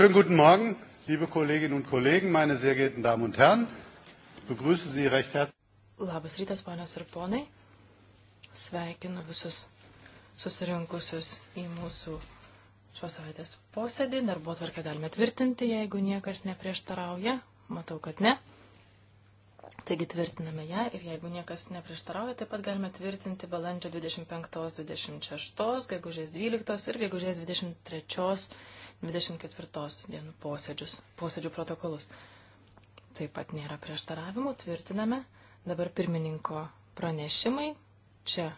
Schönen guten Morgen, liebe Kolleginnen und Kollegen, meine sehr geehrten Damen und Herren. Ich begrüße Sie recht herzlich. Labas rytas, ponios ir ponai. Sveikinu visus susirinkusius į mūsų šios savaitės posėdį. Darbo tvarkę galime tvirtinti, jeigu niekas neprieštarauja. Matau, kad ne. Taigi tvirtiname ją ir jeigu niekas neprieštarauja, taip pat galime tvirtinti balandžio 25, 26, gegužės 12 ir gegužės 23 24 dienų posėdžius, posėdžių protokolus. Taip pat nėra prieštaravimų, tvirtiname. Dabar pirmininko pranešimai. Čia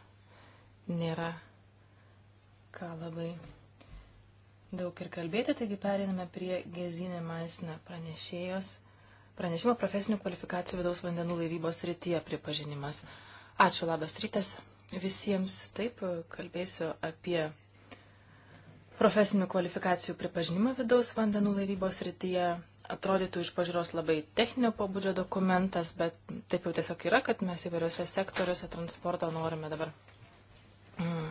nėra ką labai daug ir kalbėti, taigi periname prie Gezinė Maisne pranešėjos. Pranešimo profesinių kvalifikacijų vidaus vandenų laivybos rytyje pripažinimas. Ačiū, labas rytas visiems. Taip, kalbėsiu apie profesinių kvalifikacijų pripažinimą vidaus vandenų laivybos rytyje. Atrodytų iš pažiūros labai techninio pobūdžio dokumentas, bet taip jau tiesiog yra, kad mes įvairiose sektoriuose transporto norime dabar mm,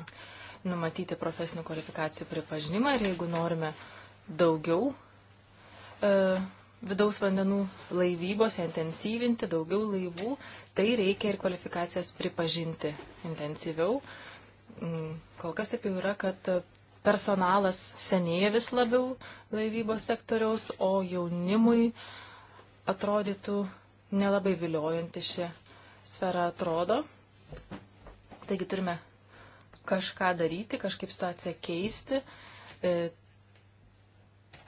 numatyti profesinių kvalifikacijų pripažinimą ir jeigu norime daugiau e, vidaus vandenų laivybos, intensyvinti daugiau laivų, tai reikia ir kvalifikacijas pripažinti intensyviau. Mm, kol kas taip jau yra, kad personalas senėja vis labiau laivybos sektoriaus, o jaunimui atrodytų nelabai viliojanti ši sfera atrodo. Taigi turime kažką daryti, kažkaip situaciją keisti,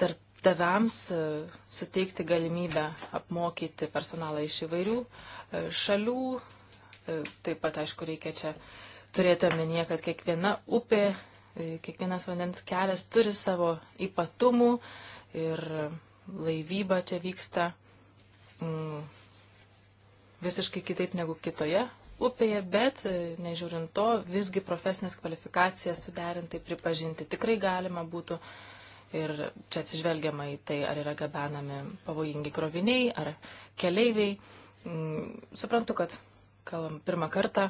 darbdaviams e, e, suteikti galimybę apmokyti personalą iš įvairių e, šalių. Taip pat, aišku, reikia čia turėti omenyje, kad kiekviena upė E, kiekvienas vandens kelias turi savo ypatumų ir laivyba čia vyksta mm, visiškai kitaip negu kitoje upėje, bet e, nežiūrint to, visgi profesinės kvalifikacijas suderintai pripažinti tikrai galima būtų. Ir čia atsižvelgiama į tai, ar yra gabenami pavojingi kroviniai, ar keleiviai. Mm, suprantu, kad kalbam pirmą kartą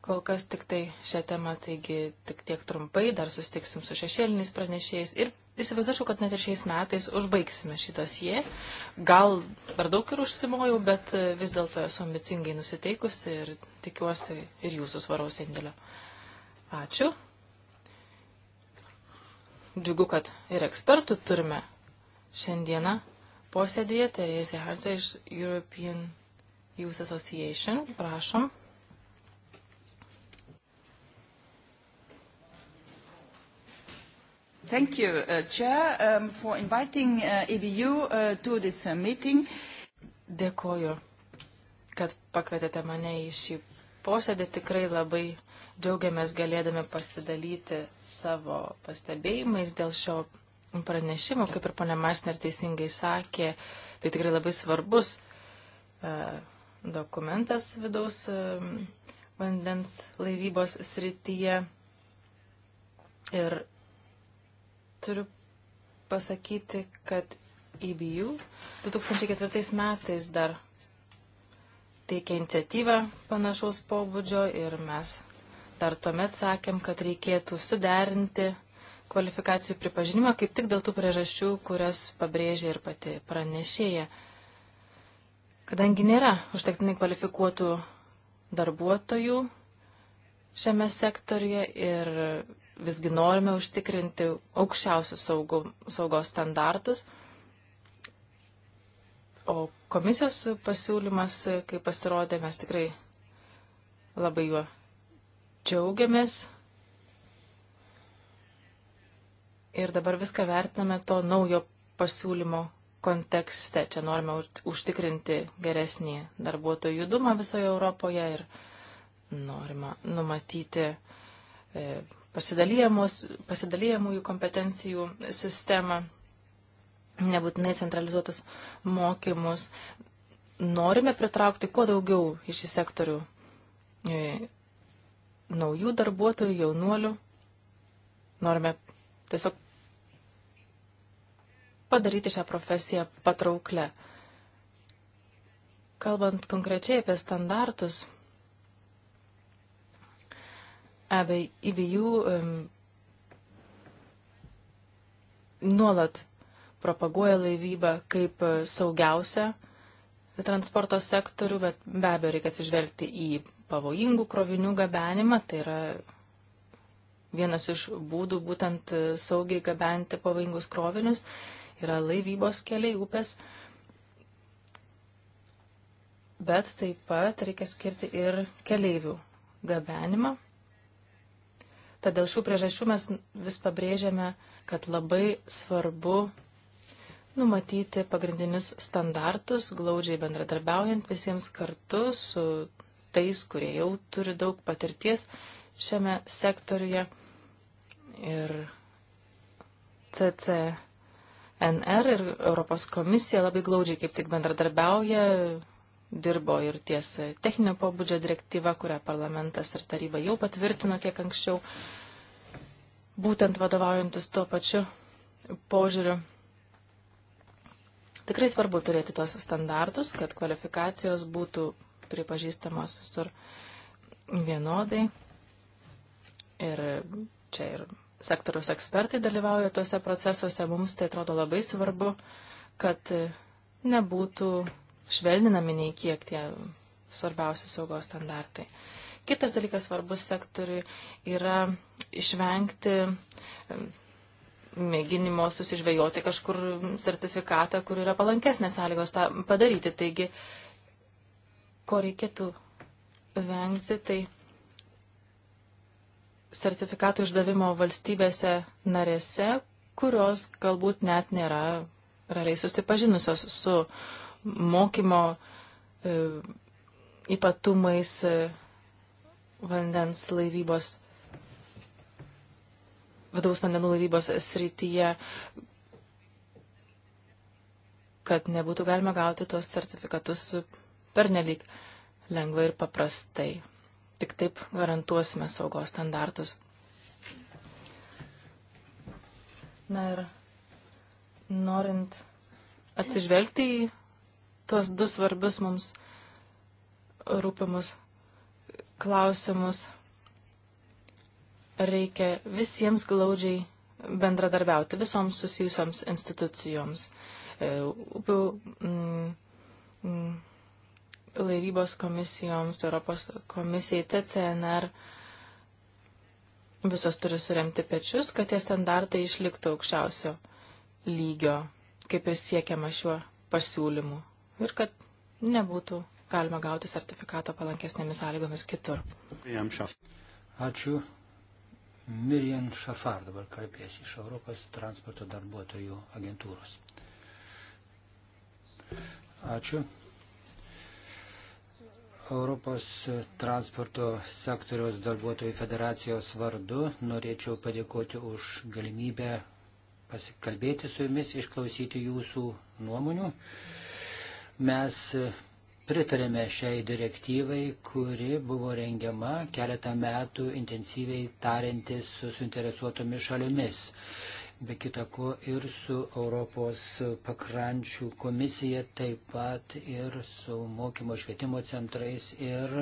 Kol kas tik tai šią temą, taigi tik tiek trumpai, dar sustiksim su šešėliniais pranešėjais ir įsivaizduočiau, kad net ir šiais metais užbaigsime šitas jie. Gal per daug ir užsimojau, bet e, vis dėlto esu ambicingai nusiteikusi ir tikiuosi ir jūsų svaraus indėlio. Ačiū. Džiugu, kad ir ekspertų turime šiandieną posėdėje Terezė Harta iš European Youth Association. Prašom. Thank you, uh, Chair, um, for inviting uh, EBU uh, to this uh, meeting. Dėkoju, kad pakvietėte mane į šį posėdį. Tikrai labai džiaugiamės galėdami pasidalyti savo pastebėjimais dėl šio pranešimo. Kaip ir ponė Masner teisingai sakė, tai tikrai labai svarbus uh, dokumentas vidaus uh, vandens laivybos srityje. Ir turiu pasakyti, kad EBU 2004 metais dar teikė iniciatyvą panašaus pobūdžio ir mes dar tuomet sakėm, kad reikėtų suderinti kvalifikacijų pripažinimą kaip tik dėl tų priežasčių, kurias pabrėžė ir pati pranešėja. Kadangi nėra užtektinai kvalifikuotų darbuotojų šiame sektorije ir visgi norime užtikrinti aukščiausius saugų, saugos standartus. O komisijos pasiūlymas, kai pasirodė, mes tikrai labai juo džiaugiamės. Ir dabar viską vertiname to naujo pasiūlymo kontekste. Čia norime užtikrinti geresnį darbuotojų judumą visoje Europoje ir norima numatyti uh, E, pasidalyjamųjų kompetencijų sistemą, nebūtinai centralizuotus mokymus. Norime pritraukti kuo daugiau iš šį sektorių e, naujų darbuotojų, jaunuolių. Norime tiesiog padaryti šią profesiją patrauklę. Kalbant konkrečiai apie standartus, EBU nuolat propaguoja laivybą kaip e, saugiausią transporto sektorių, bet be abejo reikia atsižvelgti į pavojingų krovinių gabenimą. Tai yra vienas iš būdų būtent e, saugiai gabenti pavojingus krovinius. Yra laivybos keliai, upės. Bet taip pat reikia skirti ir keleivių gabenimą. Tad dėl šių priežasčių mes vis pabrėžiame, kad labai svarbu numatyti pagrindinius standartus, glaudžiai bendradarbiaujant visiems kartu su tais, kurie jau turi daug patirties šiame sektoriuje. Ir CCNR ir Europos komisija labai glaudžiai kaip tik bendradarbiauja dirbo ir ties techninio pobūdžio direktyva, kurią parlamentas ir taryba jau patvirtino kiek anksčiau, būtent vadovaujantis tuo pačiu požiūriu. Tikrai svarbu turėti tuos standartus, kad kvalifikacijos būtų pripažįstamos visur vienodai. Ir čia ir sektoriaus ekspertai dalyvauja tuose procesuose. Mums tai atrodo labai svarbu, kad nebūtų švelninami nei kiek tie svarbiausi saugos standartai. Kitas dalykas svarbus sektoriui yra išvengti mėginimo susižvejoti kažkur sertifikatą, kur yra palankesnės sąlygos tą padaryti. Taigi, ko reikėtų vengti, tai sertifikatų išdavimo valstybėse narėse, kurios galbūt net nėra realiai susipažinusios su mokymo e, ypatumais e, vandens laivybos, vidaus vandenų laivybos srityje, kad nebūtų galima gauti tuos sertifikatus pernelyg lengvai ir paprastai. Tik taip garantuosime saugos standartus. Na ir norint atsižvelgti į tuos du svarbius mums rūpimus klausimus reikia visiems glaudžiai bendradarbiauti, visoms susijusioms institucijoms. E, upių mm, mm, laivybos komisijoms, Europos komisijai, TCNR visos turi suremti pečius, kad tie standartai išliktų aukščiausio lygio, kaip ir siekiama šiuo pasiūlymu ir kad nebūtų galima gauti sertifikato palankesnėmis sąlygomis kitur. Ačiū. Mirjan Šafar dabar kalbės iš Europos transporto darbuotojų agentūros. Ačiū. Europos transporto sektoriaus darbuotojų federacijos vardu norėčiau padėkoti už galimybę pasikalbėti su jumis, išklausyti jūsų nuomonių. Mm. Mes pritarėme šiai direktyvai, kuri buvo rengiama keletą metų intensyviai tarintis su suinteresuotomis šalimis. Be kita ko ir su Europos pakrančių komisija, taip pat ir su mokymo švietimo centrais ir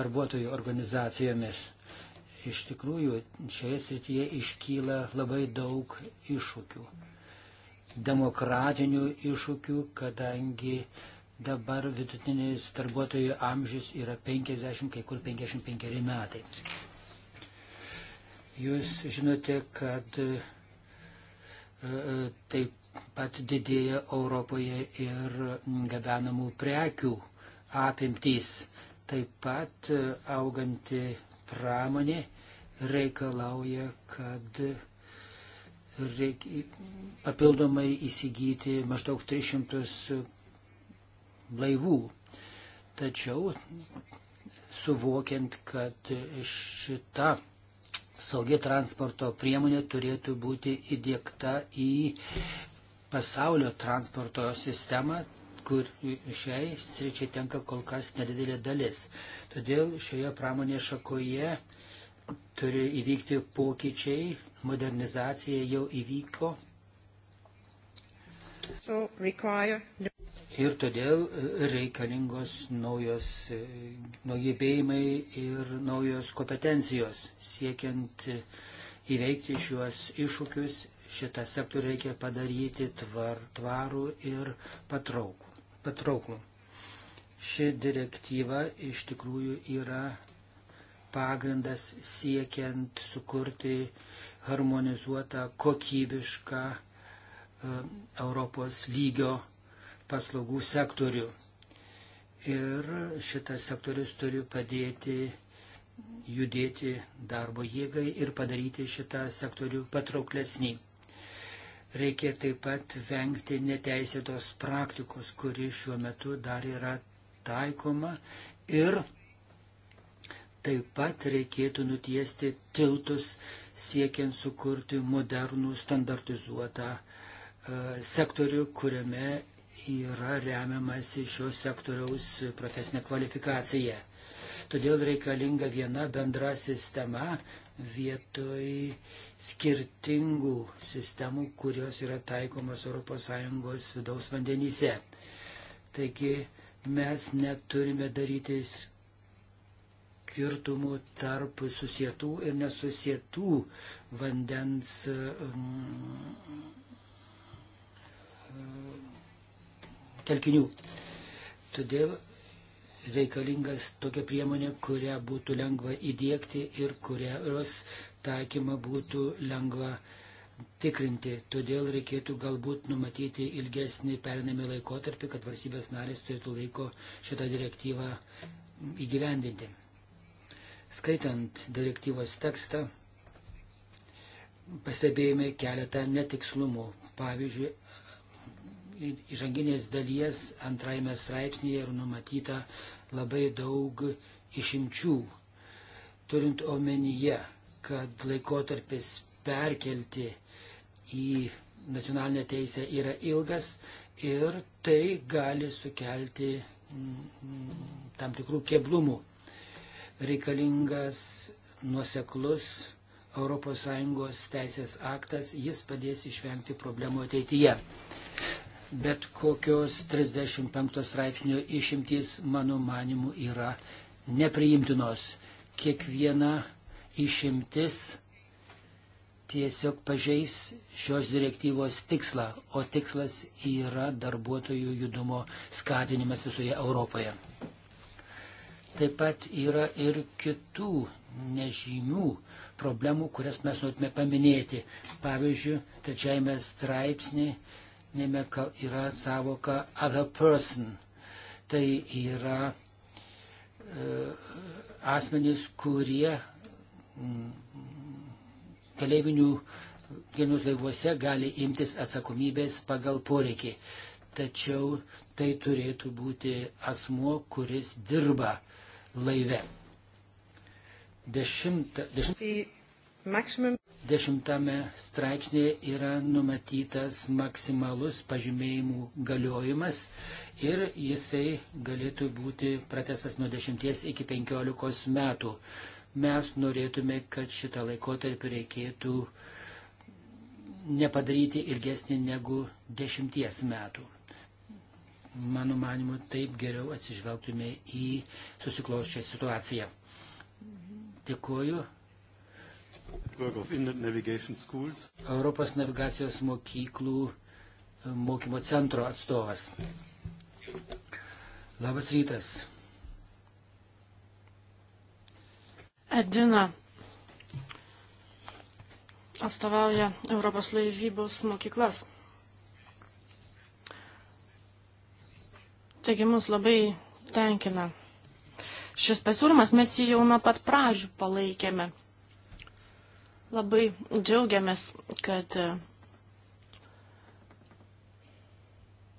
darbuotojų organizacijomis. Iš tikrųjų, šioje srityje iškyla labai daug iššūkių demokratinių iššūkių, kadangi dabar vidutinis darbuotojų amžius yra 50, kai kur 55 metai. Jūs žinote, kad e, e, taip pat didėja Europoje ir gabenamų prekių apimtys. Taip pat e, auganti pramonė reikalauja, kad reikia papildomai įsigyti maždaug 300 laivų. Tačiau suvokiant, kad šita saugi transporto priemonė turėtų būti įdėkta į pasaulio transporto sistemą, kur šiai sričiai tenka kol kas nedidelė dalis. Todėl šioje pramonės šakoje turi įvykti pokyčiai, modernizacija jau įvyko. Ir todėl e, reikalingos naujos e, naujybėjimai ir naujos kompetencijos siekiant e, įveikti šiuos iššūkius. Šitą sektorių reikia padaryti tvar, tvarų ir patrauklų. patrauklų. Ši direktyva iš tikrųjų yra pagrindas siekiant sukurti harmonizuotą, kokybišką e, Europos lygio paslaugų sektorių. Ir šitas sektorius turi padėti judėti darbo jėgai ir padaryti šitą sektorių patrauklesnį. Reikia taip pat vengti neteisėtos praktikos, kuri šiuo metu dar yra taikoma ir taip pat reikėtų nutiesti tiltus siekiant sukurti modernų standartizuotą e, sektorių, kuriame yra remiamasi šio sektoriaus profesinė kvalifikacija. Todėl reikalinga viena bendra sistema vietoj skirtingų sistemų, kurios yra taikomas ES vidaus vandenyse. Taigi mes neturime daryti skirtingų skirtumų tarp susietų ir nesusietų vandens um, telkinių. Todėl reikalingas tokia priemonė, kurią būtų lengva įdėkti ir kurios taikymą būtų lengva tikrinti. Todėl reikėtų galbūt numatyti ilgesnį perinamį laikotarpį, kad valstybės narės turėtų laiko šitą direktyvą įgyvendinti. Skaitant direktyvos tekstą, pastebėjome keletą netikslumų. Pavyzdžiui, įžanginės dalies antrajame straipsnėje yra numatyta labai daug išimčių, turint omenyje, kad laikotarpis perkelti į nacionalinę teisę yra ilgas ir tai gali sukelti mm, mm, tam tikrų keblumų reikalingas nuoseklus ES teisės aktas, jis padės išvengti problemų ateityje. Bet kokios 35 straipsnio išimtys, mano manimu, yra nepriimtinos. Kiekviena išimtis tiesiog pažeis šios direktyvos tikslą, o tikslas yra darbuotojų judumo skatinimas visoje Europoje. Taip pat yra ir kitų nežymių problemų, kurias mes norėtume paminėti. Pavyzdžiui, trečiajame straipsnėme yra savoka other person. Tai yra e, asmenys, kurie mm, keleivinių genus laivuose gali imtis atsakomybės pagal poreikį. Tačiau tai turėtų būti asmuo, kuris dirba laive. Dešimta, dešimta, tai dešimtame straipsnėje yra numatytas maksimalus pažymėjimų galiojimas ir jisai galėtų būti pratesas nuo 10 iki 15 metų. Mes norėtume, kad šitą laikotarpį reikėtų nepadaryti ilgesnį negu 10 metų mano manimu, taip geriau atsižvelgtume į susikloščią situaciją. Dėkuoju. Europos navigacijos mokyklų e, mokymo centro atstovas. Labas rytas. Edina atstovauja Europos laivybos mokyklas. Taigi mus labai tenkina. Šis pasiūlymas mes jį jau nuo pat pražių palaikėme. Labai džiaugiamės, kad.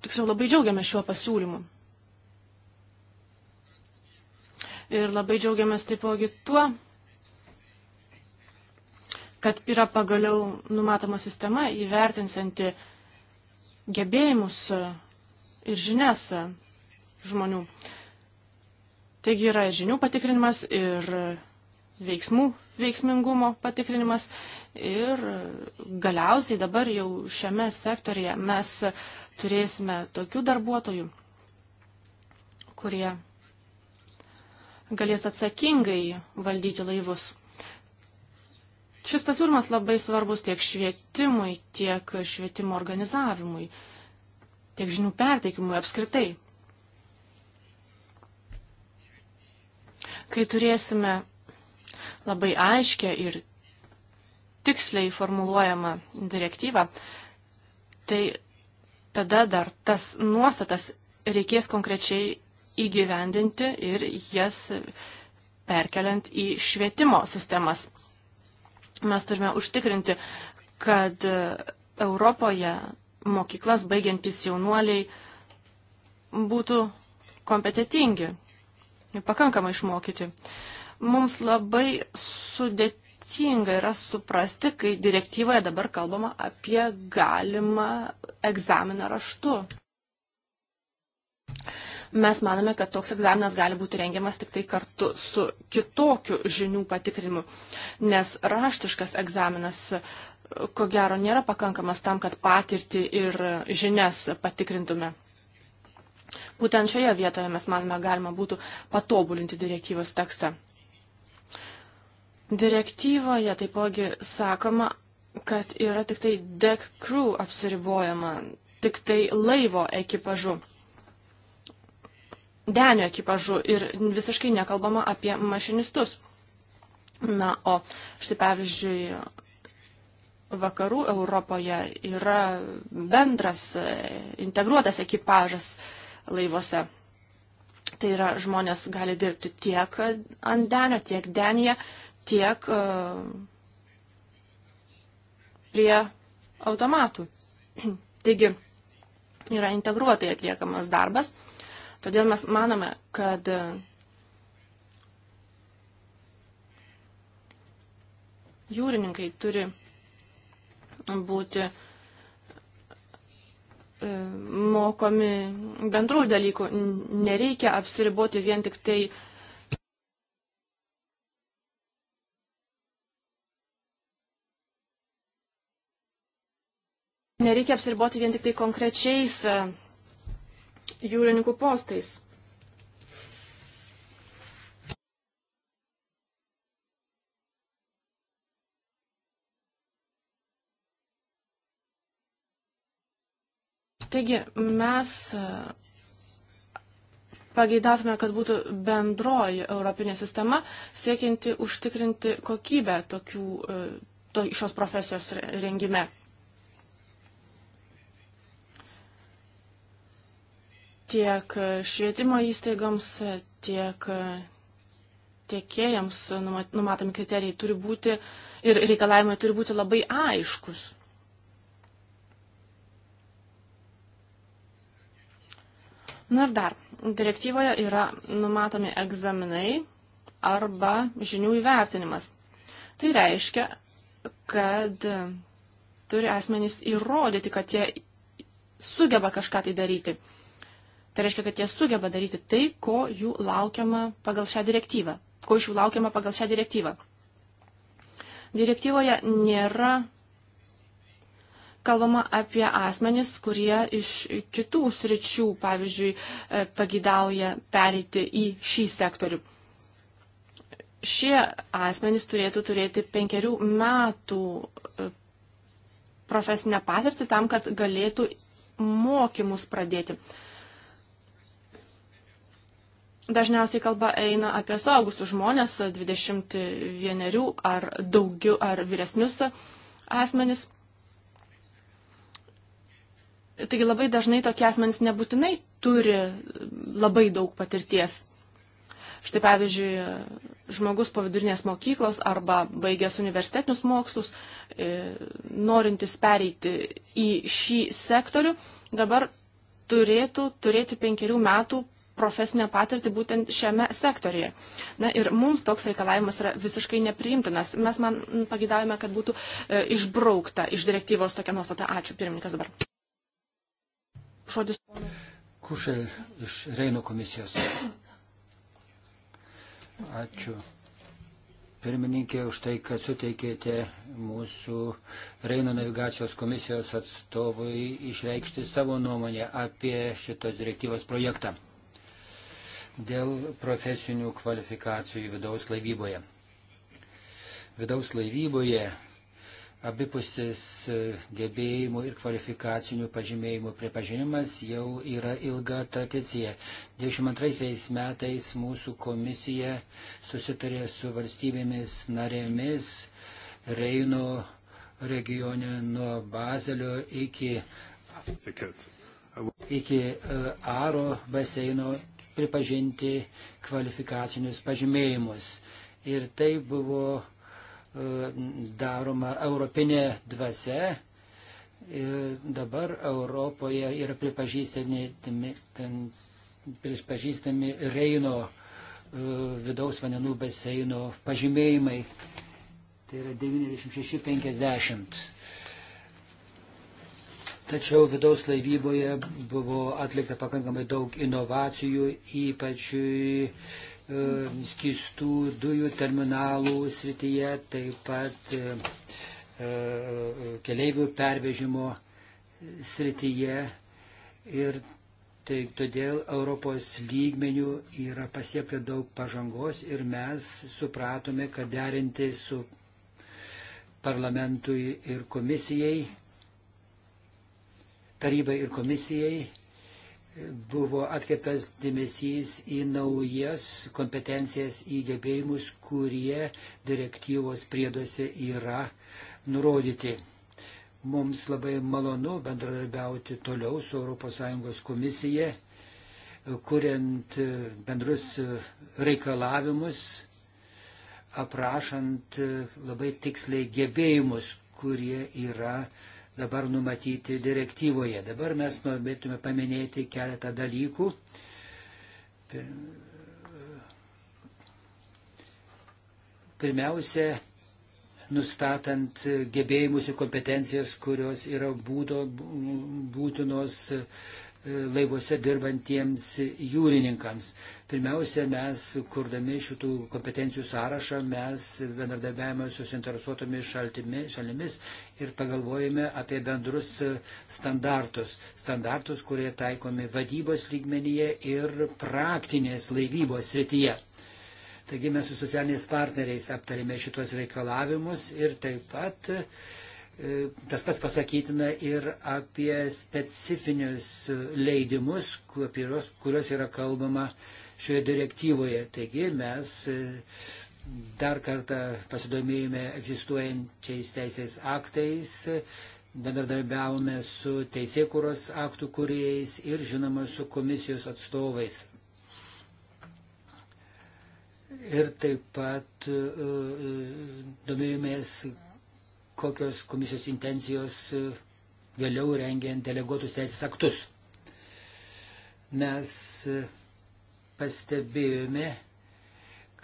Tiksliau, labai džiaugiamės šiuo pasiūlymu. Ir labai džiaugiamės taipogi tuo, kad yra pagaliau numatoma sistema įvertinsianti gebėjimus ir žinias žmonių. Taigi yra žinių patikrinimas ir veiksmų veiksmingumo patikrinimas ir galiausiai dabar jau šiame sektorėje mes turėsime tokių darbuotojų, kurie galės atsakingai valdyti laivus. Šis pasiūlymas labai svarbus tiek švietimui, tiek švietimo organizavimui, tiek žinių perteikimui apskritai. Kai turėsime labai aiškę ir tiksliai formuluojamą direktyvą, tai tada dar tas nuostatas reikės konkrečiai įgyvendinti ir jas perkeliant į švietimo sistemas. Mes turime užtikrinti, kad Europoje mokyklas baigiantis jaunuoliai būtų kompetitingi, pakankamai išmokyti. Mums labai sudėtinga yra suprasti, kai direktyvoje dabar kalbama apie galimą egzaminą raštu. Mes manome, kad toks egzaminas gali būti rengiamas tik tai kartu su kitokiu žinių patikrinimu, nes raštiškas egzaminas ko gero nėra pakankamas tam, kad patirtį ir žinias patikrintume. Būtent šioje vietoje mes manome galima būtų patobulinti direktyvos tekstą. Direktyvoje taipogi sakoma, kad yra tik tai deck crew apsiribojama, tik tai laivo ekipažu, denio ekipažu ir visiškai nekalbama apie mašinistus. Na, o štai pavyzdžiui, vakarų Europoje yra bendras integruotas ekipažas, laivuose. Tai yra žmonės gali dirbti tiek ant denio, tiek denyje, tiek uh, prie automatų. Taigi yra integruotai atliekamas darbas. Todėl mes manome, kad e, jūrininkai turi būti uh, E, mokomi bendrų dalykų. Nereikia apsiriboti vien tik tai Nereikia apsiriboti vien tik tai konkrečiais e, jūrininkų postais. Taigi mes e, pageidavome, kad būtų bendroji europinė sistema, siekianti užtikrinti kokybę tokių, e, to, šios profesijos rengime. Tiek švietimo įstaigoms, tiek tiekėjams numatomi kriterijai turi būti ir reikalavimai turi būti labai aiškus. Na ir dar, direktyvoje yra numatomi egzaminai arba žinių įvertinimas. Tai reiškia, kad turi asmenys įrodyti, kad jie sugeba kažką tai daryti. Tai reiškia, kad jie sugeba daryti tai, ko jų laukiama pagal šią direktyvą. Ko iš jų laukiama pagal šią direktyvą. Direktyvoje nėra kalbama apie asmenis, kurie iš kitų sričių, pavyzdžiui, e, pagidauja pereiti į šį sektorių. Šie asmenys turėtų turėti penkerių metų e, profesinę patirtį tam, kad galėtų mokymus pradėti. Dažniausiai kalba eina apie saugusius žmonės, 21 ar daugiau ar vyresnius asmenis. Taigi labai dažnai tokie asmenys nebūtinai turi labai daug patirties. Štai pavyzdžiui, žmogus po vidurinės mokyklos arba baigęs universitetinius mokslus, e, norintis pereiti į šį sektorių, dabar turėtų turėti penkerių metų profesinę patirtį būtent šiame sektorėje. Na ir mums toks reikalavimas yra visiškai nepriimtinas. Mes man pagidavome, kad būtų e, išbraukta iš direktyvos tokia nuostata. Ačiū pirmininkas dabar. Žodis. Kušel iš Reino komisijos. Ačiū. Pirmininkė, už tai, kad suteikėte mūsų Reino navigacijos komisijos atstovui išreikšti savo nuomonę apie šitos direktyvos projektą dėl profesinių kvalifikacijų vidaus laivyboje. Vidaus laivyboje abipusis e, gebėjimų ir kvalifikacinių pažymėjimų pripažinimas jau yra ilga tradicija. 22 metais mūsų komisija susitarė su valstybėmis narėmis Reino regione nuo Bazelio iki, iki e, Aro baseino pripažinti kvalifikacinius pažymėjimus. Ir tai buvo daroma europinė dvasia. Ir dabar Europoje yra pripažįstami, pripažįstami Reino e, vidaus vandenų baseino pažymėjimai. Tai yra 9650. Tačiau vidaus laivyboje buvo atlikta pakankamai daug inovacijų, ypač E, skistų dujų terminalų srityje, taip pat e, e, keleivių pervežimo srityje. Ir taip todėl Europos lygmenių yra pasiekta daug pažangos ir mes supratome, kad derinti su parlamentui ir komisijai, tarybai ir komisijai buvo atkreiptas dėmesys į naujas kompetencijas, į gebėjimus, kurie direktyvos prieduose yra nurodyti. Mums labai malonu bendradarbiauti toliau su ES komisija, kuriant bendrus reikalavimus, aprašant labai tiksliai gebėjimus, kurie yra uh, dabar numatyti direktyvoje. Dabar mes norėtume paminėti keletą dalykų. Pirmiausia, nustatant gebėjimus ir kompetencijas, kurios yra būdo, būtinos laivuose dirbantiems jūrininkams. Pirmiausia, mes, kurdami šitų kompetencijų sąrašą, mes bendradarbiavame su suinteresuotomis šalimis ir pagalvojame apie bendrus standartus. Standartus, kurie taikomi vadybos lygmenyje ir praktinės laivybos srityje. Taigi mes su socialiniais partneriais aptarėme šitos reikalavimus ir taip pat E, tas pats pasakytina ir apie specifinius leidimus, kurios, kurios yra kalbama šioje direktyvoje. Taigi mes e, dar kartą pasidomėjome egzistuojančiais teisės aktais, bendradarbiavome su teisėkuros aktų kuriejais ir žinoma su komisijos atstovais. Ir taip pat e, domėjomės, kokios komisijos intencijos e, vėliau rengiant deleguotus teisės aktus. Mes e, pastebėjome,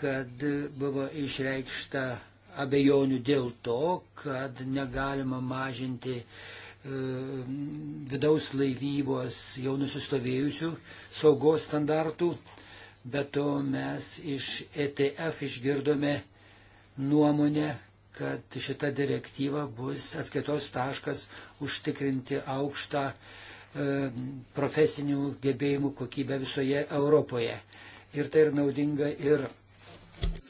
kad buvo išreikšta abejonių dėl to, kad negalima mažinti e, vidaus laivybos jau nusistovėjusių saugos standartų, bet to mes iš ETF išgirdome nuomonę, kad šita direktyva bus atskaitos taškas užtikrinti aukštą e, profesinių gebėjimų kokybę visoje Europoje. Ir tai ir naudinga ir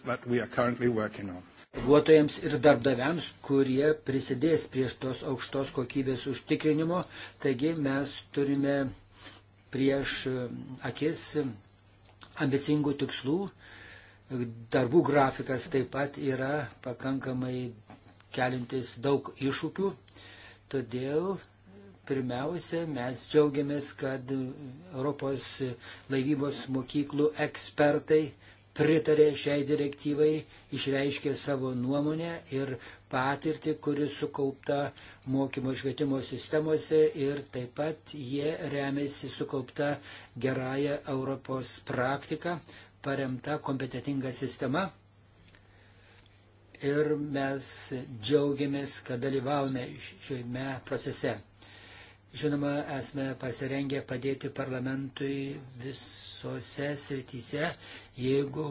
darbuotojams ir darbdaviams, kurie prisidės prie tos aukštos kokybės užtikrinimo. Taigi mes turime prieš e, akis ambicingų tikslų, Darbų grafikas taip pat yra pakankamai kelintis daug iššūkių, todėl pirmiausia, mes džiaugiamės, kad Europos laivybos mokyklų ekspertai pritarė šiai direktyvai, išreiškė savo nuomonę ir patirtį, kuri sukaupta mokymo švietimo sistemose ir taip pat jie remiasi sukaupta gerąją Europos praktiką paremta kompetitinga sistema. Ir mes džiaugiamės, kad dalyvaujame šiame procese. Žinoma, esame pasirengę padėti parlamentui visose srityse, jeigu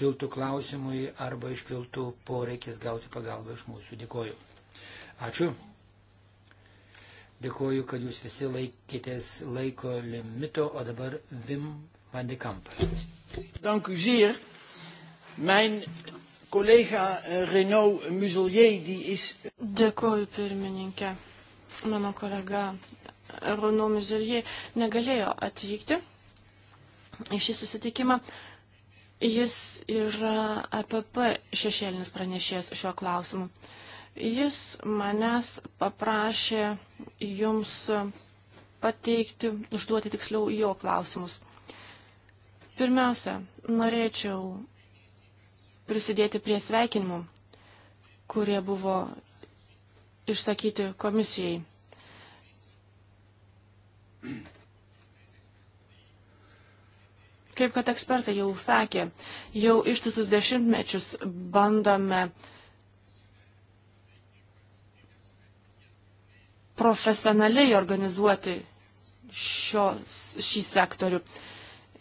kiltų klausimui arba iškiltų poreikis gauti pagalbą iš mūsų. Dėkoju. Ačiū. Dėkoju, kad jūs visi laikytės laiko limito, o dabar Vim Van de Kamp. Dank u zeer. Mijn kolega eh, Renaud Muselier, die is... Dėkuoju pirmininkė. Mano kolega eh, Renaud Muselier negalėjo atvykti į šį susitikimą. Jis yra APP šešėlinis pranešėjas šiuo klausimu. Jis manęs paprašė jums pateikti, užduoti tiksliau jo klausimus. Pirmiausia, norėčiau prisidėti prie sveikinimų, kurie buvo išsakyti komisijai. Kaip kad ekspertai jau sakė, jau ištisus dešimtmečius bandome profesionaliai organizuoti šios, šį sektorių.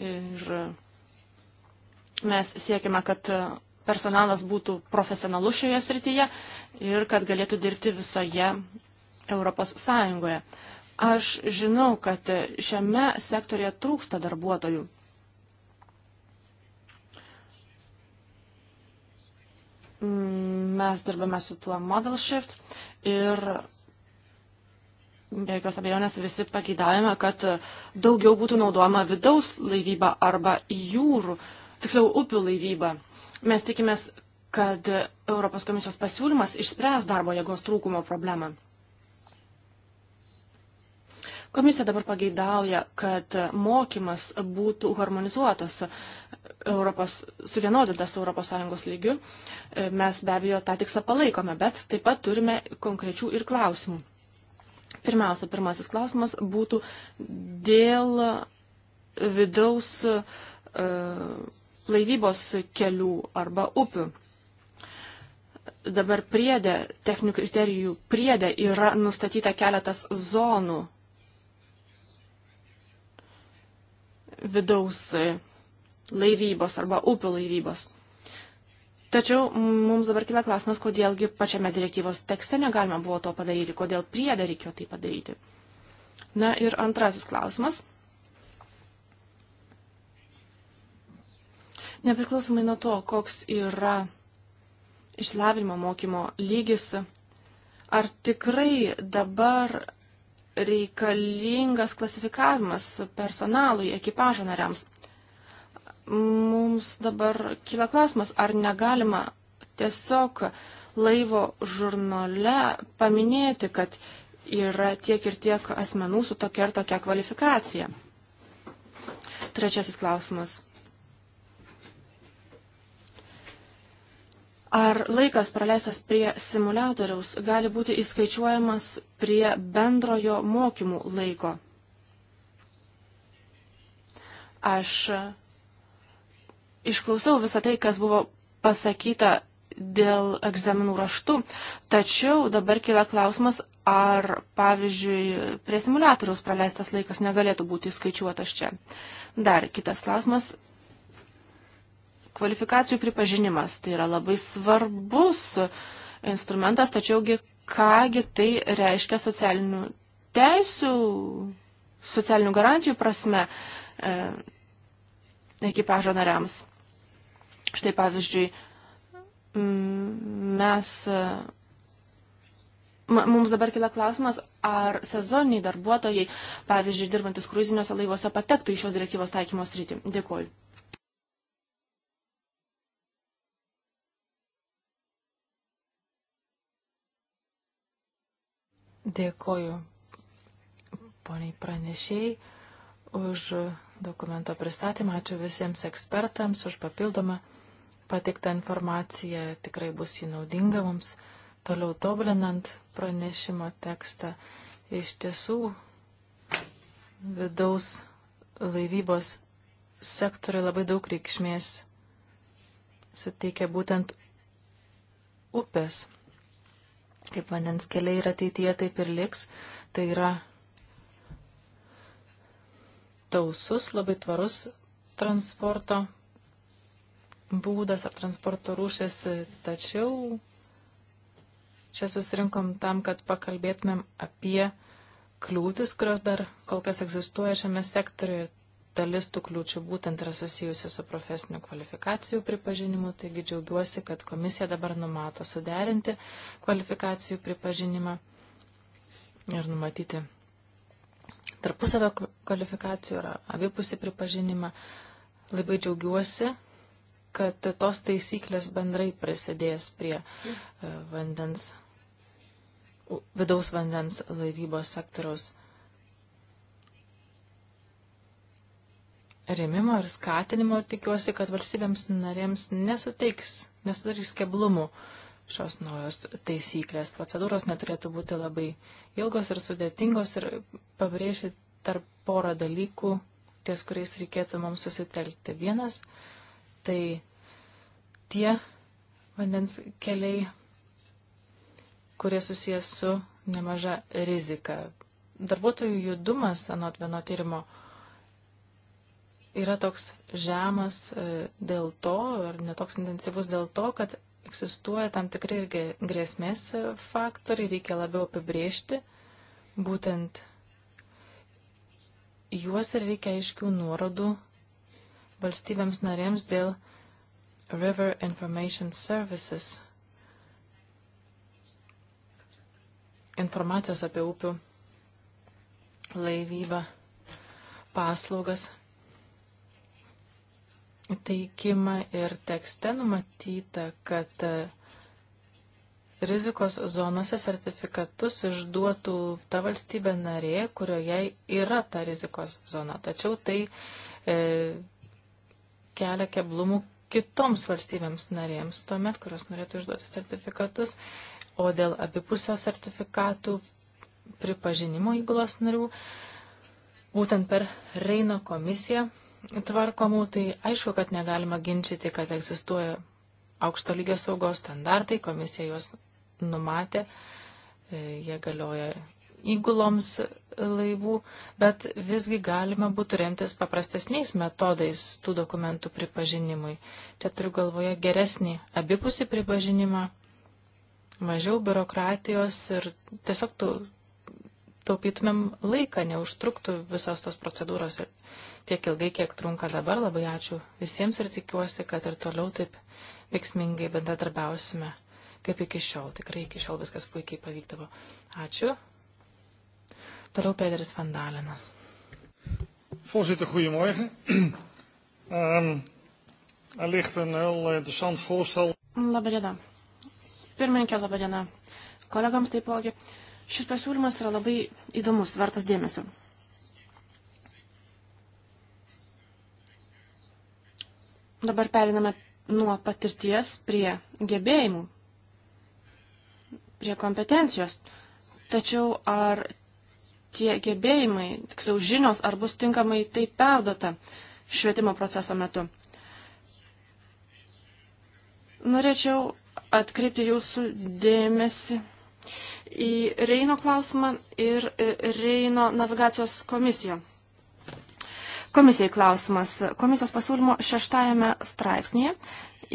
Ir mes siekime, kad personalas būtų profesionalus šioje srityje ir kad galėtų dirbti visoje Europos Sąjungoje. Aš žinau, kad šiame sektorėje trūksta darbuotojų. Mes dirbame su tuo model shift ir be jokios abejonės visi pagydavome, kad daugiau būtų naudojama vidaus laivyba arba jūrų, tiksliau upių laivyba. Mes tikimės, kad Europos komisijos pasiūlymas išspręs darbo jėgos trūkumo problemą. Komisija dabar pageidauja, kad mokymas būtų harmonizuotas Europos, suvienodintas ES lygių. Mes be abejo tą tikslą palaikome, bet taip pat turime konkrečių ir klausimų. Pirmiausia, pirmasis klausimas būtų dėl vidaus uh, laivybos kelių arba upių. Dabar priedė, techninių kriterijų priedė yra nustatyta keletas zonų vidaus laivybos arba upių laivybos. Tačiau mums dabar kila klausimas, kodėlgi pačiame direktyvos tekste negalima buvo to padaryti, kodėl priedą reikėjo tai padaryti. Na ir antrasis klausimas. Nepriklausomai nuo to, koks yra išsilavinimo mokymo lygis, ar tikrai dabar reikalingas klasifikavimas personalui, ekipažo nariams mums dabar kyla klausimas, ar negalima tiesiog laivo žurnale paminėti, kad yra tiek ir tiek asmenų su tokia ir tokia kvalifikacija. Trečiasis klausimas. Ar laikas praleistas prie simuliatoriaus gali būti įskaičiuojamas prie bendrojo mokymų laiko? Aš išklausiau visą tai, kas buvo pasakyta dėl egzaminų raštų, tačiau dabar kyla klausimas, ar, pavyzdžiui, prie simulatoriaus praleistas laikas negalėtų būti skaičiuotas čia. Dar kitas klausimas - kvalifikacijų pripažinimas. Tai yra labai svarbus instrumentas, tačiaugi kągi tai reiškia socialinių teisų, socialinių garantijų prasme e, ekipažo nariams. Štai pavyzdžiui, mes, mums dabar kila klausimas, ar sezoniniai darbuotojai, pavyzdžiui, dirbantis kruiziniuose laivuose, patektų į šios direktyvos taikymos rytį. Dėkuoju. Dėkoju poniai pranešėjai už dokumento pristatymą. Ačiū visiems ekspertams už papildomą pateikta informacija tikrai bus įnaudinga mums toliau tobulinant pranešimo tekstą. Iš tiesų, vidaus laivybos sektoriui labai daug reikšmės suteikia būtent upės. Kaip vandens keliai ir ateityje taip ir liks. Tai yra tausus, labai tvarus transporto būdas ar transporto rūšis, tačiau čia susirinkom tam, kad pakalbėtumėm apie kliūtis, kurios dar kol kas egzistuoja šiame sektoriuje. Dalis tų kliūčių būtent yra susijusi su profesinių kvalifikacijų pripažinimu, taigi džiaugiuosi, kad komisija dabar numato suderinti kvalifikacijų pripažinimą ir numatyti tarpusavio kvalifikacijų ar abipusį pripažinimą. Labai džiaugiuosi, kad tos taisyklės bendrai prisidės prie e, vandens, vidaus vandens laivybos sektoriaus remimo ir skatinimo ir tikiuosi, kad valstybėms narėms nesuteiks, nesudarys keblumų šios naujos taisyklės. Procedūros neturėtų būti labai ilgos ir sudėtingos ir pabrėšiu tarp porą dalykų, ties kuriais reikėtų mums susitelkti. Vienas tai tie vandens keliai, kurie susijęs su nemaža rizika. Darbuotojų judumas, anot vieno tyrimo, yra toks žemas e, dėl to, ar netoks intensyvus dėl to, kad egzistuoja tam tikrai ir grėsmės faktoriai, reikia labiau apibriežti. Būtent juos ir reikia aiškių nuorodų valstybėms narėms dėl River Information Services informacijos apie upių laivybą paslaugas teikimą ir tekste numatyta, kad e, rizikos zonose sertifikatus išduotų ta valstybė narė, kurioje yra ta rizikos zona. Tačiau tai e, kelia keblumų kitoms valstybėms narėms, tuomet, kurios norėtų išduoti sertifikatus, o dėl abipusio sertifikatų pripažinimo įgulos narių, būtent per Reino komisiją tvarkomų, tai aišku, kad negalima ginčyti, kad egzistuoja aukšto lygio saugos standartai, komisija juos numatė, e, jie galioja įguloms laivų, bet visgi galima būtų remtis paprastesniais metodais tų dokumentų pripažinimui. Čia turiu galvoje geresnį abipusį pripažinimą, mažiau biurokratijos ir tiesiog tu, taupytumėm laiką, neužtruktų visos tos procedūros tiek ilgai, kiek trunka dabar. Labai ačiū visiems ir tikiuosi, kad ir toliau taip veiksmingai bendradarbiausime kaip iki šiol. Tikrai iki šiol viskas puikiai pavykdavo. Ačiū. Toliau Pederis Vandalinas. Voorzitter, goedemorgen. Um, er ligt een heel interessant voorstel. Labadiena. Pirmininkė, labadiena. Kolegams taipogi. Šis pasiūlymas yra labai įdomus, vertas dėmesio. Dabar periname nuo patirties prie gebėjimų, prie kompetencijos. Tačiau ar tie gebėjimai, tiksliau žinios, ar bus tinkamai tai perdota švietimo proceso metu. Norėčiau atkreipti jūsų dėmesį į Reino klausimą ir Reino navigacijos komisiją. Komisijai klausimas. Komisijos pasiūlymo šeštajame straipsnėje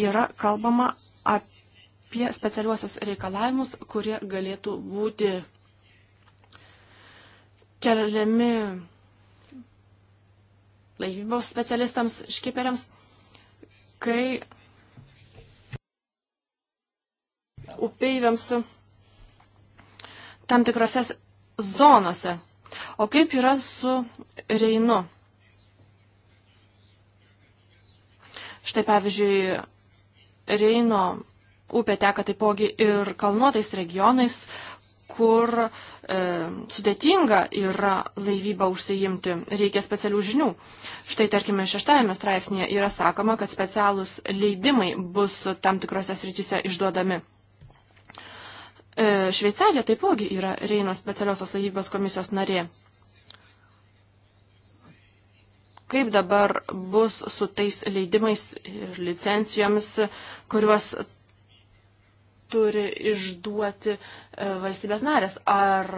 yra kalbama apie specialiuosius reikalavimus, kurie galėtų būti keliami laivybos specialistams, škiperiams, kai upeiviams tam tikrose zonose. O kaip yra su Reinu? Štai pavyzdžiui, Reino upė teka taipogi ir kalnuotais regionais, kur uh, e, sudėtinga yra laivybą užsiimti, reikia specialių žinių. Štai tarkime šeštajame straipsnėje yra sakoma, kad specialūs leidimai bus tam tikrose srityse išduodami. E, Šveicarija taipogi yra Reino specialiosios laivybos komisijos narė. Kaip dabar bus su tais leidimais ir licencijomis, kuriuos turi išduoti e, valstybės narės. Ar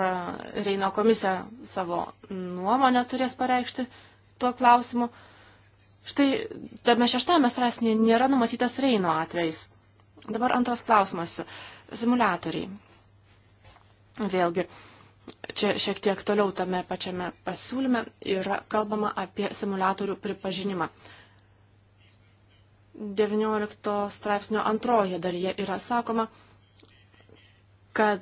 Reino komisija savo nuomonę turės pareikšti tuo klausimu? Štai tame šeštame straipsnėje nėra numatytas Reino atvejs. Dabar antras klausimas. Simulatoriai. Vėlgi, čia šiek tiek toliau tame pačiame pasiūlyme yra kalbama apie simulatorių pripažinimą. Uh, 19 straipsnio antroje dalyje yra sakoma, kad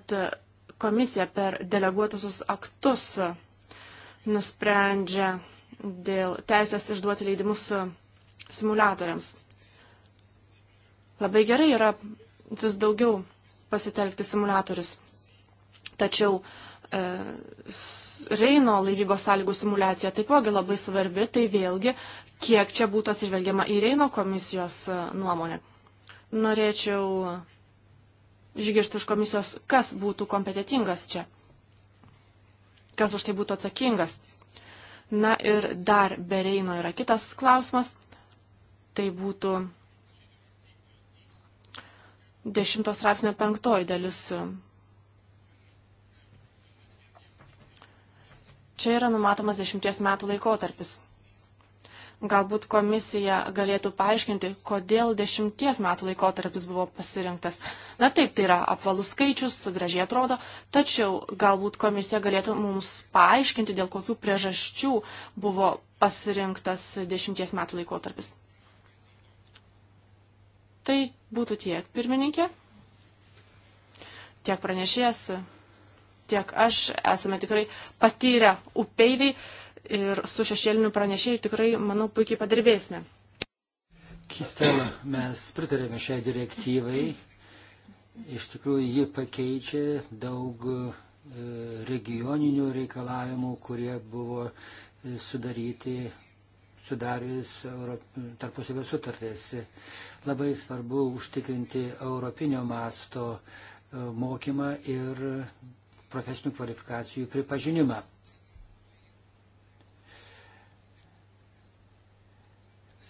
komisija per deleguotusius aktus nusprendžia dėl teisės išduoti leidimus simuliatoriams. Labai gerai yra vis daugiau pasitelkti simuliatorius. Tačiau e, Reino laivybos sąlygų simulacija taipogi labai svarbi, tai vėlgi kiek čia būtų atsižvelgiama į Reino komisijos e, nuomonę. Norėčiau išgirsti iš komisijos, kas būtų kompetitingas čia, kas už tai būtų atsakingas. Na ir dar be Reino yra kitas klausimas, tai būtų 10 straipsnio penktoji dalis. Čia yra numatomas 10 metų laikotarpis. Galbūt komisija galėtų paaiškinti, kodėl dešimties metų laikotarpis buvo pasirinktas. Na taip, tai yra apvalus skaičius, gražiai atrodo, tačiau galbūt komisija galėtų mums paaiškinti, dėl kokių priežasčių buvo pasirinktas dešimties metų laikotarpis. Tai būtų tiek, pirmininkė. Tiek pranešėjas, tiek aš esame tikrai patyrę upeiviai ir su šešėliniu pranešėju tikrai, manau, puikiai padirbėsime. Kistel, mes pritarėme šiai direktyvai. Iš tikrųjų, ji pakeičia daug e, regioninių reikalavimų, kurie buvo e, sudaryti sudarius tarpusavio sutartys. Labai svarbu užtikrinti europinio masto e, mokymą ir profesinių kvalifikacijų pripažinimą.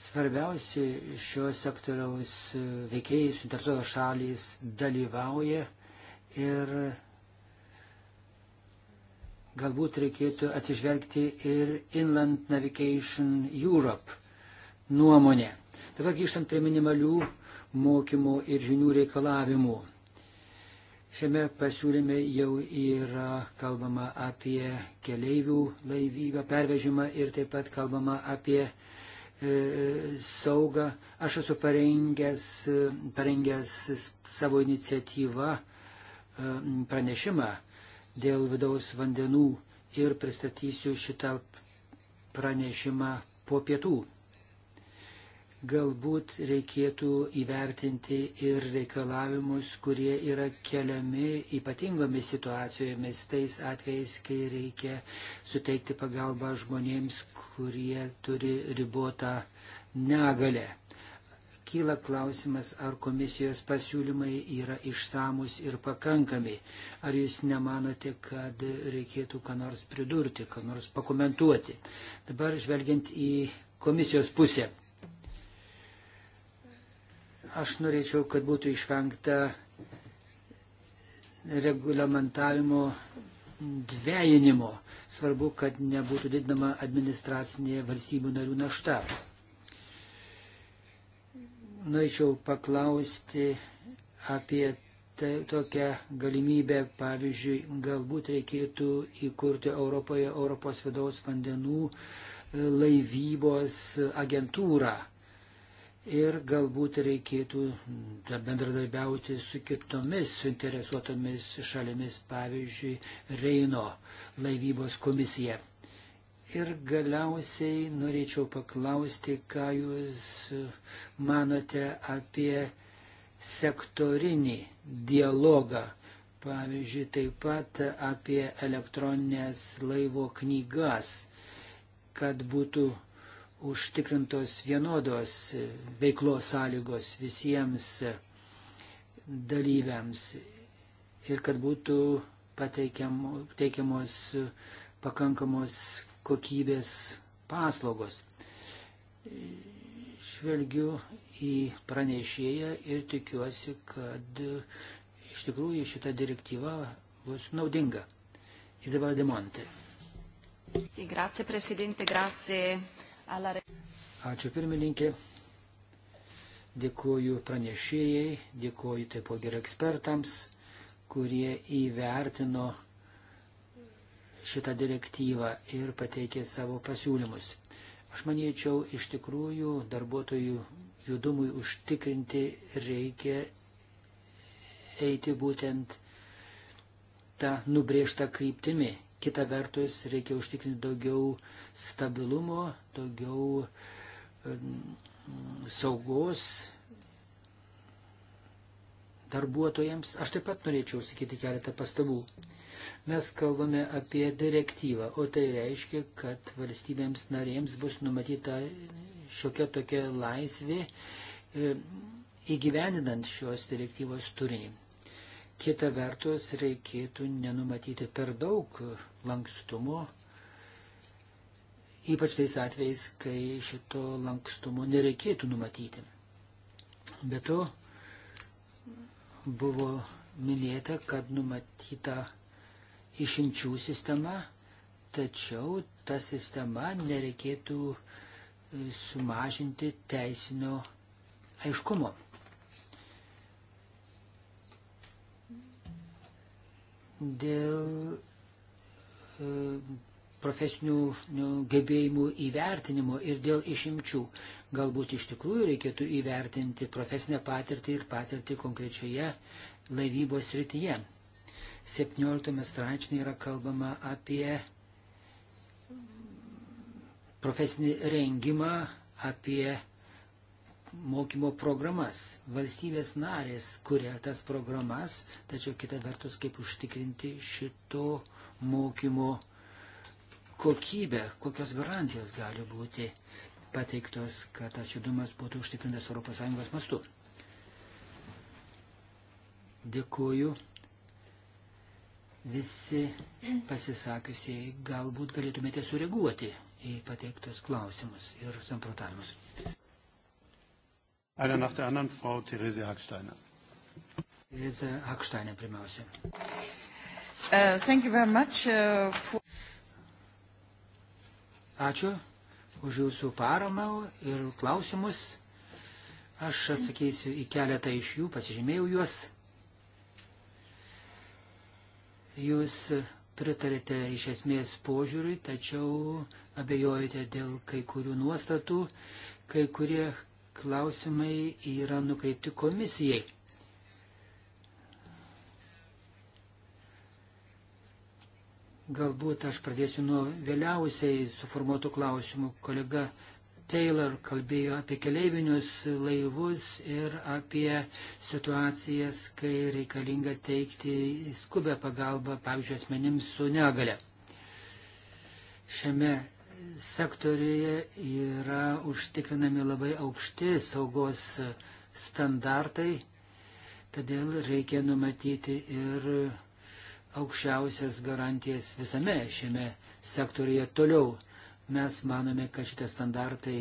Svarbiausi šio sektoriaus veikėjai, suinteresuotos šalys dalyvauja ir galbūt reikėtų atsižvelgti ir Inland Navigation Europe nuomonė. Dabar grįžtant prie minimalių mokymų ir žinių reikalavimų. Šiame pasiūlyme jau yra kalbama apie keleivių laivybą pervežimą ir taip pat kalbama apie E, saugą. Aš esu parengęs, e, parengęs savo iniciatyvą e, pranešimą dėl vidaus vandenų ir pristatysiu šitą pranešimą po pietų. Galbūt reikėtų įvertinti ir reikalavimus, kurie yra keliami ypatingomis situacijomis, tais atvejais, kai reikia suteikti pagalbą žmonėms, kurie turi ribotą negalę. Kyla klausimas, ar komisijos pasiūlymai yra išsamus ir pakankami. Ar jūs nemanote, kad reikėtų ką nors pridurti, ką nors pakomentuoti? Dabar žvelgiant į komisijos pusę Aš norėčiau, kad būtų išvengta reglamentavimo dvėjinimo. Svarbu, kad nebūtų didinama administracinė valstybių narių našta. Norėčiau paklausti apie tai, tokią galimybę, pavyzdžiui, galbūt reikėtų įkurti Europoje Europos vidaus vandenų laivybos agentūrą ir galbūt reikėtų bendradarbiauti su kitomis suinteresuotomis šalimis, pavyzdžiui, Reino laivybos komisija. Ir galiausiai norėčiau paklausti, ką Jūs manote apie sektorinį dialogą, pavyzdžiui, taip pat apie elektroninės laivo knygas, kad būtų užtikrintos vienodos veiklos sąlygos visiems dalyviams ir kad būtų pateikiamos pakankamos kokybės paslaugos. Žvelgiu į pranešėją ir tikiuosi, kad iš tikrųjų šita direktyva bus naudinga. Izabela Demonte. Sì, grazie Presidente, grazie Ačiū pirmininkė. Dėkuoju pranešėjai, dėkuoju taipogi ir ekspertams, kurie įvertino šitą direktyvą ir pateikė savo pasiūlymus. Aš manyčiau, iš tikrųjų darbuotojų judumui užtikrinti reikia eiti būtent tą nubriežtą kryptimį. Kita vertus, reikia užtikrinti daugiau stabilumo, daugiau saugos darbuotojams. Aš taip pat norėčiau sakyti keletą pastabų. Mes kalbame apie direktyvą, o tai reiškia, kad valstybėms narėms bus numatyta šiokia tokia laisvė įgyvendinant šios direktyvos turinį. Kita vertus, reikėtų nenumatyti per daug lankstumo, ypač tais atvejais, kai šito lankstumo nereikėtų numatyti. Be to, buvo minėta, kad numatyta išimčių sistema, tačiau ta sistema nereikėtų sumažinti teisinio aiškumo. dėl e, profesinių nu, gebėjimų įvertinimo ir dėl išimčių. Galbūt iš tikrųjų reikėtų įvertinti profesinę patirtį ir patirtį konkrečioje laivybos srityje. 17 straipsnė yra kalbama apie profesinį rengimą, apie mokymo programas. Valstybės narės kuria tas programas, tačiau kita vertus, kaip užtikrinti šito mokymo kokybę, kokios garantijos gali būti pateiktos, kad tas judumas būtų užtikrintas ES mastu. Dėkuoju. Visi pasisakiusiai galbūt galėtumėte sureaguoti į pateiktus klausimus ir samprotavimus. Einer nach der anderen, Frau Therese Hagsteiner. Therese Hagsteiner pirmiausia. Uh, thank you very much uh, for... Ačiū už jūsų paramą ir klausimus. Aš atsakysiu į keletą iš jų, pasižymėjau juos. Jūs pritarėte iš esmės požiūriui, tačiau abejojate dėl kai kurių nuostatų, kai kurie klausimai yra nukreipti komisijai. Galbūt aš pradėsiu nuo vėliausiai suformuotų klausimų. Kolega Taylor kalbėjo apie keleivinius laivus ir apie situacijas, kai reikalinga teikti skubę pagalbą, pavyzdžiui, asmenims su negale. Šiame sektoriuje yra užtikrinami labai aukšti saugos standartai, todėl reikia numatyti ir aukščiausias garantijas visame šiame sektoriuje toliau. Mes manome, kad šitie standartai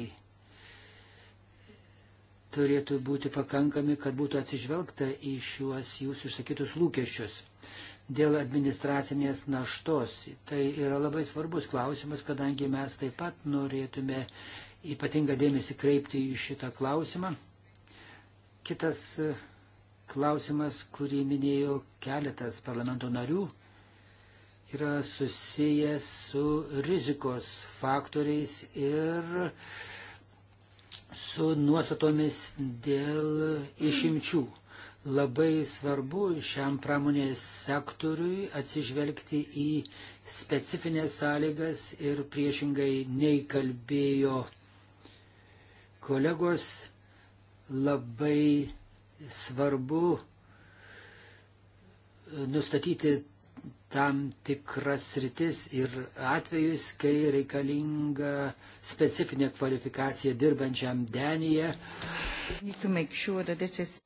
turėtų būti pakankami, kad būtų atsižvelgta į šiuos jūsų išsakytus lūkesčius dėl administracinės naštos. Tai yra labai svarbus klausimas, kadangi mes taip pat norėtume ypatingą dėmesį kreipti į šitą klausimą. Kitas e, klausimas, kurį minėjo keletas parlamento narių, yra susijęs su rizikos faktoriais ir su nuostatomis dėl išimčių. Mm Labai svarbu šiam pramonės sektoriui atsižvelgti į specifines sąlygas ir priešingai nei kalbėjo kolegos, labai svarbu nustatyti tam tikras sritis ir atvejus, kai reikalinga specifinė kvalifikacija dirbančiam denyje. Sure is...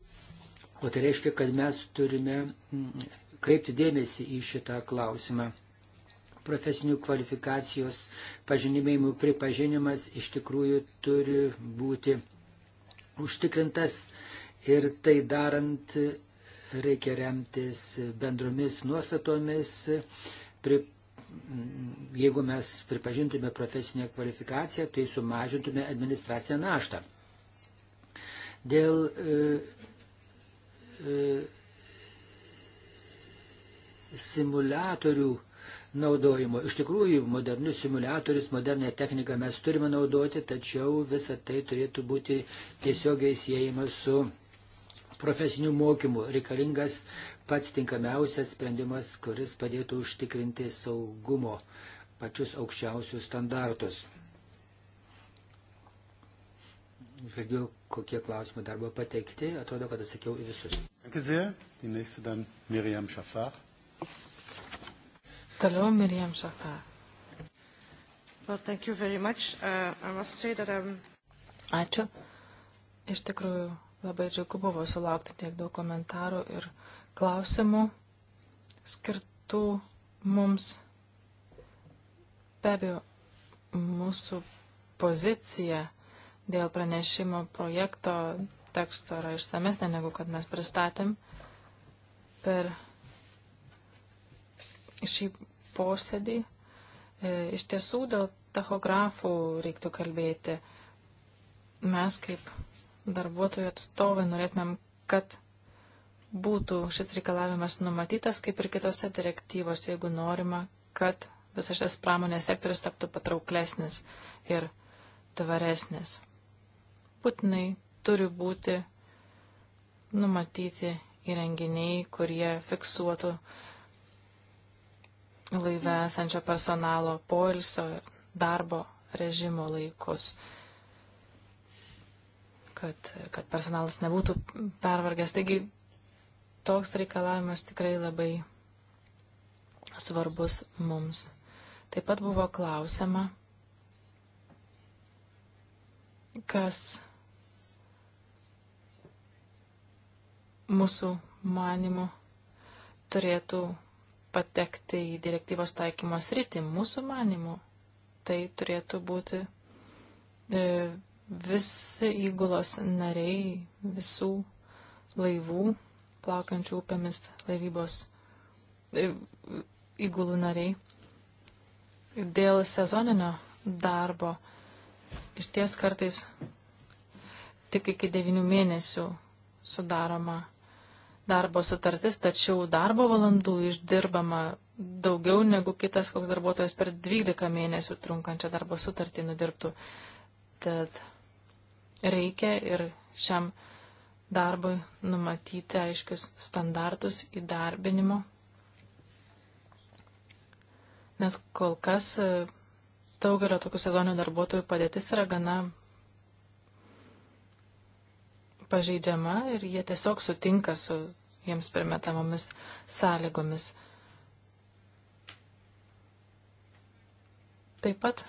O tai reiškia, kad mes turime mm, kreipti dėmesį į šitą klausimą. Profesinių kvalifikacijos pažinimėjimų pripažinimas iš tikrųjų turi būti užtikrintas ir tai darant reikia remtis bendromis nuostatomis, pri, mm, jeigu mes pripažintume profesinę kvalifikaciją, tai sumažintume administracinę naštą. Dėl e, E, simulatorių naudojimo. Iš tikrųjų, modernius simuliatorius, modernę techniką mes turime naudoti, tačiau visa tai turėtų būti tiesiogiai siejama su profesiniu mokymu. Reikalingas pats tinkamiausias sprendimas, kuris padėtų užtikrinti saugumo pačius aukščiausius standartus žvelgiau, kokie klausimai dar buvo pateikti, atrodo, kad atsakiau į visus. Toliau Miriam Šafar. Well, thank you very much. Uh, I must say that I'm... Um, Ačiū. Iš tikrųjų, labai džiugu buvo sulaukti tiek daug komentarų ir klausimų skirtų mums. Be abejo, mūsų pozicija dėl pranešimo projekto teksto yra išsamesnė negu kad mes pristatėm per šį posėdį. E, iš tiesų dėl tachografų reiktų kalbėti. Mes kaip darbuotojų atstovai norėtumėm, kad būtų šis reikalavimas numatytas kaip ir kitose direktyvos, jeigu norima, kad visas šis pramonės sektorius taptų patrauklesnis ir tvaresnis būtinai turi būti numatyti įrenginiai, kurie fiksuotų laive esančio personalo poilsio ir darbo režimo laikus, kad, kad personalas nebūtų pervargęs. Taigi toks reikalavimas tikrai labai svarbus mums. Taip pat buvo klausima, kas mūsų manimu turėtų patekti į direktyvos taikymos rytį, mūsų manimu. Tai turėtų būti e, visi įgulos nariai visų laivų, plaukiančių upėmis laivybos e, įgulų nariai. Dėl sezoninio darbo iš ties kartais tik iki devinių mėnesių sudaroma darbo sutartis, tačiau darbo valandų išdirbama daugiau negu kitas koks darbuotojas per 12 mėnesių trunkančią darbo sutartį nudirbtų. Tad reikia ir šiam darbui numatyti aiškius standartus įdarbinimo, nes kol kas e, daugelio tokių sezoninių darbuotojų padėtis yra gana pažeidžiama ir jie tiesiog sutinka su jiems primetamomis sąlygomis. Taip pat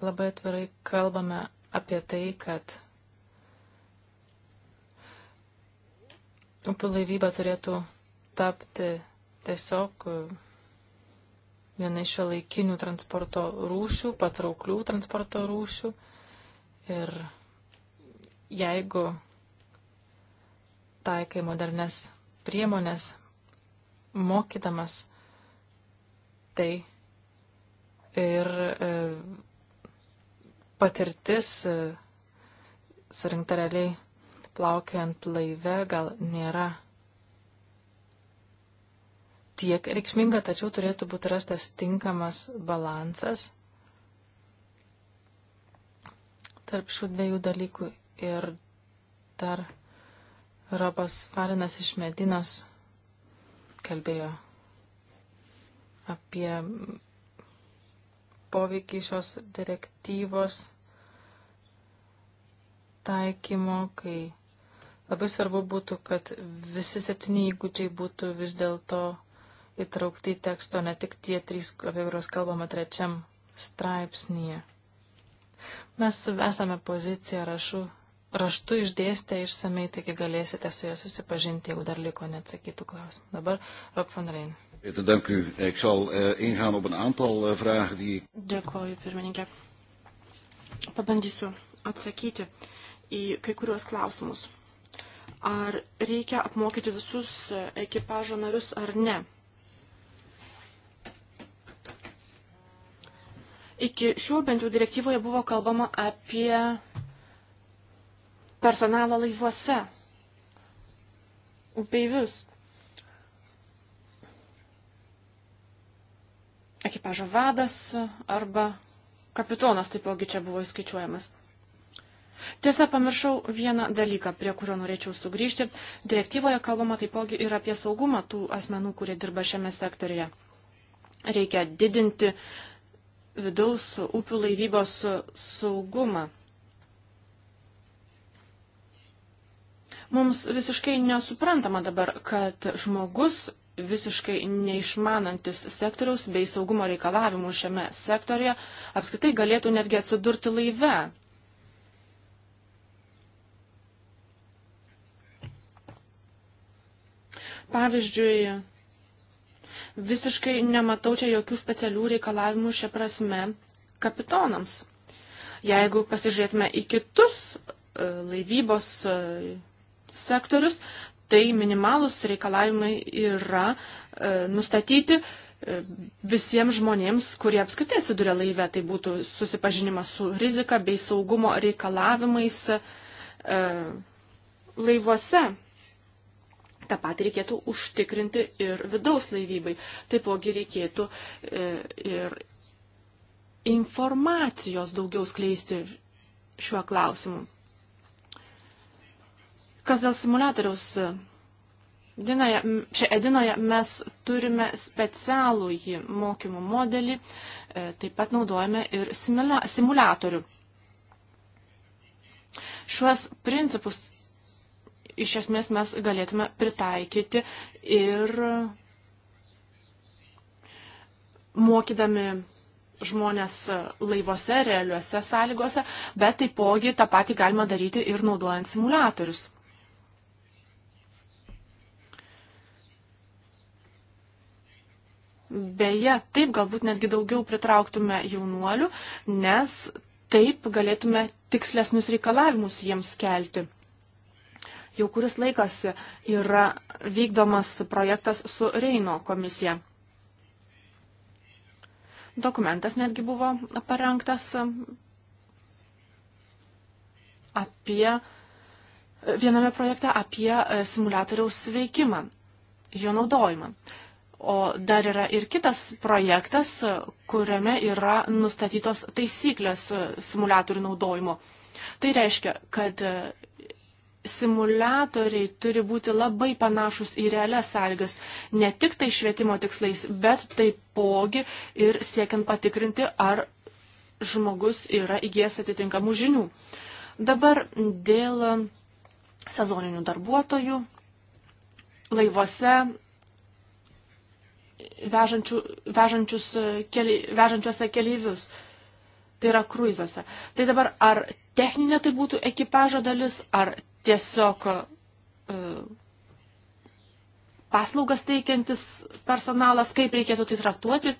labai atvirai kalbame apie tai, kad upių laivyba turėtų tapti tiesiog viena iš šio laikinių transporto rūšių, patrauklių transporto rūšių. Ir jeigu taikai modernes priemonės, mokydamas tai ir e, patirtis e, surinkta realiai plaukiant laive gal nėra tiek reikšminga, tačiau turėtų būti rastas tinkamas balansas tarp šių dviejų dalykų ir dar Robas Farinas iš Medinos kalbėjo apie poveikį šios direktyvos taikymo, kai labai svarbu būtų, kad visi septyni įgūdžiai būtų vis dėlto įtraukti į teksto, ne tik tie trys, apie kuriuos kalbama trečiam straipsnyje. Mes esame poziciją rašu raštu išdėstę išsamei, taigi galėsite su ja susipažinti, jeigu dar liko neatsakytų klausimų. Dabar Rob van Rein. Dank u. Ik zal uh, ingaan op een aantal uh, vragen die ik. Dėkoju, pirmininkė. Pabandysiu atsakyti į kai kuriuos klausimus. Ar reikia apmokyti visus eh, ekipažo narius ar ne? Iki šiol bent jau direktyvoje buvo kalbama apie personalą laivuose, upeivius, ekipažo vadas arba kapitonas taipogi čia buvo įskaičiuojamas. Tiesa, pamiršau vieną dalyką, prie kurio norėčiau sugrįžti. Direktyvoje kalbama taipogi ir apie saugumą tų asmenų, kurie dirba šiame sektorėje. Reikia didinti vidaus upių laivybos saugumą. Mums visiškai nesuprantama dabar, kad žmogus visiškai neišmanantis sektoriaus bei saugumo reikalavimų šiame sektorija apskritai galėtų netgi atsidurti laive. Pavyzdžiui, visiškai nematau čia jokių specialių reikalavimų šią prasme kapitonams. Jeigu pasižiūrėtume į kitus e, laivybos e, sektorius, tai minimalus reikalavimai yra e, nustatyti e, visiems žmonėms, kurie apskritai atsiduria laive, tai būtų susipažinimas su rizika bei saugumo reikalavimais e, laivuose. Ta pat reikėtų užtikrinti ir vidaus laivybai. Taipogi reikėtų e, ir informacijos daugiau skleisti šiuo klausimu. Kas dėl simulatoriaus? Dinoje, čia Edinoje mes turime specialų jį mokymų modelį, e, taip pat naudojame ir simulatorių. Šiuos principus iš esmės mes galėtume pritaikyti ir mokydami žmonės laivuose, realiuose sąlygose, bet taipogi tą patį galima daryti ir naudojant simulatorius. Beje, taip galbūt netgi daugiau pritrauktume jaunuolių, nes taip galėtume tikslesnius reikalavimus jiems kelti. Jau kuris laikas yra vykdomas projektas su Reino komisija. Dokumentas netgi buvo parengtas apie viename projekte apie simuliatoriaus veikimą ir jo naudojimą. O dar yra ir kitas projektas, kuriame yra nustatytos taisyklės e, simulatorių naudojimo. Tai reiškia, kad e, simulatoriai turi būti labai panašus į realias sąlygas, ne tik tai švietimo tikslais, bet taipogi ir siekiant patikrinti, ar žmogus yra įgijęs atitinkamų žinių. Dabar dėl e, sezoninių darbuotojų laivuose vežančių, vežančius, e, keli, vežančiuose keleivius. Tai yra kruizose. Tai dabar ar techninė tai būtų ekipažo dalis, ar tiesiog uh, paslaugas teikiantis personalas, kaip reikėtų tai traktuoti?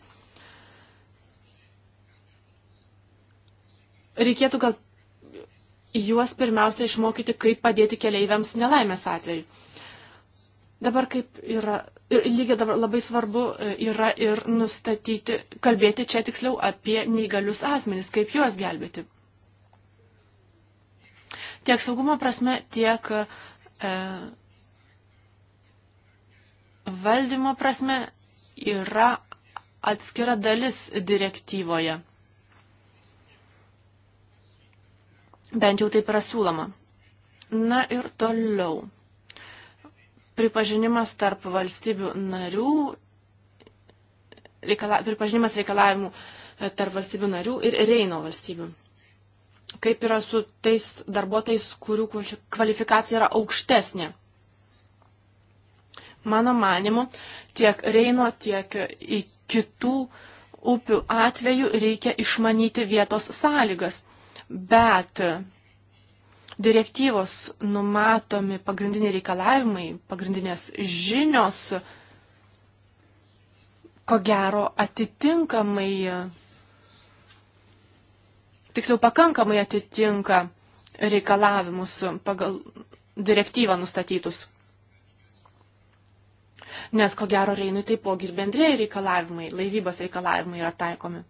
Reikėtų gal juos pirmiausia išmokyti, kaip padėti keleiviams nelaimės atveju. Dabar kaip yra, ir lygiai dabar labai svarbu e, yra ir nustatyti, kalbėti čia tiksliau apie neįgalius asmenys, kaip juos gelbėti. Tiek saugumo prasme, tiek e, valdymo prasme yra atskira dalis direktyvoje. Bent jau taip yra siūloma. Na ir toliau pripažinimas tarp valstybių narių, reikala, pripažinimas reikalavimų e, tarp valstybių narių ir Reino valstybių. Kaip yra su tais darbuotojais, kurių kvalifikacija yra aukštesnė? Mano manimu, tiek Reino, tiek į kitų upių atveju reikia išmanyti vietos sąlygas. Bet direktyvos numatomi pagrindiniai reikalavimai, pagrindinės žinios, ko gero atitinkamai, tiksliau pakankamai atitinka reikalavimus pagal direktyvą nustatytus. Nes ko gero Reinui taipogi ir bendrėjai reikalavimai, laivybos reikalavimai yra taikomi.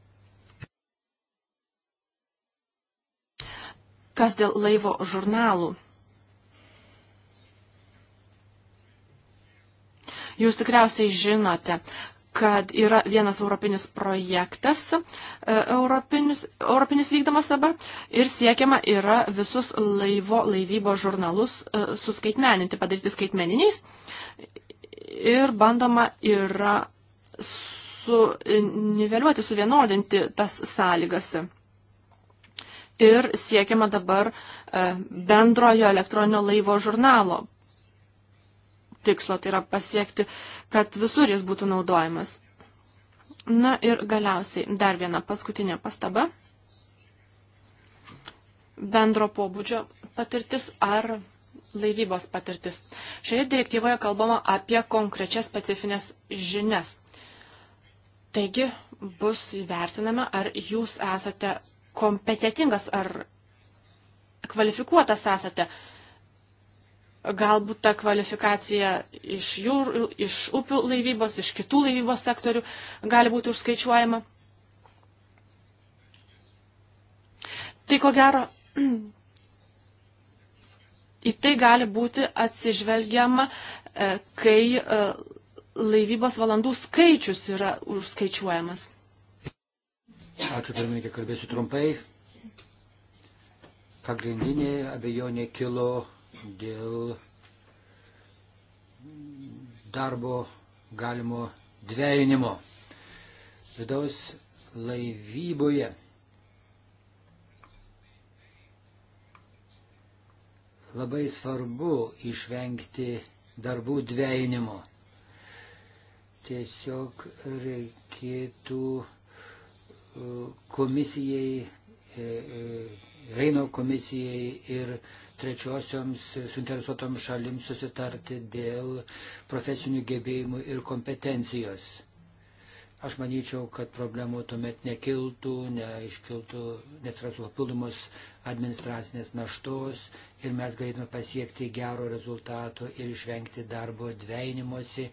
Kas dėl laivo žurnalų? Jūs tikriausiai žinote, kad yra vienas europinis projektas, e, europinis, europinis vykdamas dabar, ir siekiama yra visus laivo laivybo žurnalus e, suskaitmeninti, padaryti skaitmeniniais. Ir bandoma yra suniveliuoti, suvienodinti tas sąlygas ir siekiama dabar e, bendrojo elektroninio laivo žurnalo tikslo, tai yra pasiekti, kad visur jis būtų naudojamas. Na ir galiausiai dar viena paskutinė pastaba. Bendro pobūdžio patirtis ar laivybos patirtis. Šioje direktyvoje kalbama apie konkrečias specifines žinias. Taigi bus įvertinama, ar jūs esate kompetitingas ar kvalifikuotas esate. Galbūt ta kvalifikacija iš, jūr, iš upių laivybos, iš kitų laivybos sektorių gali būti užskaičiuojama. Tai ko gero, į tai gali būti atsižvelgiama, e, kai e, laivybos valandų skaičius yra užskaičiuojamas. Ačiū pirmininkė, kalbėsiu trumpai. Pagrindinė abejonė kilo dėl darbo galimo dvėjinimo vidaus laivyboje. Labai svarbu išvengti darbų dvėjinimo. Tiesiog reikėtų komisijai, e, e, Reino komisijai ir trečiosioms suinteresuotoms šalims susitarti dėl profesinių gebėjimų ir kompetencijos. Aš manyčiau, kad problemų tuomet nekiltų, neiškiltų, netrasų papildomos administracinės naštos ir mes galėtume pasiekti gero rezultato ir išvengti darbo dveinimosi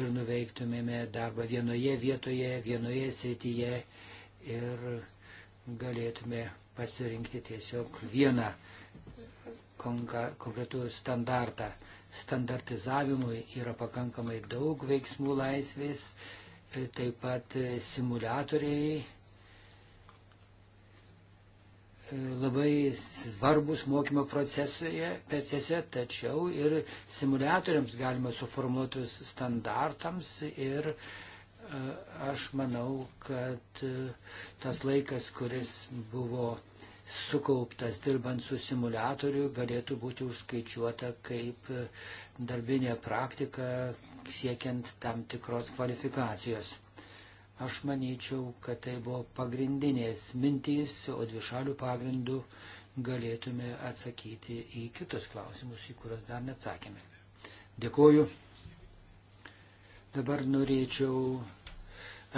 ir nuveiktumėme darbą vienoje vietoje, vienoje srityje ir galėtume pasirinkti tiesiog vieną konkretų standartą. Standartizavimui yra pakankamai daug veiksmų laisvės, e, taip pat e, simulatoriai e, labai svarbus mokymo procese, tačiau ir simulatoriams galima suformuotus standartams ir uh, Aš manau, kad e, tas laikas, kuris buvo sukauptas dirbant su simuliatoriu, galėtų būti užskaičiuota kaip e, darbinė praktika siekiant tam tikros kvalifikacijos. Aš manyčiau, kad tai buvo pagrindinės mintys, o dvišalių pagrindų galėtume atsakyti į kitus klausimus, į kuriuos dar neatsakėme. Dėkuoju. Dabar norėčiau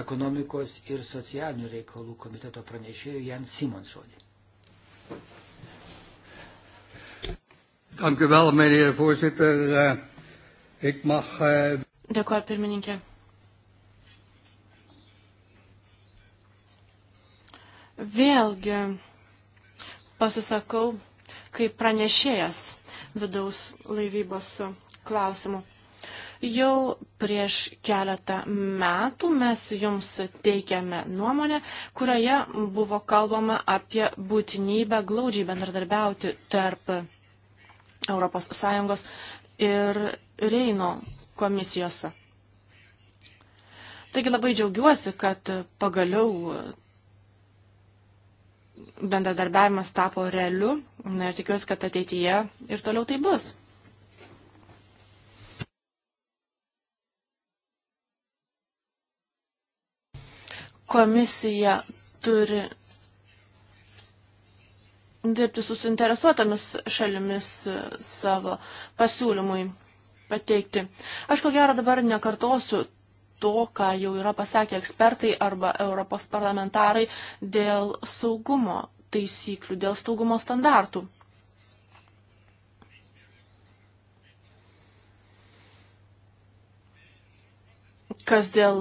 ekonomikos ir socialinių reikalų komiteto pranešėjų Jan Simon žodį. Eh, eh, Dank u wel, meneer voorzitter. Ik mag. Dėkuoju, pirmininkė. Vėlgi pasisakau kaip pranešėjas vidaus laivybos klausimų. Jau prieš keletą metų mes jums teikėme nuomonę, kurioje buvo kalbama apie būtinybę glaudžiai bendradarbiauti tarp ES ir Reino komisijose. Taigi labai džiaugiuosi, kad pagaliau bendradarbiavimas tapo realiu na, ir tikiuosi, kad ateityje ir toliau tai bus. komisija turi dirbti su suinteresuotomis šalimis e, savo pasiūlymui pateikti. Aš ko gero dabar nekartosiu to, ką jau yra pasakę ekspertai arba Europos parlamentarai dėl saugumo taisyklių, dėl saugumo standartų. Kas dėl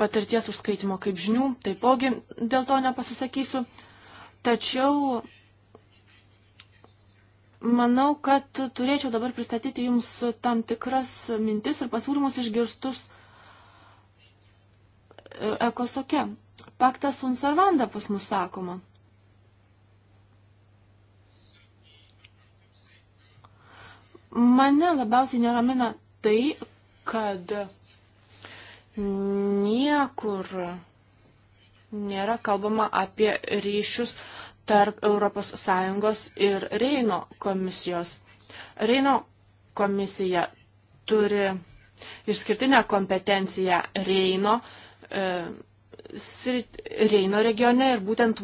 patirties užskaitimo kaip žinių, taipogi dėl to nepasisakysiu. Tačiau manau, kad turėčiau dabar pristatyti Jums tam tikras mintis ir pasiūlymus išgirstus e, ekosoke. Paktas unservanda pas mus sakoma. Mane labiausiai neramina tai, kad Niekur nėra kalbama apie ryšius tarp ES ir Reino komisijos. Reino komisija turi išskirtinę kompetenciją Reino, e, srit, Reino regione ir būtent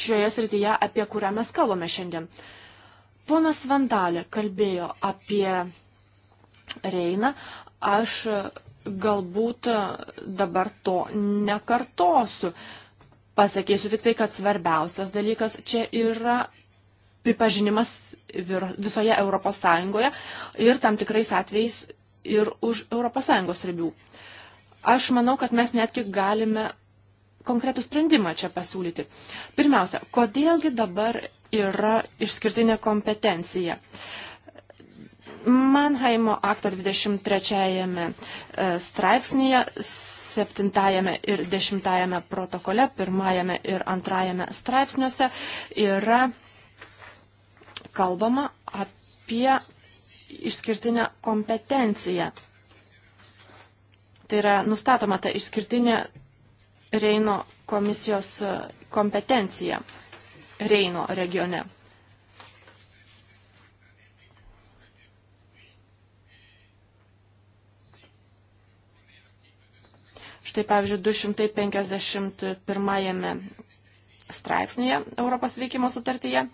šioje srityje, apie kurią mes kalbame šiandien. Ponas Vandalė kalbėjo apie Reiną, aš galbūt e, dabar to nekartosiu. Pasakysiu tik tai, kad svarbiausias dalykas čia yra pripažinimas visoje Europos Sąjungoje ir tam tikrais atvejais ir už Europos Sąjungos ribių. Aš manau, kad mes netgi galime konkretų sprendimą čia pasiūlyti. Pirmiausia, kodėlgi dabar yra išskirtinė kompetencija? Uh, Manheimo akto 23 e, straipsnėje, 7 ir 10 protokole, 1 ir 2 straipsniuose yra kalbama apie išskirtinę kompetenciją. Tai yra nustatoma ta išskirtinė Reino komisijos kompetencija Reino regione. Štai pavyzdžiui, 251 straipsnėje Europos veikimo sutartyje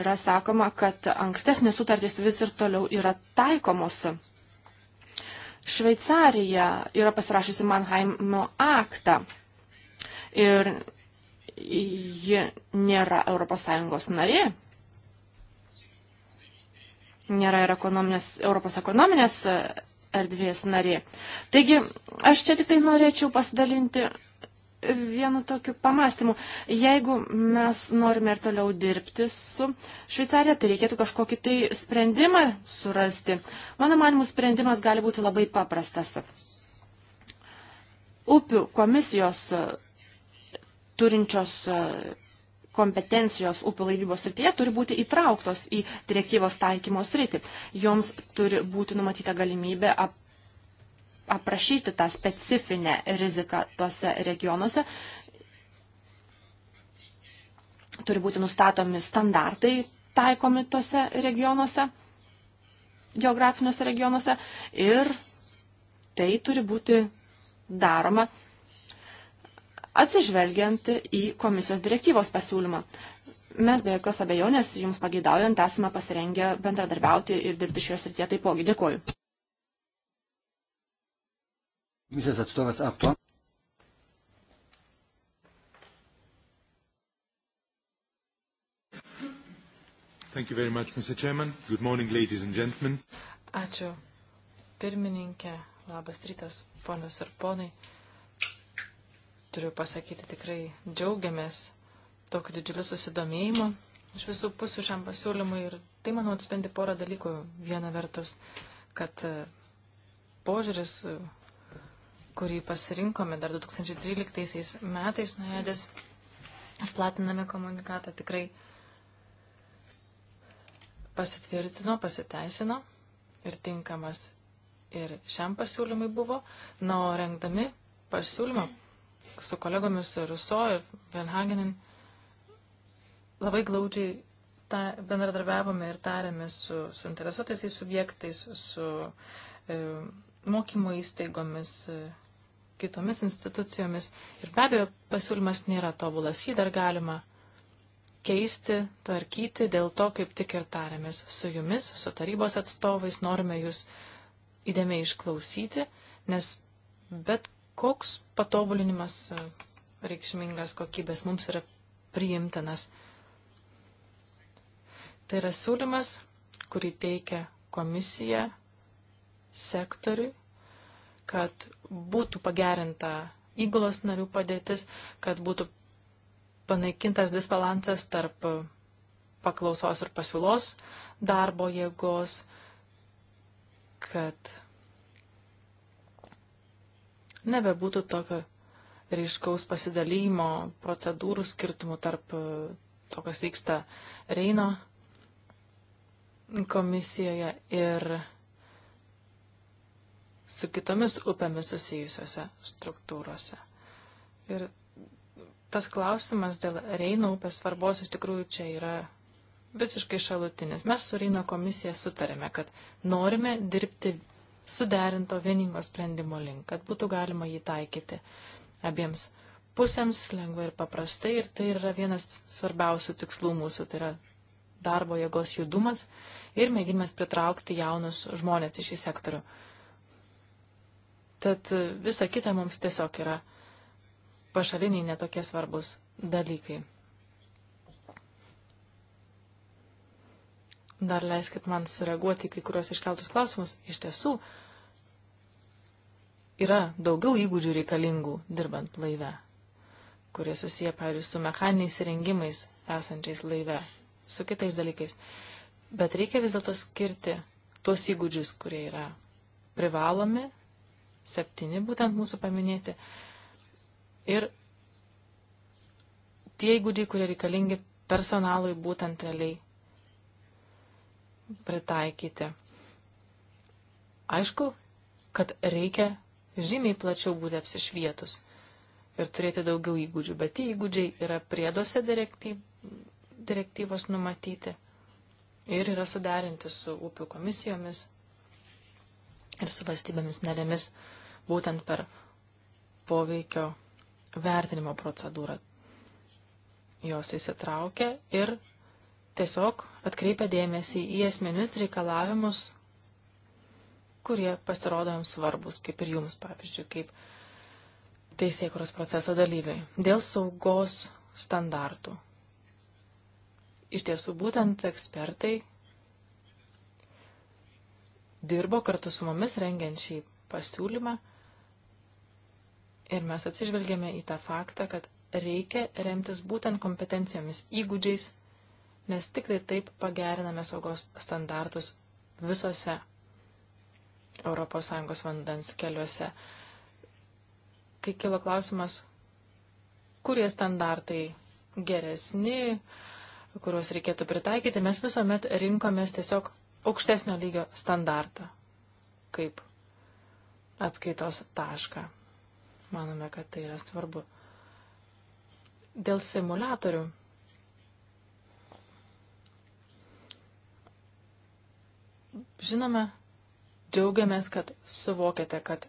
yra sakoma, kad ankstesnės sutartys vis ir toliau yra taikomos. Šveicarija yra pasirašusi Mannheimo aktą ir ji nėra ES narė. Nėra ir ekonominės, Europos ekonominės erdvės narė. Taigi, aš čia tik tai norėčiau pasidalinti vienu tokiu pamastymu. Jeigu mes norime ir toliau dirbti su Šveicarija, tai reikėtų kažkokį tai sprendimą surasti. Mano manimų sprendimas gali būti labai paprastas. Upių komisijos turinčios kompetencijos upių laivybos srityje turi būti įtrauktos į direktyvos taikymo sritį. Joms turi būti numatyta galimybė ap aprašyti tą specifinę riziką tose regionuose. Turi būti nustatomi standartai taikomi tose regionuose, geografiniuose regionuose ir tai turi būti daroma atsižvelgiant į komisijos direktyvos pasiūlymą. Mes be jokios abejonės jums pageidaujant esame pasirengę bendradarbiauti ir dirbti šioje srityje taipogi. Dėkuoju. Komisijos atstovas Apto. Thank you very much, Mr. Chairman. Good morning, ladies and gentlemen. Ačiū. Pirmininkė, labas rytas, ponios ir ponai turiu pasakyti, tikrai džiaugiamės tokiu didžiuliu susidomėjimu iš visų pusių šiam pasiūlymui ir tai, manau, atspendi porą dalykų. Viena vertus, kad e, požiūris, e, kurį pasirinkome dar 2013 metais nuėdės, išplatiname komunikatą, tikrai pasitvirtino, pasiteisino ir tinkamas ir šiam pasiūlymui buvo. Na, o rengdami pasiūlymą su kolegomis Ruso ir Venhagenin labai glaudžiai ta, bendradarbiavome ir tarėme su, su interesuotais subjektais, su e, mokymo įstaigomis, e, kitomis institucijomis. Ir be abejo, pasiūlymas nėra tobulas, jį dar galima keisti, tvarkyti, dėl to kaip tik ir tarėmės su jumis, su tarybos atstovais, norime jūs įdėmiai išklausyti, nes bet koks patobulinimas e, reikšmingas kokybės mums yra priimtinas. Tai yra siūlymas, kurį teikia komisija sektoriui, kad būtų pagerinta įgulos narių padėtis, kad būtų panaikintas disbalansas tarp paklausos ir pasiūlos darbo jėgos, kad nebebūtų tokio ryškaus pasidalymo procedūrų skirtumų tarp e, to, kas vyksta Reino komisijoje ir su kitomis upėmis susijusiose struktūrose. Ir tas klausimas dėl Reino upės svarbos iš tikrųjų čia yra visiškai šalutinis. Mes su Reino komisija sutarėme, kad norime dirbti suderinto vieningo sprendimo link, kad būtų galima jį taikyti abiems pusėms lengvai ir paprastai. Ir tai yra vienas svarbiausių tikslų mūsų, tai yra darbo jėgos judumas ir mėginimas pritraukti jaunus žmonės į šį sektorių. Tad visa kita mums tiesiog yra pašaliniai netokie svarbus dalykai. Dar leiskit man sureaguoti kai kurios iškeltus klausimus. Iš tiesų, yra daugiau įgūdžių reikalingų dirbant laive, kurie susiję, pavyzdžiui, su mechaniniais įrengimais esančiais laive, su kitais dalykais. Bet reikia vis dėlto skirti tuos įgūdžius, kurie yra privalomi, septyni būtent mūsų paminėti, ir tie įgūdžiai, kurie reikalingi personalui būtent realiai pritaikyti. Aišku, kad reikia žymiai plačiau būti apsišvietus ir turėti daugiau įgūdžių, bet tie įgūdžiai yra prieduose direktyv, direktyvos numatyti ir yra suderinti su upių komisijomis ir su valstybėmis narėmis būtent per poveikio vertinimo procedūrą. Jos įsitraukia ir tiesiog atkreipia dėmesį į esminius reikalavimus, kurie pasirodo jums svarbus, kaip ir jums, pavyzdžiui, kaip teisėkuros proceso dalyviai, dėl saugos standartų. Iš tiesų, būtent ekspertai dirbo kartu su mumis rengiant šį pasiūlymą ir mes atsižvelgėme į tą faktą, kad reikia remtis būtent kompetencijomis, įgūdžiais Mes tik tai taip pageriname saugos standartus visose ES vandens keliuose. Kai kilo klausimas, kurie standartai geresni, kuriuos reikėtų pritaikyti, mes visuomet rinkomės tiesiog aukštesnio lygio standartą kaip atskaitos tašką. Manome, kad tai yra svarbu. Dėl simulatorių Žinome, džiaugiamės, kad suvokėte, kad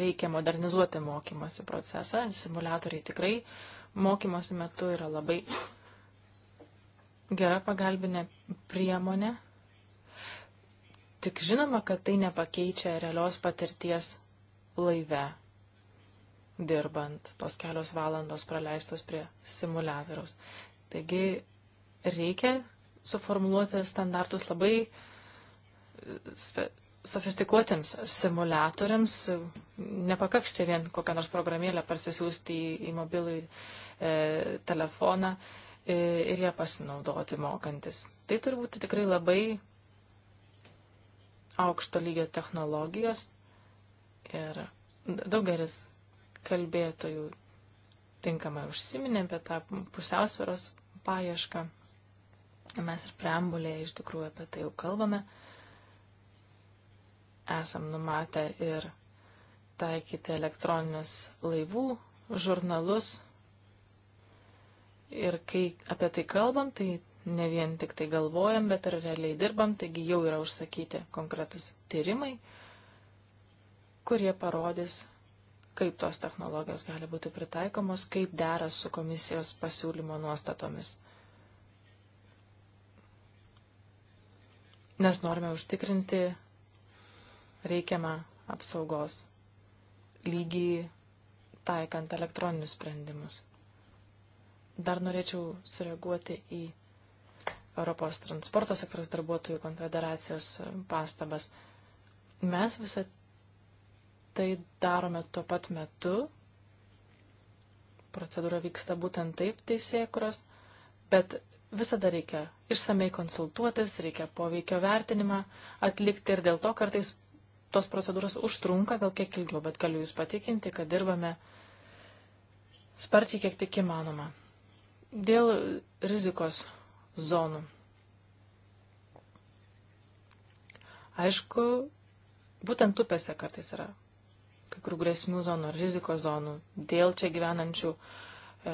reikia modernizuoti mokymosi procesą. Simulatoriai tikrai mokymosi metu yra labai gera pagalbinė priemonė. Tik žinoma, kad tai nepakeičia realios patirties laive dirbant, tos kelios valandos praleistos prie simuliatoriaus. Taigi reikia suformuluoti standartus labai sofistikuotiems simuliatoriams nepakaks čia vien kokią nors programėlę parsisiųsti į, į mobilų e, telefoną e, ir ją pasinaudoti mokantis. Tai turi būti tikrai labai aukšto lygio technologijos ir daugelis kalbėtojų tinkamai užsiminė apie tą pusiausvėros paiešką. Mes ir preambulėje iš tikrųjų apie tai jau kalbame. E, esam numatę ir taikyti elektroninius laivų žurnalus. Ir kai apie tai kalbam, tai ne vien tik tai galvojam, bet ir realiai dirbam, taigi jau yra užsakyti konkretus tyrimai, kurie parodys, kaip tos technologijos gali būti pritaikomos, kaip dera su komisijos pasiūlymo nuostatomis. Nes norime užtikrinti reikiamą apsaugos lygį taikant elektroninius sprendimus. Dar norėčiau sureaguoti į Europos transporto sektoriaus darbuotojų konfederacijos pastabas. Mes visą tai darome tuo pat metu. Procedūra vyksta būtent taip teisėkuros, bet visada reikia išsamei konsultuotis, reikia poveikio vertinimą atlikti ir dėl to kartais tos procedūros užtrunka gal kiek ilgiau, bet galiu Jūs patikinti, kad dirbame sparčiai kiek tik įmanoma. Dėl rizikos zonų. Aišku, būtent upėse kartais yra kai kur grėsmių zonų, rizikos zonų, dėl čia gyvenančių e,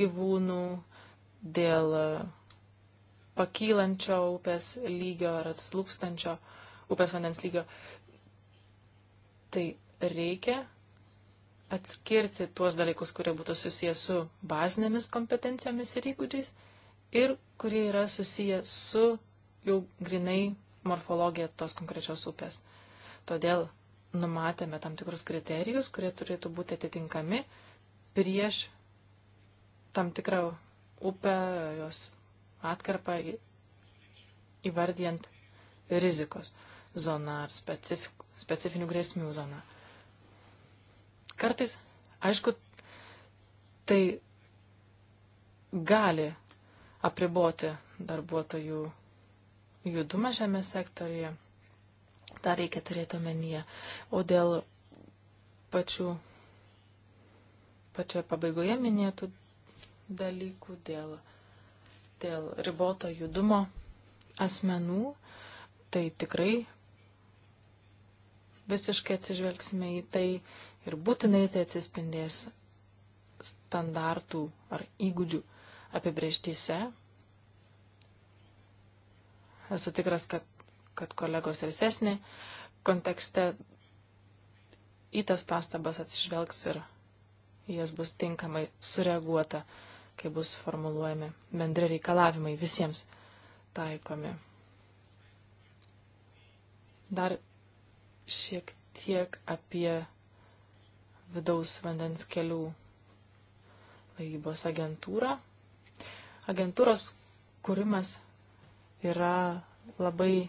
gyvūnų, dėl e, pakylančio upės lygio ar atslūkstančio e, upės vandens lygio. Tai reikia atskirti tuos dalykus, kurie būtų susiję su bazinėmis kompetencijomis ir įgūdžiais ir kurie yra susiję su jau grinai morfologija tos konkrečios upės. Todėl numatėme tam tikrus kriterijus, kurie turėtų būti atitinkami prieš tam tikrą upę, jos atkarpą įvardyjant rizikos zona ar specif, specifinių grėsmių zona. Kartais, aišku, tai gali apriboti darbuotojų judumą žemės sektorijoje. Tą reikia turėti omenyje. O dėl pačių, pačioje pabaigoje minėtų dalykų, dėl, dėl riboto judumo asmenų, tai tikrai visiškai atsižvelgsime į tai ir būtinai tai atsispindės standartų ar įgūdžių apibrieštyse. Esu tikras, kad, kad kolegos ir sesnė kontekste į tas pastabas atsižvelgs ir jas bus tinkamai sureaguota, kai bus formuluojami bendri reikalavimai visiems taikomi. Dar šiek tiek apie vidaus vandens kelių laivybos agentūrą. Agentūros kūrimas yra labai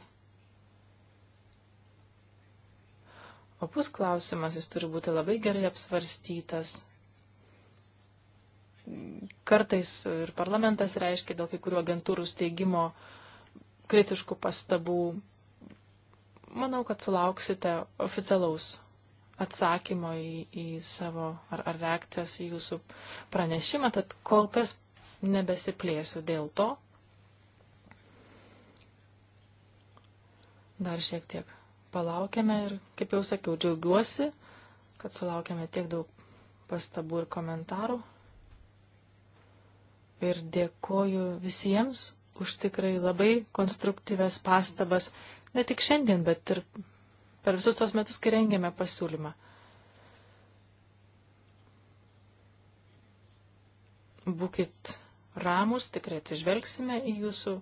opus klausimas, jis turi būti labai gerai apsvarstytas. Kartais ir parlamentas reiškia dėl kai kurių agentūrų steigimo kritiškų pastabų, Manau, kad sulauksite oficialaus atsakymo į, į savo ar, ar reakcijos į jūsų pranešimą, tad kol kas nebesiplėsiu dėl to. Dar šiek tiek palaukėme ir, kaip jau sakiau, džiaugiuosi, kad sulaukėme tiek daug pastabų ir komentarų. Ir dėkoju visiems už tikrai labai konstruktyves pastabas ne tik šiandien, bet ir per visus tos metus, kai rengėme pasiūlymą. Būkit ramus, tikrai atsižvelgsime į jūsų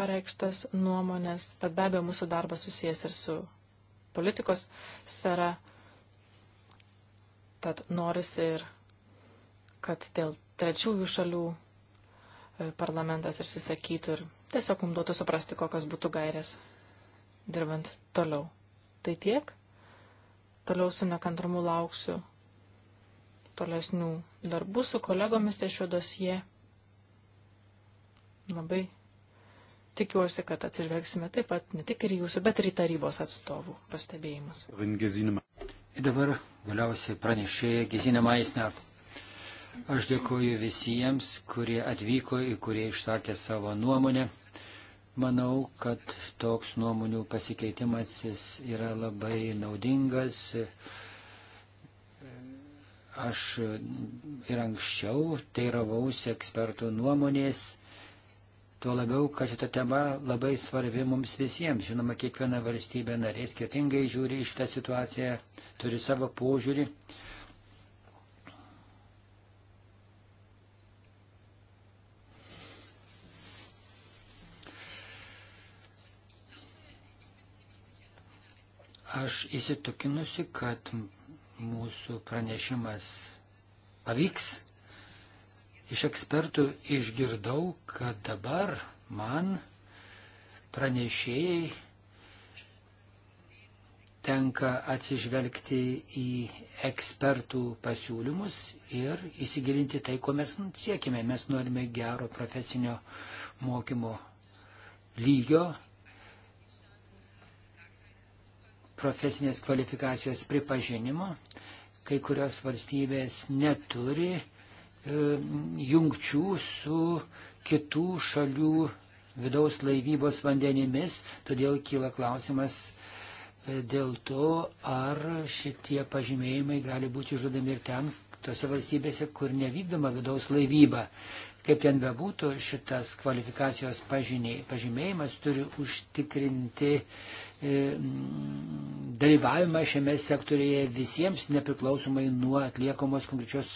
pareikštas nuomonės, bet be abejo mūsų darbas susijęs ir su politikos sfera, tad norisi ir, kad dėl trečiųjų šalių e, parlamentas išsisakytų ir tiesiog mums duotų suprasti, kokios būtų gairės dirbant toliau. Tai tiek. Toliau su nekantrumu lauksiu tolesnių darbų su kolegomis ties šio dosie. Labai tikiuosi, kad atsižvelgsime taip pat ne tik ir jūsų, bet ir į tarybos atstovų pastebėjimus. Ir dabar galiausiai pranešėja Gezinė Maisner. Aš dėkoju visiems, kurie atvyko ir kurie išsakė savo nuomonę. Manau, kad toks nuomonių pasikeitimasis yra labai naudingas. Aš ir anksčiau teiravausi ekspertų nuomonės. Tuo labiau, kad šita tema labai svarbi mums visiems. Žinoma, kiekviena valstybė narė skirtingai žiūri į šitą situaciją, turi savo požiūrį. Aš įsitikinusi, kad mūsų pranešimas pavyks. Iš ekspertų išgirdau, kad dabar man pranešėjai tenka atsižvelgti į ekspertų pasiūlymus ir įsigilinti tai, ko mes siekime. Mes norime gero profesinio mokymo lygio, profesinės kvalifikacijos pripažinimo. Kai kurios valstybės neturi e, jungčių su kitų šalių vidaus laivybos vandenimis, todėl kyla klausimas e, dėl to, ar šitie pažymėjimai gali būti išduodami ir ten, tose valstybėse, kur nevykdoma vidaus laivyba. Kaip ten bebūtų, šitas kvalifikacijos pažiniai, pažymėjimas turi užtikrinti E, dalyvavimą šiame sektorėje visiems nepriklausomai nuo atliekamos konkrečios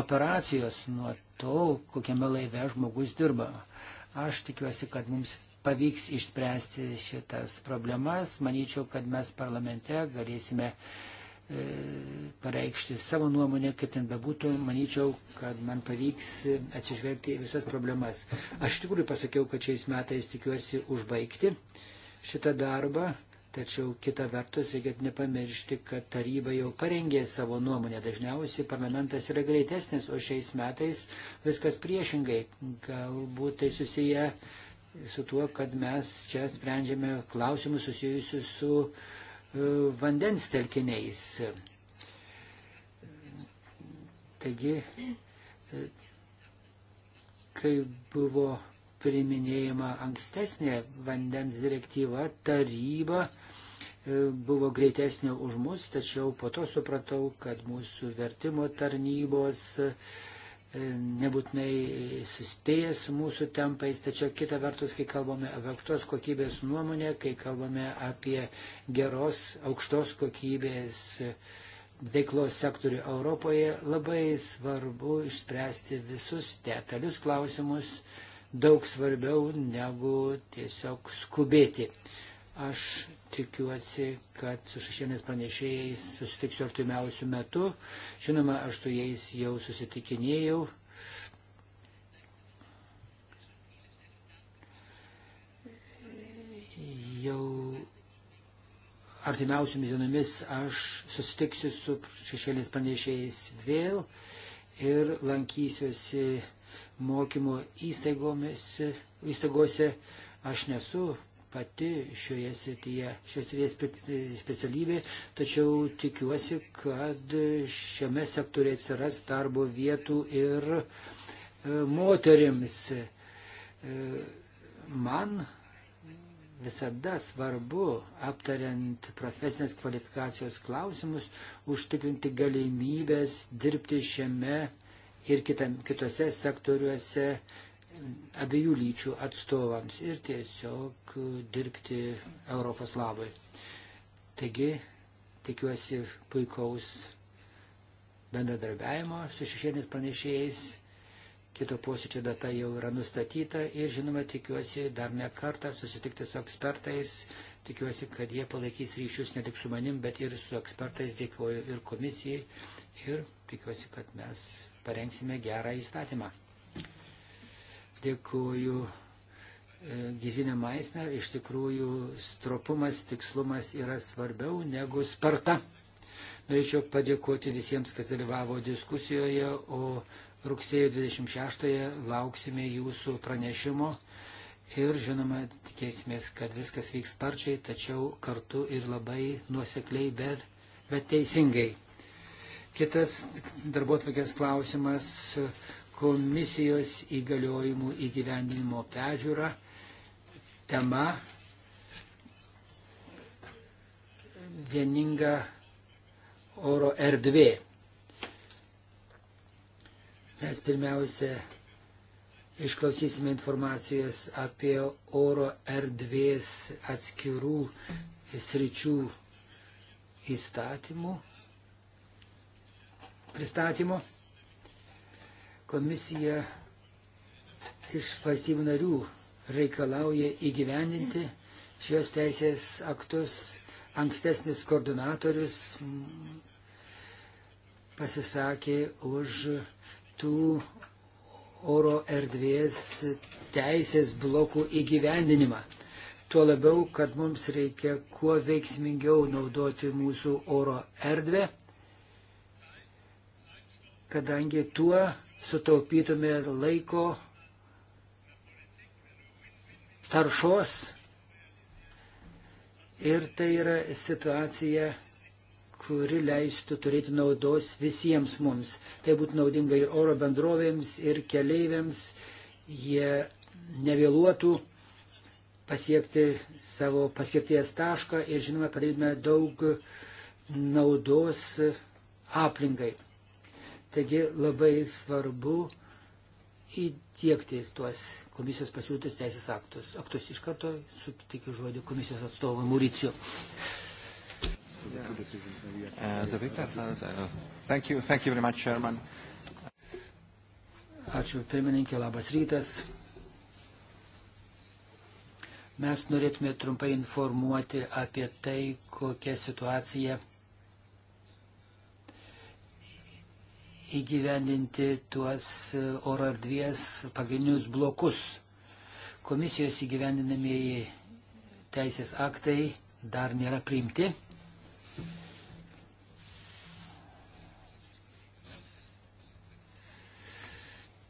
operacijos, nuo to, kokiame laive žmogus dirba. Aš tikiuosi, kad mums pavyks išspręsti šitas problemas. Manyčiau, kad mes parlamente galėsime e, pareikšti savo nuomonę, kaip ten bebūtų, manyčiau, kad man pavyks atsižvelgti į visas problemas. Aš iš tikrųjų pasakiau, kad šiais metais tikiuosi užbaigti šitą darbą, tačiau kita vertus reikia nepamiršti, kad taryba jau parengė savo nuomonę. Dažniausiai parlamentas yra greitesnis, o šiais metais viskas priešingai. Galbūt tai susiję su tuo, kad mes čia sprendžiame klausimus susijusius su uh, vandens telkiniais. Taigi, e, kai buvo priminėjama ankstesnė vandens direktyva, taryba e, buvo greitesnė už mus, tačiau po to supratau, kad mūsų vertimo tarnybos e, nebūtinai suspėja su mūsų tempais, tačiau kita vertus, kai kalbame apie aukštos kokybės nuomonę, kai kalbame apie geros, aukštos kokybės veiklos sektorių Europoje, labai svarbu išspręsti visus detalius klausimus daug svarbiau negu tiesiog skubėti. Aš tikiuosi, kad su šešienės pranešėjais susitiksiu artimiausių metų. Žinoma, aš su jais jau susitikinėjau. Jau artimiausiomis dienomis aš susitiksiu su šešėlės pranešėjais vėl ir lankysiuosi mokymo įstaigose. Aš nesu pati šioje srityje, šios srityje specialybė, tačiau tikiuosi, kad šiame sektoriu atsiras darbo vietų ir e, moterims. E, man visada svarbu, aptariant profesinės kvalifikacijos klausimus, užtikrinti galimybės dirbti šiame sektoriu ir kitam, kitose sektoriuose abiejų lyčių atstovams ir tiesiog dirbti Europos labui. Taigi, tikiuosi puikaus bendradarbiavimo su šešėnės pranešėjais. Kito posėdžio data jau yra nustatyta ir, žinoma, tikiuosi dar ne kartą susitikti su ekspertais. Tikiuosi, kad jie palaikys ryšius ne tik su manim, bet ir su ekspertais. Dėkuoju ir komisijai ir tikiuosi, kad mes parengsime gerą įstatymą. Dėkuoju e, Gizinė Maisner, iš tikrųjų stropumas, tikslumas yra svarbiau negu sparta. Norėčiau padėkoti visiems, kas dalyvavo diskusijoje, o rugsėjo 26-ąją lauksime jūsų pranešimo ir žinoma tikėsimės, kad viskas vyks sparčiai, tačiau kartu ir labai nuosekliai, bet, bet teisingai. Kitas darbotvarkės klausimas - komisijos įgaliojimų įgyvendinimo pežiūra. Tema - vieninga oro erdvė. Mes pirmiausia išklausysime informacijos apie oro erdvės atskirų sričių įstatymų pristatymo. Komisija iš valstybių narių reikalauja įgyvendinti šios teisės aktus. Ankstesnis koordinatorius pasisakė už tų oro erdvės teisės blokų įgyvendinimą. Tuo labiau, kad mums reikia kuo veiksmingiau naudoti mūsų oro erdvę kadangi tuo sutaupytume laiko taršos ir tai yra situacija, kuri leistų turėti naudos visiems mums. Tai būtų naudinga ir oro bendrovėms, ir keleiviams, jie nevėluotų pasiekti savo paskirties tašką ir žinoma padarytume daug naudos aplinkai. Taigi labai svarbu įtiekti tuos komisijos pasiūlytus teisės aktus. Aktus iš karto sutikiu žodį komisijos atstovui Mauriciu. Uh, uh, Ačiū pirmininkė, labas rytas. Mes norėtume trumpai informuoti apie tai, kokia situacija įgyvendinti tuos e, oro erdvės pagrindinius blokus. Komisijos įgyvendinamieji teisės aktai dar nėra priimti.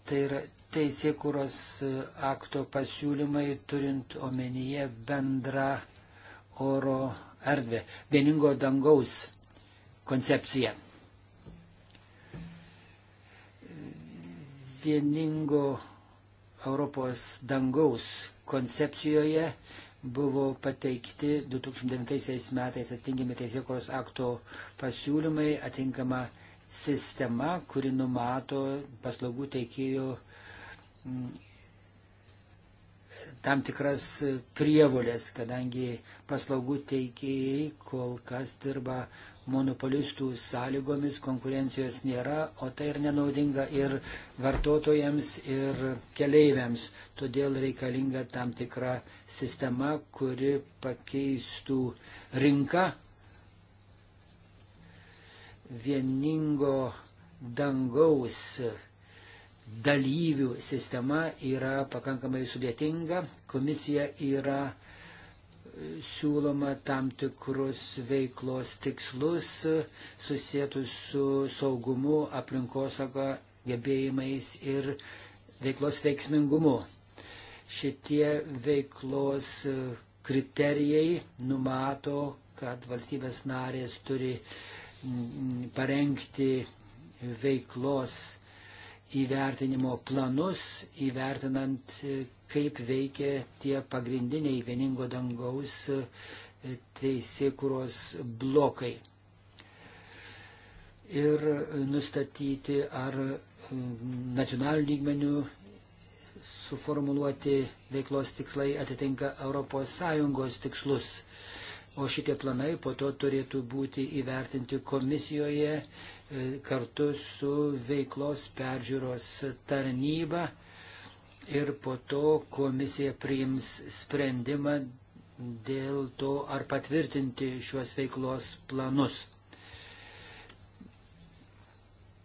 Tai yra teisėkuros e, akto pasiūlymai turint omenyje bendrą oro erdvę, vieningo dangaus koncepciją. vieningo Europos dangaus koncepcijoje buvo pateikti 2009 metais atitinkami teisėkuros akto pasiūlymai, atitinkama sistema, kuri numato paslaugų teikėjų mm, tam tikras prievolės, kadangi paslaugų teikėjai kol kas dirba monopolistų sąlygomis, konkurencijos nėra, o tai ir nenaudinga ir vartotojams, ir keleiviams. Todėl reikalinga tam tikra sistema, kuri pakeistų rinką vieningo dangaus dalyvių sistema yra pakankamai sudėtinga. Komisija yra uh, siūloma tam tikrus veiklos tikslus susijęs su saugumu, aplinkosaga, gebėjimais ir veiklos veiksmingumu. Šitie veiklos kriterijai numato, kad valstybės narės turi parengti veiklos įvertinimo planus, įvertinant kaip veikia tie pagrindiniai vieningo dangaus e, teisėkuros blokai. Ir e, nustatyti, ar e, nacionalinių lygmenių suformuluoti veiklos tikslai atitinka ES tikslus. O šitie planai po to turėtų būti įvertinti komisijoje kartu su veiklos peržiūros tarnyba ir po to komisija priims sprendimą dėl to, ar patvirtinti šiuos veiklos planus.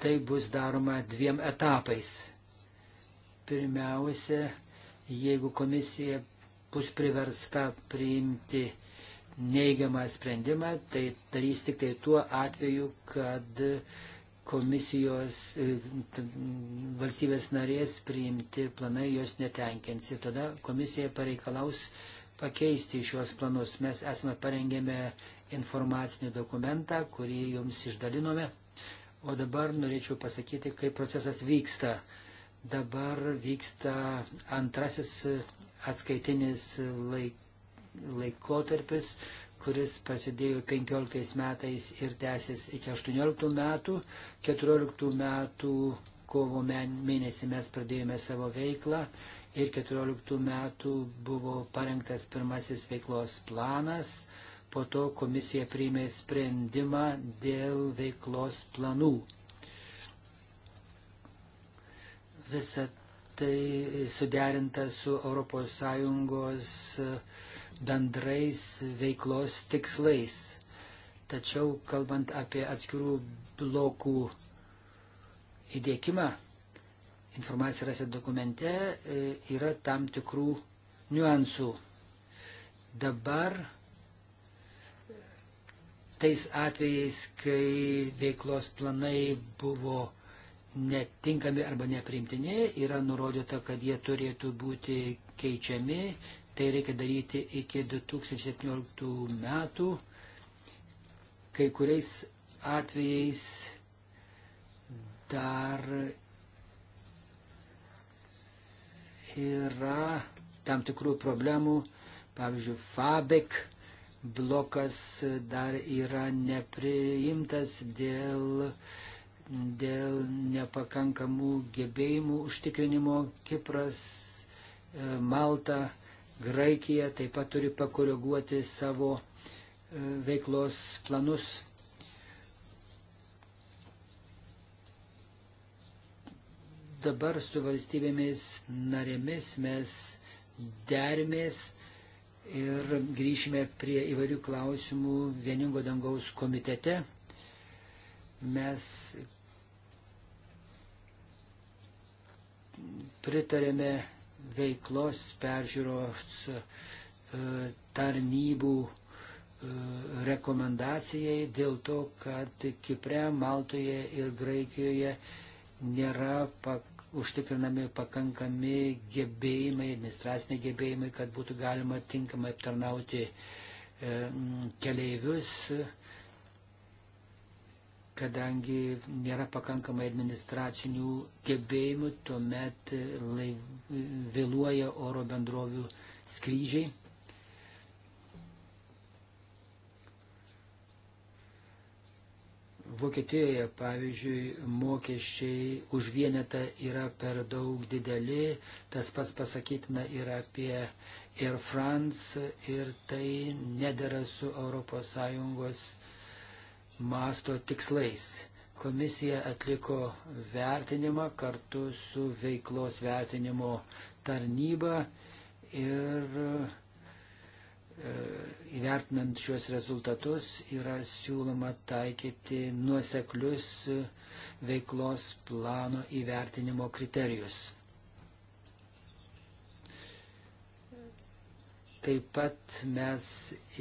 Tai bus daroma dviem etapais. Pirmiausia, jeigu komisija bus priversta priimti neigiamą sprendimą, tai darys tik tai tuo atveju, kad uh, komisijos e, valstybės narės priimti planai jos netenkins. Ir tada komisija pareikalaus pakeisti šios planus. Mes esame parengėme informacinį dokumentą, kurį jums išdalinome. O dabar norėčiau pasakyti, kaip procesas vyksta. Dabar vyksta antrasis e, atskaitinis laik, laikotarpis, kuris prasidėjo 15 metais ir tęsis iki 18 metų. 14 metų kovo mėnesį mes pradėjome savo veiklą ir 14 metų buvo parengtas pirmasis veiklos planas. Po to komisija priėmė sprendimą dėl veiklos planų. Visa tai suderinta su ES bendrais veiklos tikslais. Tačiau kalbant apie atskirų blokų įdėkimą, informacija rasi dokumente, e, yra tam tikrų niuansų. Dabar tais atvejais, kai veiklos planai buvo netinkami arba nepriimtini, yra nurodyta, kad jie turėtų būti keičiami, Tai reikia daryti iki 2017 metų. Kai kuriais atvejais dar yra tam tikrų problemų. Pavyzdžiui, FABEC blokas dar yra nepriimtas dėl, dėl nepakankamų gebėjimų užtikrinimo Kipras, e, Malta Graikija taip pat turi pakoreguoti savo e, veiklos planus. Dabar su valstybėmis narėmis mes dermės ir grįšime prie įvairių klausimų vieningo dangaus komitete. Mes pritarėme veiklos peržiūros e, tarnybų e, rekomendacijai dėl to, kad Kipre, Maltoje ir Graikijoje nėra pak užtikrinami pakankami gebėjimai, administraciniai gebėjimai, kad būtų galima tinkamai aptarnauti e, keleivius kadangi nėra pakankamai administracinių gebėjimų, tuomet laiv... vėluoja oro bendrovių skrydžiai. Vokietijoje, pavyzdžiui, mokesčiai už vienetą yra per daug dideli, tas pas pasakytina yra apie Air France ir tai nedara su ES masto tikslais. Komisija atliko vertinimą kartu su veiklos vertinimo tarnyba ir e, įvertinant šiuos rezultatus yra siūloma taikyti nuoseklius veiklos plano įvertinimo kriterijus. Taip pat mes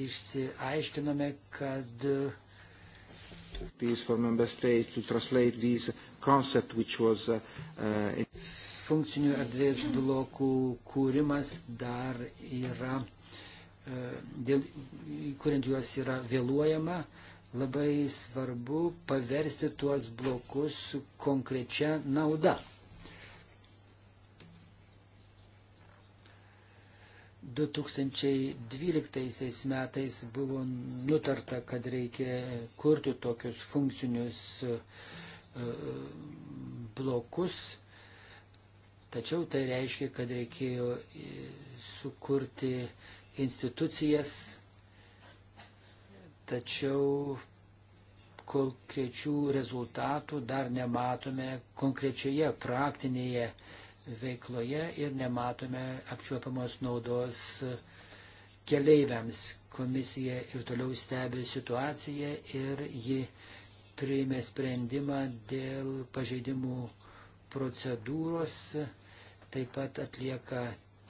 išsiaiškinome, kad uh, Uh, uh, Funkcinių erdvės blokų kūrimas dar yra, e, dėl, kuriant juos yra vėluojama, labai svarbu paversti tuos blokus konkrečia nauda. 2012 metais buvo nutarta, kad reikia kurti tokius funkcinius e, blokus, tačiau tai reiškia, kad reikėjo e, sukurti institucijas, tačiau konkrečių rezultatų dar nematome konkrečioje praktinėje uh, veikloje ir nematome apčiuopamos naudos keleiviams. Komisija ir toliau stebi situaciją ir ji priėmė sprendimą dėl pažeidimų procedūros, taip pat atlieka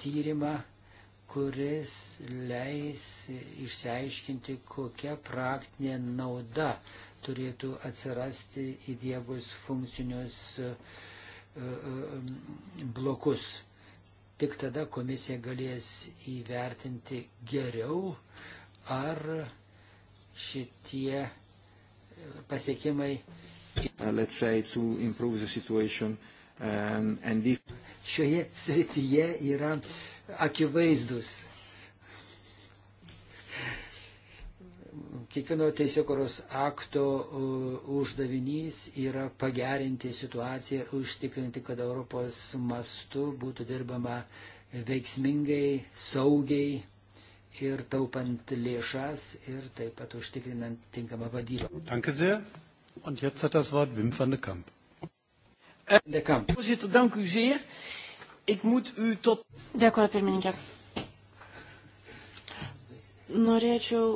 tyrimą kuris leis išsiaiškinti, kokia praktinė nauda turėtų atsirasti įdėgus funkcinius uh, E, e, blokus. Tik tada komisija galės įvertinti geriau, ar šitie e, pasiekimai. Uh, um, šioje srityje yra akivaizdus Kiekvieno teisėkuros akto uh, uždavinys yra pagerinti situaciją ir užtikrinti, kad Europos mastu būtų dirbama veiksmingai, saugiai ir taupant lėšas ir taip pat užtikrinant tinkamą vadybą. Danke sehr. Und jetzt hat das Wort Wim van de Kamp. De Kamp. Voorzitter, dank u zeer. Ik moet u tot... Dėkuoju, pirmininkė. Norėčiau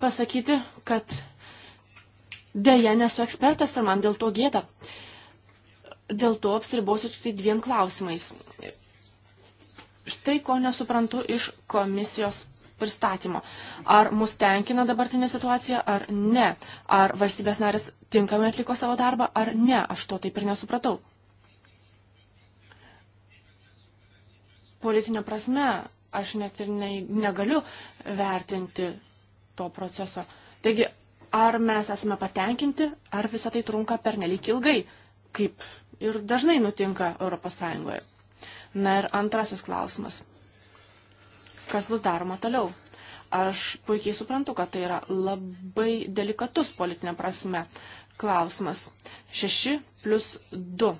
pasakyti, kad dėja nesu ekspertas ir man dėl to gėda. Dėl to apsiribosiu tik tai dviem klausimais. Štai ko nesuprantu iš komisijos pristatymo. Ar mus tenkina dabartinė situacija, ar ne? Ar valstybės narės tinkamai atliko savo darbą, ar ne? Aš to taip ir nesupratau. Politinė prasme, aš net ir ne, negaliu vertinti to proceso. Taigi, ar mes esame patenkinti, ar visą tai trunka per nelik ilgai, kaip ir dažnai nutinka ES. Na ir antrasis klausimas. Kas bus daroma toliau? Aš puikiai suprantu, kad tai yra labai delikatus politinė prasme klausimas. 6 plus 2.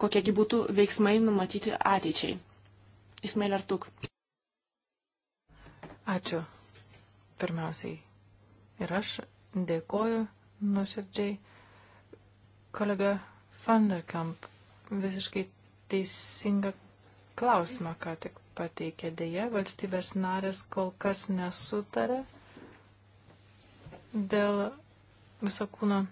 Kokiegi būtų veiksmai numatyti ateičiai? Ismail Artuk. Ačiū pirmiausiai. Ir aš dėkoju nuširdžiai kolega Fanderkamp visiškai teisingą klausimą, ką tik pateikė dėje. Valstybės narės kol kas nesutarė dėl viso kūno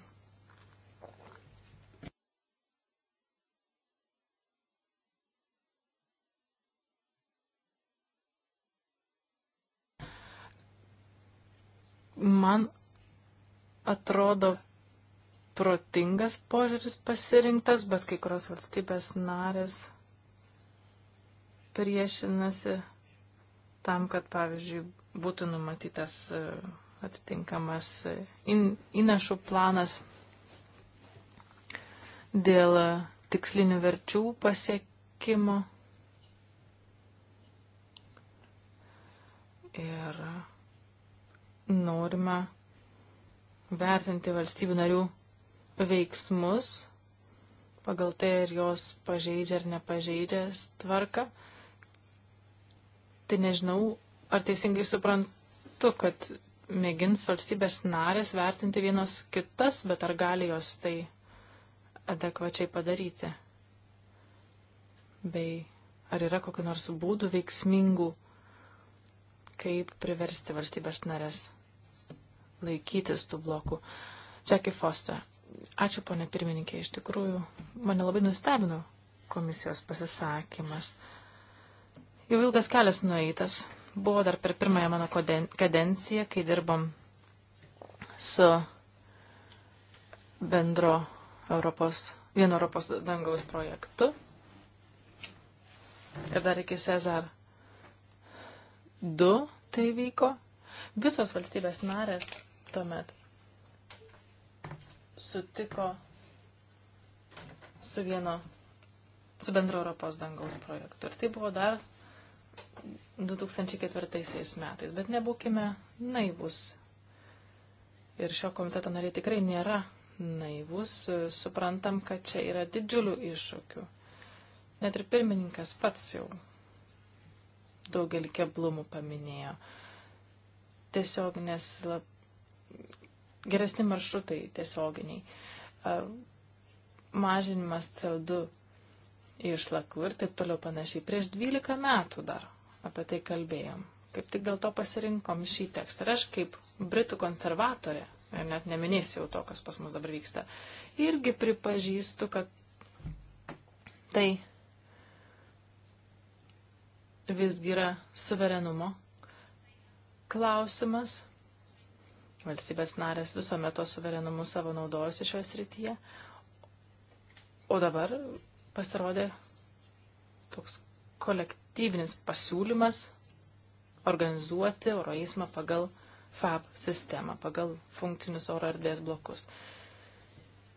Man atrodo protingas požiūris pasirinktas, bet kai kurios valstybės narės priešinasi tam, kad, pavyzdžiui, būtų numatytas e, atitinkamas e, in, įnašų planas dėl e, tikslinių verčių pasiekimo. Ir norima vertinti valstybių narių veiksmus pagal tai, ar jos pažeidžia ar nepažeidžia tvarką. Tai nežinau, ar teisingai suprantu, kad mėgins valstybės narės vertinti vienos kitas, bet ar gali jos tai adekvačiai padaryti? Bei ar yra kokiu nors būdų veiksmingų kaip priversti valstybės narės laikytis tų blokų. Jackie Foster. Ačiū, ponė pirmininkė, iš tikrųjų mane labai nustebino komisijos pasisakymas. Jau ilgas kelias nueitas. Buvo dar per pirmąją mano kadenciją, kai dirbom su bendro Europos, vieno Europos dangaus projektu. Ir dar iki Cezar du tai vyko. Visos valstybės narės tuomet sutiko su vieno, su bendro Europos dangaus projektu. Ir tai buvo dar 2004 metais. Bet nebūkime naivus. Ir šio komiteto nariai tikrai nėra naivus. Suprantam, kad čia yra didžiulių iššūkių. Net ir pirmininkas pats jau daugelį keblumų paminėjo. Tiesiog nes lab... geresni maršrutai tiesioginiai, mažinimas CO2 išlakų ir taip toliau panašiai. Prieš 12 metų dar apie tai kalbėjom. Kaip tik dėl to pasirinkom šį tekstą. Ir aš kaip britų konservatorė, ir net neminėsiu jau to, kas pas mus dabar vyksta, irgi pripažįstu, kad tai visgi yra suverenumo klausimas. Valstybės narės visuomet to suverenumu savo naudojosi šioje srityje. O dabar pasirodė toks kolektyvinis pasiūlymas organizuoti oro eismą pagal FAB sistemą, pagal funkcinius oro erdvės blokus.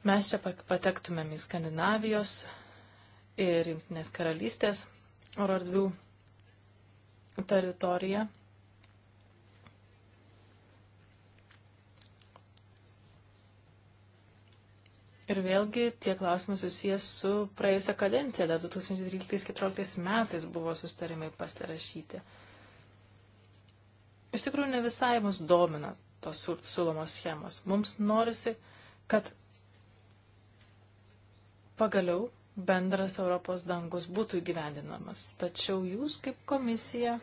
Mes čia patektumėm į Skandinavijos ir Junktinės karalystės oro erdvių teritoriją. Ir vėlgi tie klausimai susijęs su praėjusią kadenciją, dar 2013-2014 metais buvo sustarimai pasirašyti. Iš tikrųjų, ne visai mus domina tos siūlomos schemos. Mums norisi, kad pagaliau bendras Europos dangus būtų įgyvendinamas. Tačiau jūs kaip komisija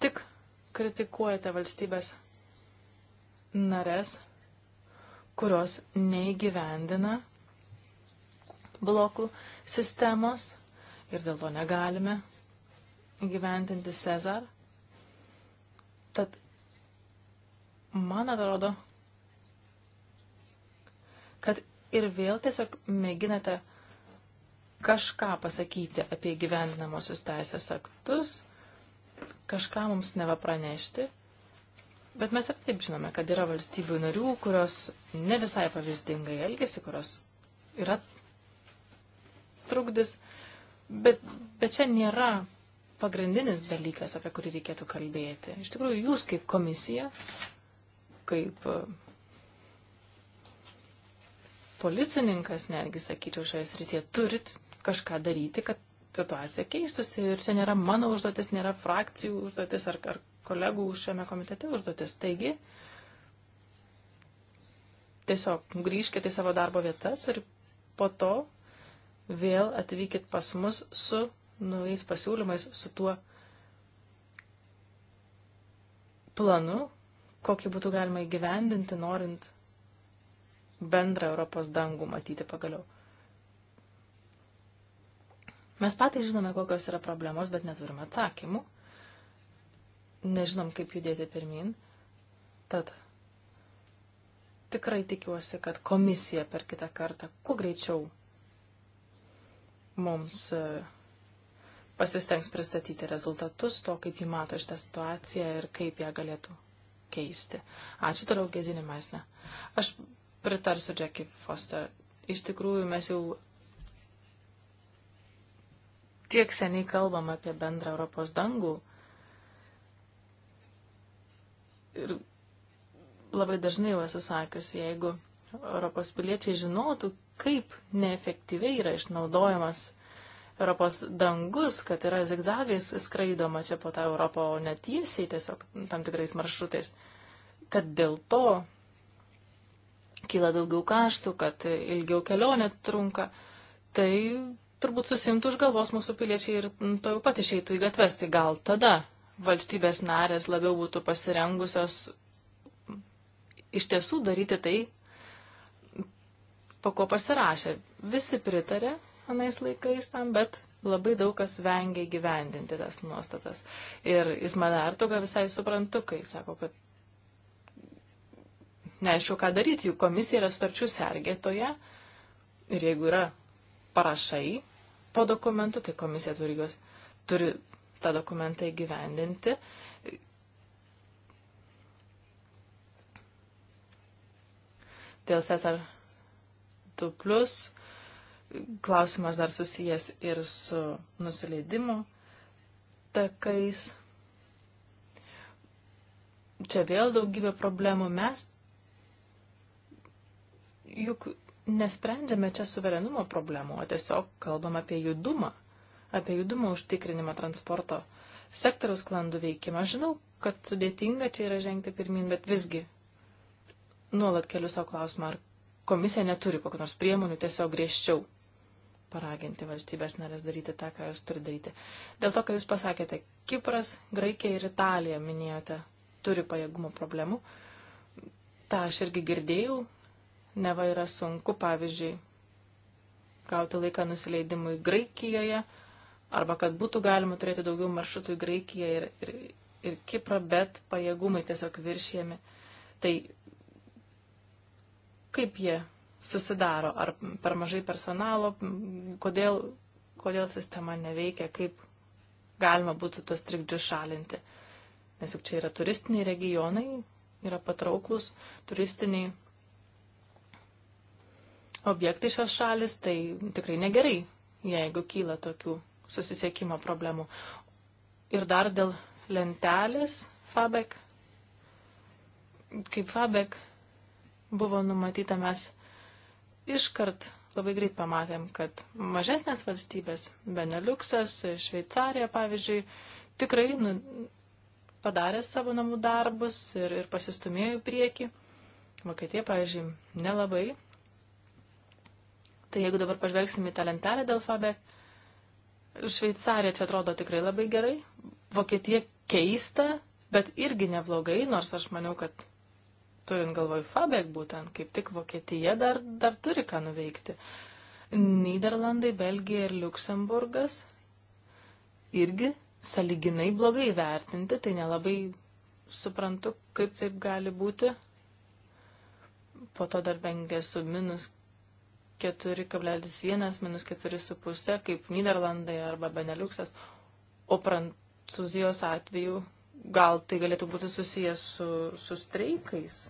tik kritikuojate valstybės nares, kurios neįgyvendina blokų sistemos ir dėl to negalime įgyventinti Cezar. Tad man atrodo, kad ir vėl tiesiog mėginate kažką pasakyti apie gyvendinamosius teisės aktus, kažką mums neva pranešti. Bet mes ir taip žinome, kad yra valstybių narių, kurios ne visai pavyzdingai elgesi, kurios yra trukdis. Bet, bet čia nėra pagrindinis dalykas, apie kurį reikėtų kalbėti. Iš tikrųjų, jūs kaip komisija, kaip policininkas, netgi sakyčiau, šioje srityje turit kažką daryti, kad situacija keistusi. Ir čia nėra mano užduotis, nėra frakcijų užduotis ar, ar kolegų šiame komitete užduotis. Taigi, tiesiog grįžkite į savo darbo vietas ir po to vėl atvykit pas mus su naujais pasiūlymais, su tuo planu, kokį būtų galima įgyvendinti, norint bendrą Europos dangų matyti pagaliau. Mes patys žinome, kokios yra problemos, bet neturime atsakymų. Nežinom, kaip judėti pirmin. Tad tikrai tikiuosi, kad komisija per kitą kartą kuo greičiau mums e, pasistengs pristatyti rezultatus to, kaip jį mato šitą situaciją ir kaip ją galėtų keisti. Ačiū toliau, Gezinė Maisne. Aš Pritarsiu Jackie Foster. Iš tikrųjų, mes jau tiek seniai kalbam apie bendrą Europos dangų. Ir labai dažnai jau esu sakiusi, jeigu Europos piliečiai žinotų, kaip neefektyviai yra išnaudojamas Europos dangus, kad yra zigzagais skraidoma čia po tą Europą, o netiesiai tiesiog tam tikrais maršrutais, kad dėl to kyla daugiau kaštų, kad ilgiau kelionė trunka, tai turbūt susimtų už galvos mūsų piliečiai ir to jau pat išeitų į gatves. Tai gal tada valstybės narės labiau būtų pasirengusios iš tiesų daryti tai, po ko pasirašė. Visi pritarė anais laikais tam, bet labai daug kas vengia gyvendinti tas nuostatas. Ir Ismail Artuga visai suprantu, kai sako, kad neaišku, ką daryti, juk komisija yra sutarčių sergėtoje ir jeigu yra parašai po dokumentu, tai komisija turi, juos, turi tą dokumentą įgyvendinti. Dėl Cesar 2 plus klausimas dar susijęs ir su nusileidimu takais. Čia vėl daugybė problemų. Mes juk nesprendžiame čia suverenumo problemų, o tiesiog kalbam apie judumą, apie judumo užtikrinimą transporto sektoriaus klandų veikimą. Aš žinau, kad sudėtinga čia yra žengti pirmin, bet visgi nuolat keliu savo klausimą, ar komisija neturi kokių nors priemonių tiesiog griežčiau paraginti valstybės narės daryti tą, ką jos turi daryti. Dėl to, ką jūs pasakėte, Kipras, Graikija ir Italija, minėjote, turi pajėgumo problemų. Ta aš irgi girdėjau neva yra sunku, pavyzdžiui, gauti laiką nusileidimui Graikijoje, arba kad būtų galima turėti daugiau maršrutų į Graikiją ir, ir, ir Kiprą, bet pajėgumai tiesiog viršėmi. Tai kaip jie susidaro, ar per mažai personalo, kodėl, kodėl sistema neveikia, kaip galima būtų tos trikdžius šalinti. Nes juk čia yra turistiniai regionai, yra patrauklus turistiniai objektai šios šalis, tai tikrai negerai, jeigu kyla tokių susisiekimo problemų. Ir dar dėl lentelės Fabek. Kaip Fabek buvo numatyta, mes iškart labai greit pamatėm, kad mažesnės valstybės, Beneliuksas, Šveicarija pavyzdžiui, tikrai nu, padarė savo namų darbus ir, ir pasistumėjo į priekį. Vokietija, pavyzdžiui, nelabai Tai jeigu dabar pažvelgsim į tą lentelę dėl Fabe, Šveicarija čia atrodo tikrai labai gerai, Vokietija keista, bet irgi neblogai, nors aš maniau, kad turint galvoj Fabek būtent, kaip tik Vokietija dar, dar turi ką nuveikti. Niderlandai, Belgija ir Luksemburgas irgi saliginai blogai vertinti, tai nelabai suprantu, kaip taip gali būti. Po to dar Vengrija su minus 4,1 minus 4,5 kaip Niderlandai arba Beneliuksas, o Prancūzijos atveju gal tai galėtų būti susijęs su, su streikais,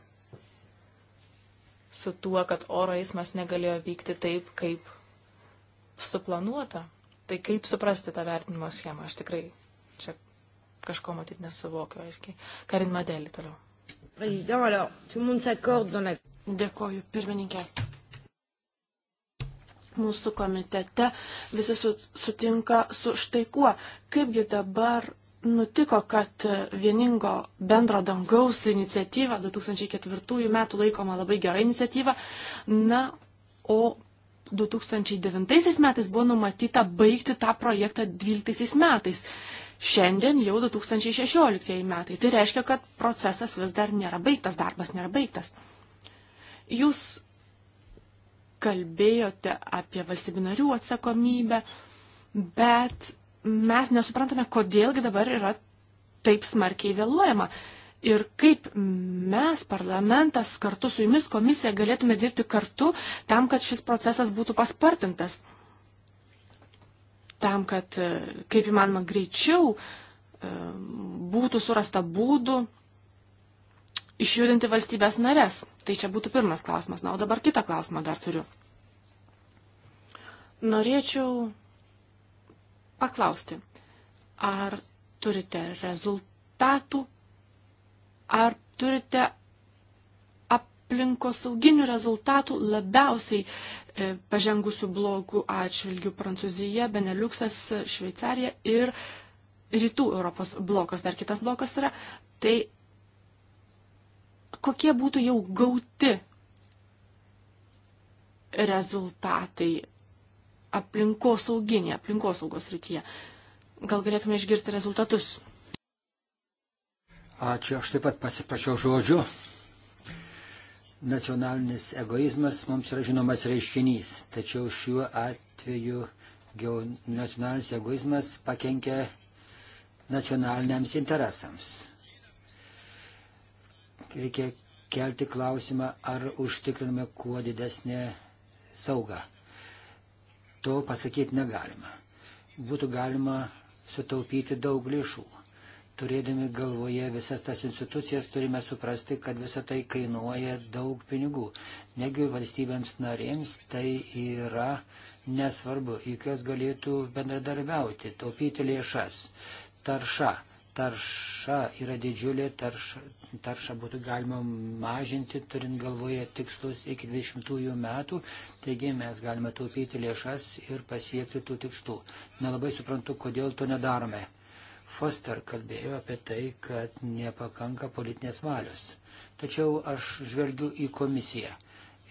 su tuo, kad oro eismas negalėjo vykti taip, kaip suplanuota. Tai kaip suprasti tą vertinimo schemą? Aš tikrai čia kažko matyt nesuvokiu, aiškiai. Karin Madelį toliau. Dėkoju, pirmininkė mūsų komitete visi sutinka su štai kuo. Kaipgi dabar nutiko, kad vieningo bendro dangaus iniciatyva 2004 metų laikoma labai gera iniciatyva, na, o 2009 metais buvo numatyta baigti tą projektą 12 metais. Šiandien jau 2016 metai. Tai reiškia, kad procesas vis dar nėra baigtas, darbas nėra baigtas. Jūs kalbėjote apie valstybinarių atsakomybę, bet mes nesuprantame, kodėlgi dabar yra taip smarkiai vėluojama. Ir kaip mes, parlamentas, kartu su jumis komisija galėtume dirbti kartu tam, kad šis procesas būtų paspartintas. Tam, kad e, kaip įmanoma greičiau e, būtų surasta būdų išjudinti valstybės narės? Tai čia būtų pirmas klausimas. Na, o dabar kitą klausimą dar turiu. Norėčiau paklausti, ar turite rezultatų, ar turite aplinkosauginių rezultatų labiausiai e, pažengusių blogų atšvilgių Prancūzija, Beneliuksas, Šveicarija ir Rytų Europos blokas. Dar kitas blokas yra. Tai kokie būtų jau gauti rezultatai aplinkosauginė, aplinkosaugos rytyje. Gal galėtume išgirsti rezultatus? Ačiū, aš taip pat pasiprašiau žodžiu. Nacionalinis egoizmas mums yra žinomas reiškinys, tačiau šiuo atveju nacionalinis egoizmas pakenkia nacionaliniams interesams reikia kelti klausimą, ar užtikriname kuo didesnę saugą. To pasakyti negalima. Būtų galima sutaupyti daug lėšų. Turėdami galvoje visas tas institucijas, turime suprasti, kad visa tai kainuoja daug pinigų. Negi valstybėms narėms tai yra nesvarbu, juk jos galėtų bendradarbiauti, taupyti lėšas. Tarša tarša yra didžiulė, tarša, tarša būtų galima mažinti, turint galvoje tikslus iki 20 metų, taigi mes galime taupyti lėšas ir pasiekti tų tikslų. Nelabai suprantu, kodėl to nedarome. Foster kalbėjo apie tai, kad nepakanka politinės valios. Tačiau aš žvelgiu į komisiją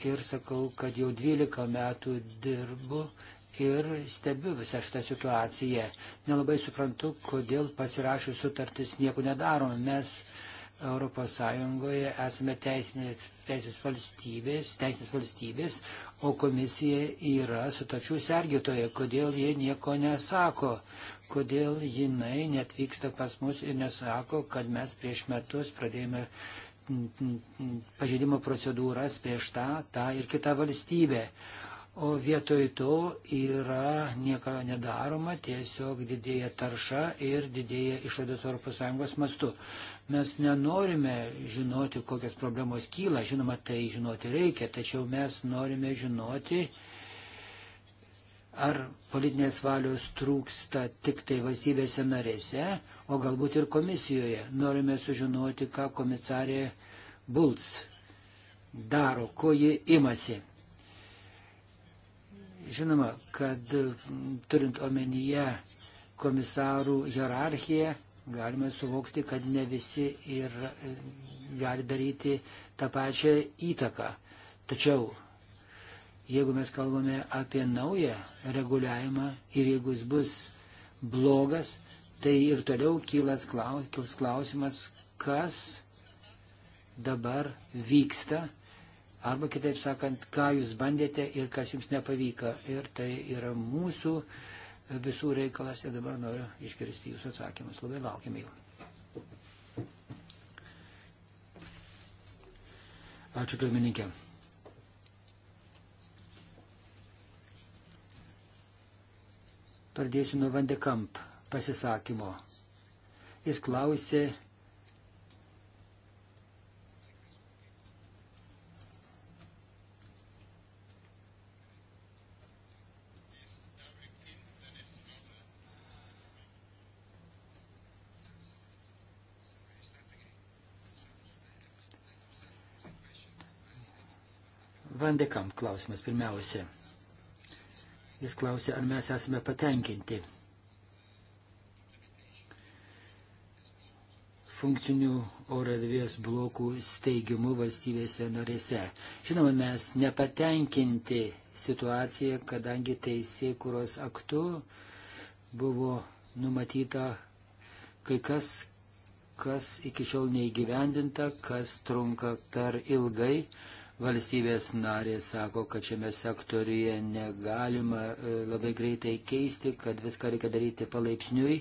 ir sakau, kad jau 12 metų dirbu ir stebiu visą šitą situaciją. Nelabai suprantu, kodėl pasirašius sutartis nieko nedarom. Mes ES esame teisinės, teisės valstybės, teisinės valstybės, o komisija yra sutarčių sergitoje. Kodėl jie nieko nesako? Kodėl jinai netvyksta pas mus ir nesako, kad mes prieš metus pradėjome pažeidimo procedūras prieš tą, tą ir kitą valstybę o vietoj to yra nieko nedaroma, tiesiog didėja tarša ir didėja išlaidos ES mastu. Mes nenorime žinoti, kokios problemos kyla, žinoma, tai žinoti reikia, tačiau mes norime žinoti, ar politinės valios trūksta tik tai valstybėse narėse, o galbūt ir komisijoje. Norime sužinoti, ką komisarė Bulc daro, ko ji imasi. Žinoma, kad turint omenyje komisarų hierarchiją, galima suvokti, kad ne visi ir e, gali daryti tą pačią įtaką. Tačiau, jeigu mes kalbame apie naują reguliavimą ir jeigu jis bus blogas, tai ir toliau kylas klausimas, kas dabar vyksta Arba kitaip sakant, ką jūs bandėte ir kas jums nepavyko. Ir tai yra mūsų visų reikalas. Ir dabar noriu išgirsti jūsų atsakymus. Labai laukime jų. Ačiū pirmininkė. Pradėsiu nuo Vandekamp pasisakymo. Jis klausė, Vandekam klausimas pirmiausia. Jis klausė, ar mes esame patenkinti funkcinių oro erdvės blokų steigimu valstybėse norėse. Žinoma, mes nepatenkinti situaciją, kadangi teisėkuros aktu buvo numatyta kai kas, kas iki šiol neįgyvendinta, kas trunka per ilgai. Valstybės narės sako, kad šiame sektoriuje negalima e, labai greitai keisti, kad viską reikia daryti palaipsniui.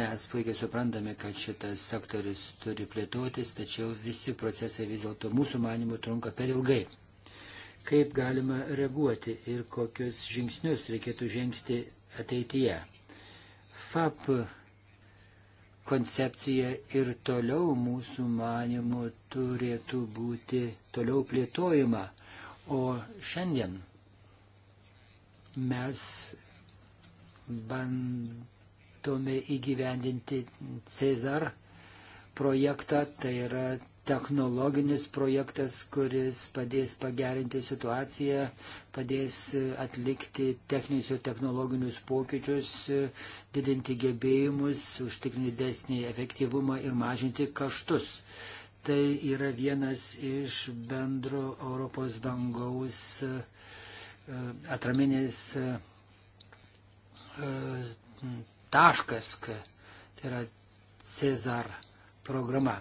Mes puikiai suprantame, kad šitas sektorius turi plėtotis, tačiau visi procesai vis dėlto mūsų manimų trunka per ilgai. Kaip galima reaguoti ir kokius žingsnius reikėtų žengsti ateityje? FAP koncepcija ir toliau mūsų manimų turėtų būti toliau plėtojama. O šiandien mes bandome įgyvendinti Cezar projektą, tai yra technologinis projektas, kuris padės pagerinti situaciją, padės e, atlikti techninius ir technologinius pokyčius, e, didinti gebėjimus, užtikrinti didesnį efektyvumą ir mažinti kaštus. Tai yra vienas iš bendro Europos dangaus e, atraminis taškas, tai yra Cezar programa.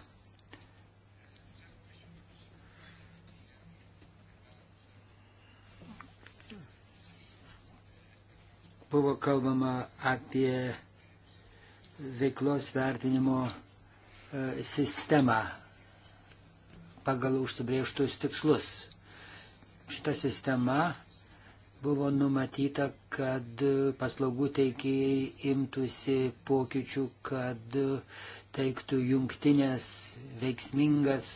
buvo kalbama apie veiklos vertinimo e, sistemą pagal užsibrieštus tikslus. Šita sistema buvo numatyta, kad paslaugų teikėjai imtųsi pokyčių, kad teiktų jungtinės veiksmingas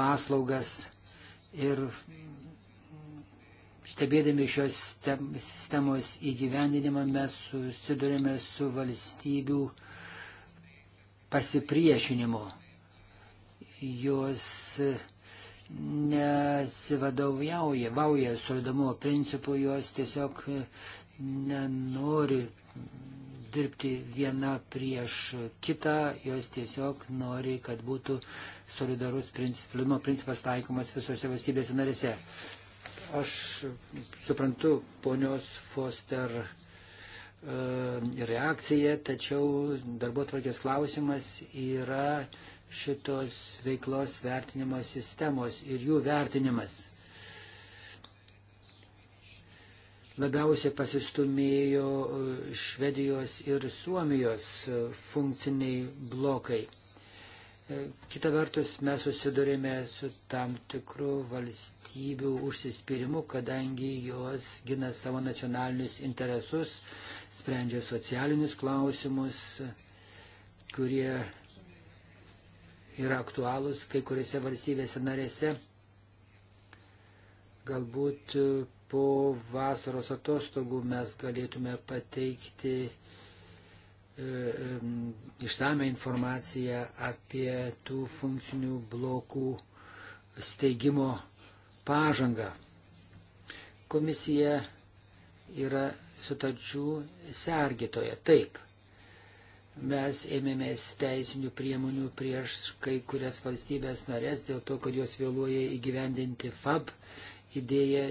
paslaugas ir Stebėdami šios sistemos įgyvendinimą mes susidurėme su valstybių pasipriešinimu. Jos nesivadovauja, vauja solidarumo principu, jos tiesiog nenori dirbti viena prieš kitą, jos tiesiog nori, kad būtų solidarus principas, principas taikomas visose valstybėse narėse. Aš suprantu ponios Foster e, reakcija, tačiau darbo tvarkės klausimas yra šitos veiklos vertinimo sistemos ir jų vertinimas. Labiausiai pasistumėjo Švedijos ir Suomijos funkciniai blokai. Kita vertus, mes susidurime su tam tikru valstybių užsispyrimu, kadangi jos gina savo nacionalinius interesus, sprendžia socialinius klausimus, kurie yra aktualūs kai kuriuose valstybėse narėse. Galbūt po vasaros atostogų mes galėtume pateikti E, e, išsame informaciją apie tų funkcinių blokų steigimo pažangą. Komisija yra sutarčių sergitoja. Taip, mes ėmėmės teisinių priemonių prieš kai kurias valstybės narės dėl to, kad jos vėluoja įgyvendinti FAB idėją.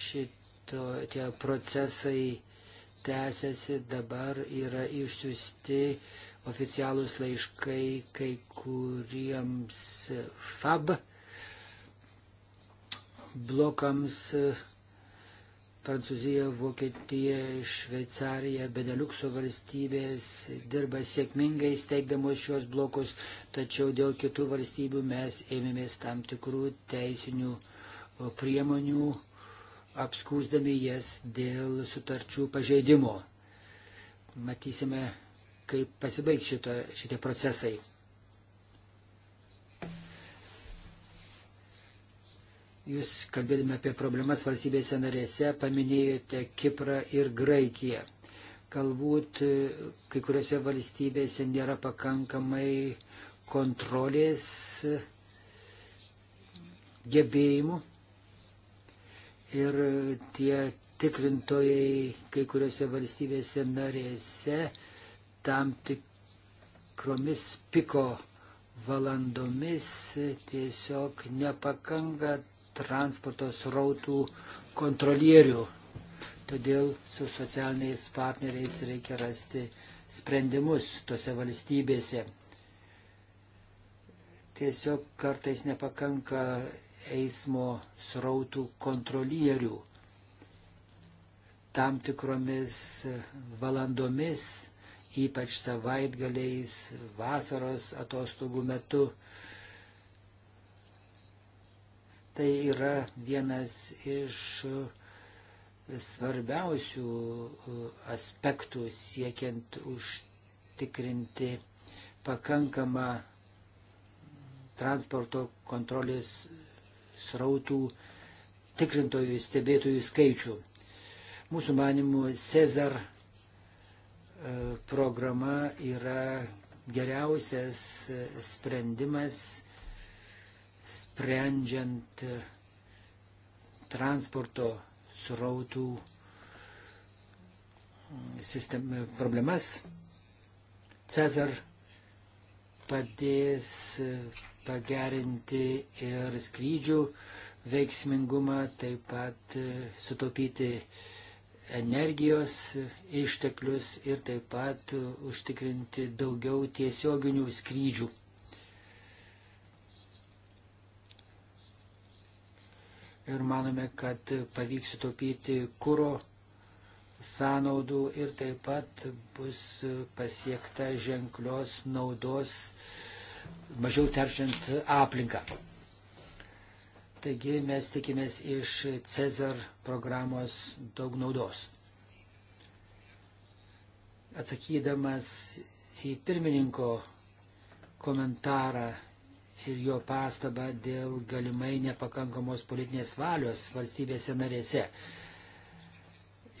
Šitie procesai tęsiasi, dabar yra išsiusti oficialūs laiškai kai kuriems FAB blokams Prancūzija, Vokietija, Šveicarija, Beneliukso valstybės dirba sėkmingai steigdamos šios blokus, tačiau dėl kitų valstybių mes ėmėmės tam tikrų teisinių priemonių apskūsdami jas dėl sutarčių pažeidimo. Matysime, kaip pasibaigs šito, šitie procesai. Jūs kalbėdami apie problemas valstybėse narėse paminėjote Kiprą ir Graikiją. Galbūt e, kai kuriuose valstybėse nėra pakankamai kontrolės e, gebėjimų ir e, tie tikrintojai kai kuriuose valstybėse narėse tam tikromis piko valandomis e, tiesiog nepakanka transporto srautų kontrolierių. Todėl su socialiniais partneriais reikia rasti sprendimus tose valstybėse. Tiesiog kartais nepakanka eismo srautų kontrolierių. Tam tikromis valandomis, ypač savaitgaliais, vasaros atostogų metu. Tai yra vienas iš svarbiausių aspektų siekiant užtikrinti pakankamą transporto kontrolės srautų tikrintojų stebėtojų skaičių. Mūsų manimų Cezar e, programa yra geriausias e, sprendimas sprendžiant e, transporto srautų mm, sistem, problemas. Cezar padės pagerinti ir skrydžių veiksmingumą, taip pat e, sutaupyti energijos išteklius ir taip pat e, užtikrinti daugiau tiesioginių skrydžių. Ir manome, kad pavyks sutaupyti kūro sąnaudų ir taip pat bus pasiekta ženklios naudos uh, mažiau teršiant aplinką. Taigi mes tikimės iš Cezar programos daug naudos. Atsakydamas į pirmininko komentarą ir jo pastabą dėl galimai nepakankamos politinės valios valstybėse narėse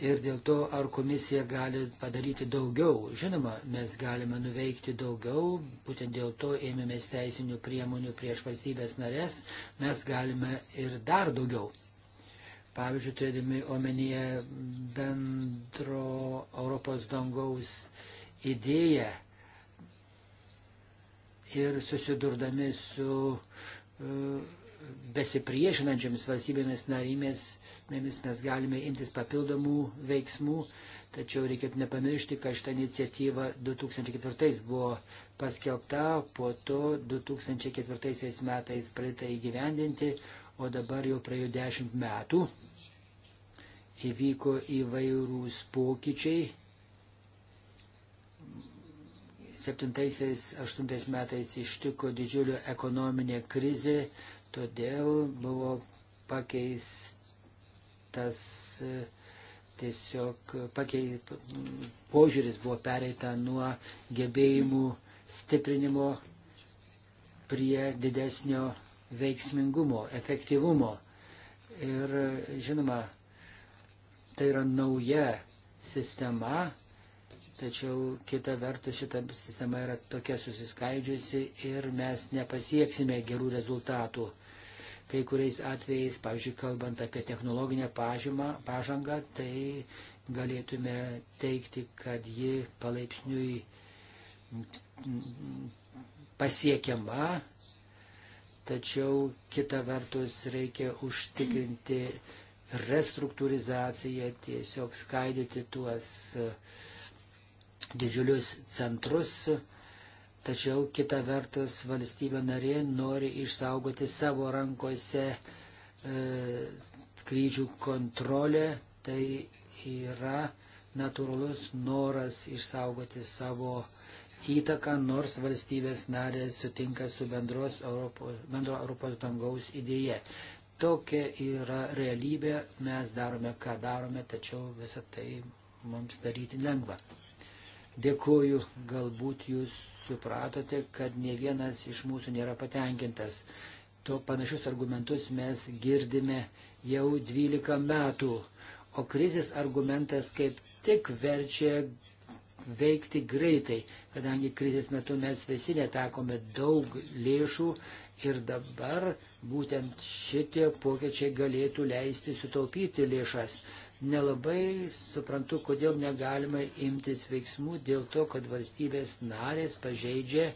ir dėl to, ar komisija gali padaryti daugiau. Žinoma, mes galime nuveikti daugiau, būtent dėl to ėmėmės teisinių priemonių prieš valstybės narės, mes galime ir dar daugiau. Pavyzdžiui, turėdami omenyje bendro Europos dangaus idėją ir susidurdami su uh, besipriešinančiamis valstybėmis narėmis mes galime imtis papildomų veiksmų, tačiau reikėtų nepamiršti, kad šitą iniciatyvą 2004 buvo paskelbta, po to 2004 metais pradėta įgyvendinti, o dabar jau praėjo dešimt metų. Įvyko įvairūs pokyčiai. 7-8 metais ištiko didžiulio ekonominė krizė, Todėl buvo pakeistas e, tiesiog pakei, požiūris buvo pereita nuo gebėjimų stiprinimo prie didesnio veiksmingumo, efektyvumo. Ir žinoma, tai yra nauja sistema, tačiau kita vertus šita sistema yra tokia susiskaidžiusi ir mes nepasieksime gerų rezultatų kai kuriais atvejais, pavyzdžiui, kalbant apie technologinę pažymą, pažangą, tai galėtume teikti, kad ji palaipsniui pasiekiama, tačiau kita vertus reikia užtikrinti restruktūrizaciją, tiesiog skaidyti tuos didžiulius centrus, Tačiau kita vertus valstybė narė nori išsaugoti savo rankose e, skrydžių kontrolę. Tai yra natūralus noras išsaugoti savo įtaką, nors valstybės narė sutinka su bendros Europos, bendro Europos dangaus idėja. Tokia yra realybė, mes darome, ką darome, tačiau visą tai mums daryti lengva. Dėkuoju, galbūt jūs supratote, kad ne vienas iš mūsų nėra patenkintas. To panašius argumentus mes girdime jau 12 metų, o krizės argumentas kaip tik verčia veikti greitai, kadangi krizės metu mes visi netekome daug lėšų ir dabar būtent šitie pokyčiai galėtų leisti sutaupyti lėšas. Nelabai suprantu, kodėl negalima imtis veiksmų dėl to, kad valstybės narės pažeidžia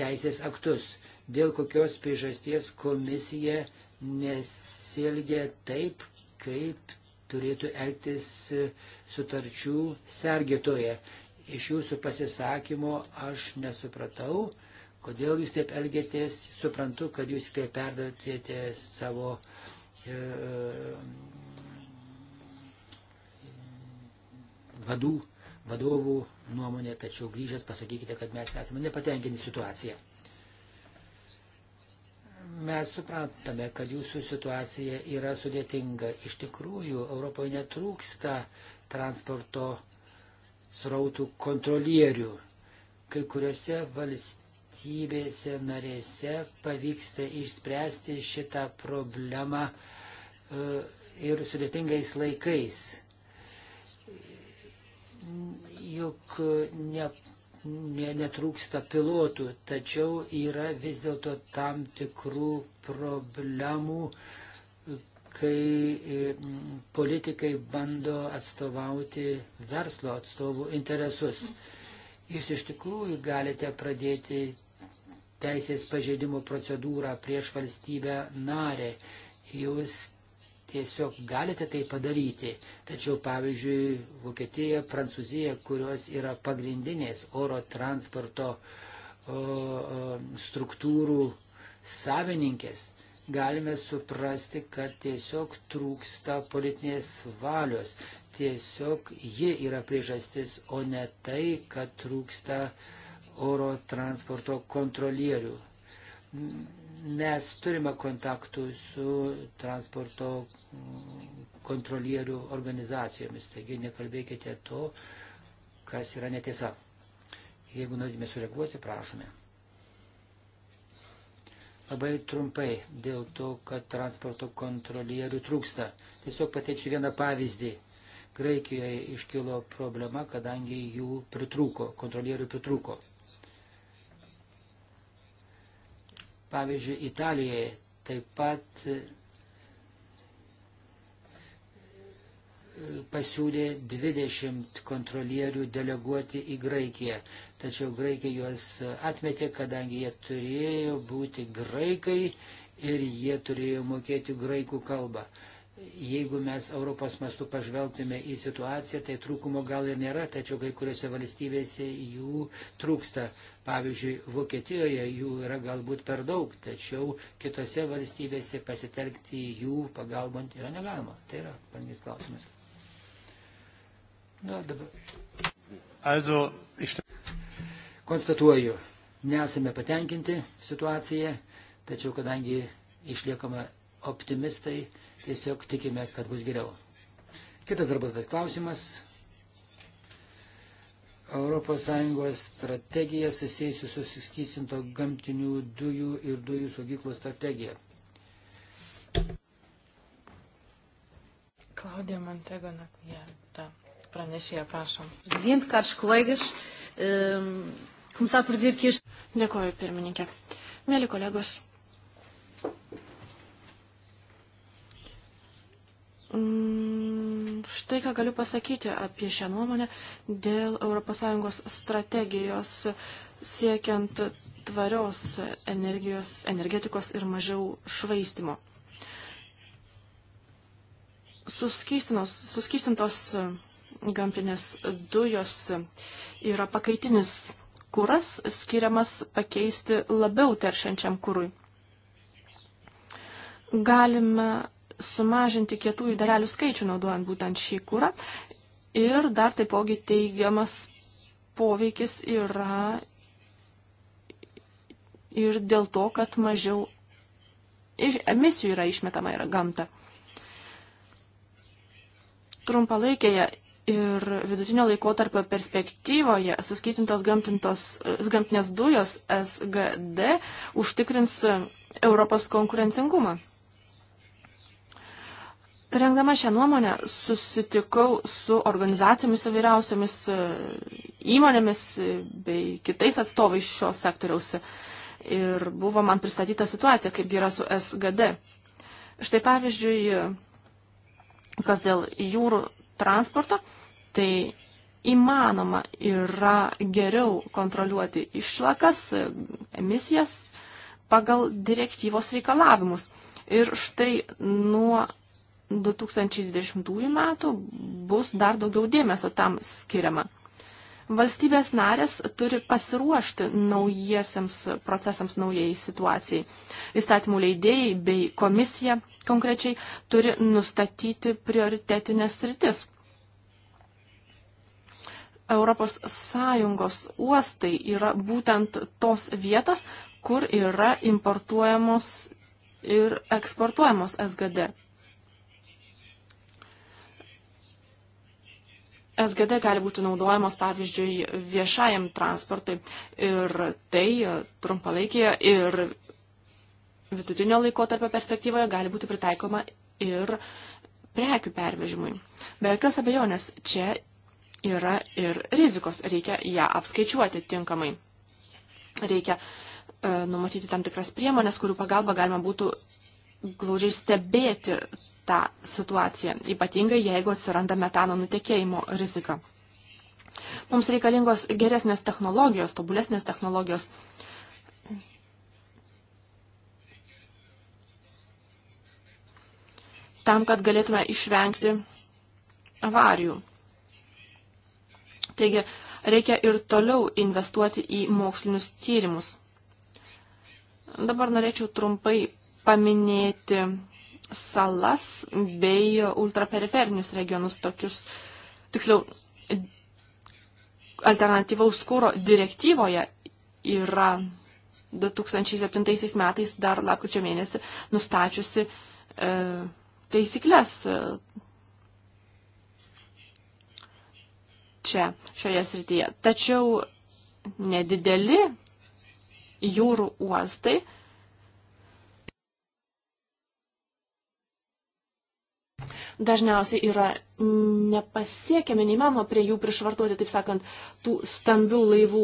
teisės aktus. Dėl kokios priežasties komisija nesielgia taip, kaip turėtų elgtis sutarčių sergėtoje. Iš jūsų pasisakymo aš nesupratau, kodėl jūs taip elgėtės. Suprantu, kad jūs kaip perdotėte savo e, vadų, vadovų nuomonė, tačiau grįžęs pasakykite, kad mes esame nepatenkinti situaciją. Mes suprantame, kad jūsų situacija yra sudėtinga. Iš tikrųjų, Europoje netrūksta transporto srautų kontrolierių. Kai kuriuose valstybėse narėse pavyksta išspręsti šitą problemą e, ir sudėtingais laikais juk ne, ne, netrūksta pilotų, tačiau yra vis dėlto tam tikrų problemų, kai e, politikai bando atstovauti verslo atstovų interesus. Jūs iš tikrųjų galite pradėti teisės pažeidimo procedūrą prieš valstybę narę. Jūs tiesiog galite tai padaryti. Tačiau, pavyzdžiui, Vokietija, Prancūzija, kurios yra pagrindinės oro transporto o, struktūrų savininkės, galime suprasti, kad tiesiog trūksta politinės valios. Tiesiog ji yra priežastis, o ne tai, kad trūksta oro transporto kontrolierių Mes turime kontaktų su transporto kontrolierių organizacijomis, taigi nekalbėkite to, kas yra netiesa. Jeigu norime sureaguoti, prašome. Labai trumpai dėl to, kad transporto kontrolierių trūksta. Tiesiog pateiksiu vieną pavyzdį. Graikijoje iškilo problema, kadangi jų pritrūko, kontrolierių pritrūko. Pavyzdžiui, Italijoje taip pat e, pasiūlė 20 kontrolierių deleguoti į Graikiją. Tačiau Graikija juos atmetė, kadangi jie turėjo būti graikai ir jie turėjo mokėti graikų kalbą. Jeigu mes Europos mastu pažvelgtume į situaciją, tai trūkumo gal ir nėra, tačiau kai kuriuose valstybėse jų trūksta. Pavyzdžiui, Vokietijoje jų yra galbūt per daug, tačiau kitose valstybėse pasitelkti jų pagalbant yra negalima. Tai yra pagrindinis klausimas. Na, dabar. Also, ich... Konstatuoju, nesame patenkinti situaciją, tačiau kadangi išliekame optimistai, Tiesiog tikime, kad bus geriau. Kitas darbas bet klausimas. ES strategija susijusi su suskystinto gamtinių dujų ir dujų saugyklų strategija. Klaudija Mantego Nakvieta, pranešėja, prašom. Prezident, karš kolegas, um, ehm, komisar prezident, kiš. Dėkuoju, pirmininkė. Mėly kolegos, Mm, štai ką galiu pasakyti apie šią nuomonę dėl ES strategijos siekiant tvarios energijos, energetikos ir mažiau švaistimo. Suskystintos gamtinės dujos yra pakaitinis kuras skiriamas pakeisti labiau teršiančiam kurui. Galime sumažinti kietųjų dalelių skaičių naudojant būtent šį kūrą. Ir dar taipogi teigiamas poveikis yra ir dėl to, kad mažiau emisijų yra išmetama yra gamta. Trumpalaikėje ir vidutinio laikotarpio perspektyvoje suskaitintos gamtinės dujos SGD užtikrins Europos konkurencingumą. Rengdama šią nuomonę susitikau su organizacijomis įvairiausiamis e, įmonėmis e, bei kitais atstovais šios sektoriaus ir buvo man pristatyta situacija, kaipgi yra su SGD. Štai pavyzdžiui, kas dėl jūrų transporto, tai įmanoma yra geriau kontroliuoti išlakas, e, emisijas pagal direktyvos reikalavimus. Ir štai nuo 2020 metų bus dar daugiau dėmesio tam skiriama. Valstybės narės turi pasiruošti naujiesiams procesams naujai situacijai. Įstatymų leidėjai bei komisija konkrečiai turi nustatyti prioritetinės sritis. Europos Sąjungos uostai yra būtent tos vietos, kur yra importuojamos ir eksportuojamos SGD. SGD gali būti naudojamos, pavyzdžiui, viešajam transportui ir tai e, trumpalaikėje ir vidutinio laikotarpio perspektyvoje gali būti pritaikoma ir prekių pervežimui. Be jokios abejonės, čia yra ir rizikos, reikia ją apskaičiuoti tinkamai. Reikia e, numatyti tam tikras priemonės, kurių pagalba galima būtų glaudžiai stebėti tą situaciją, ypatingai jeigu atsiranda metano nutekėjimo rizika. Mums reikalingos geresnės technologijos, tobulesnės technologijos. Tam, kad galėtume išvengti avarijų. Taigi, reikia ir toliau investuoti į mokslinius tyrimus. Dabar norėčiau trumpai paminėti salas bei ultraperiferinius regionus tokius, tiksliau, alternatyvaus kūro direktyvoje yra 2007 metais dar lapkričio mėnesį nustačiusi e, taisyklės e, čia, šioje srityje. Tačiau nedideli jūrų uostai e, dažniausiai yra nepasiekiami, neįmanoma prie jų prišvartuoti, taip sakant, tų stambių laivų.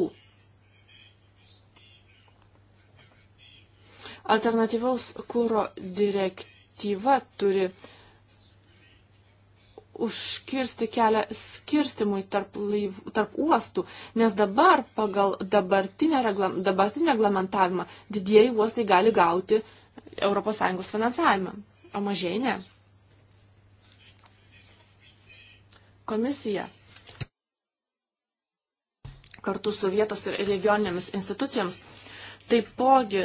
Alternatyvaus kūro direktyva turi užkirsti kelią skirstimui tarp, laiv, tarp uostų, nes dabar pagal dabartinę, reglam, dabartinę reglamentavimą didieji uostai gali gauti ES finansavimą, o mažieji ne. Komisija kartu su vietos ir regioninėmis institucijoms taipogi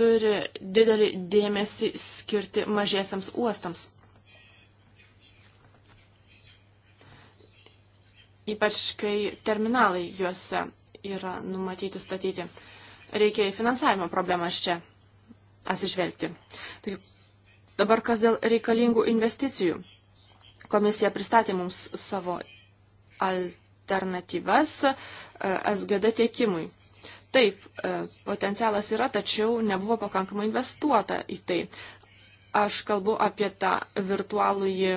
turi didelį dėmesį skirti mažiesiams uostams. Ypač kai terminalai juose yra numatyti statyti. Reikia į finansavimo problemas čia atsižvelgti. Tai dabar kas dėl reikalingų investicijų. Komisija pristatė mums savo alternatyvas e, SGD tiekimui. Taip, e, potencialas yra, tačiau nebuvo pakankamai investuota į tai. Aš kalbu apie tą virtualųjį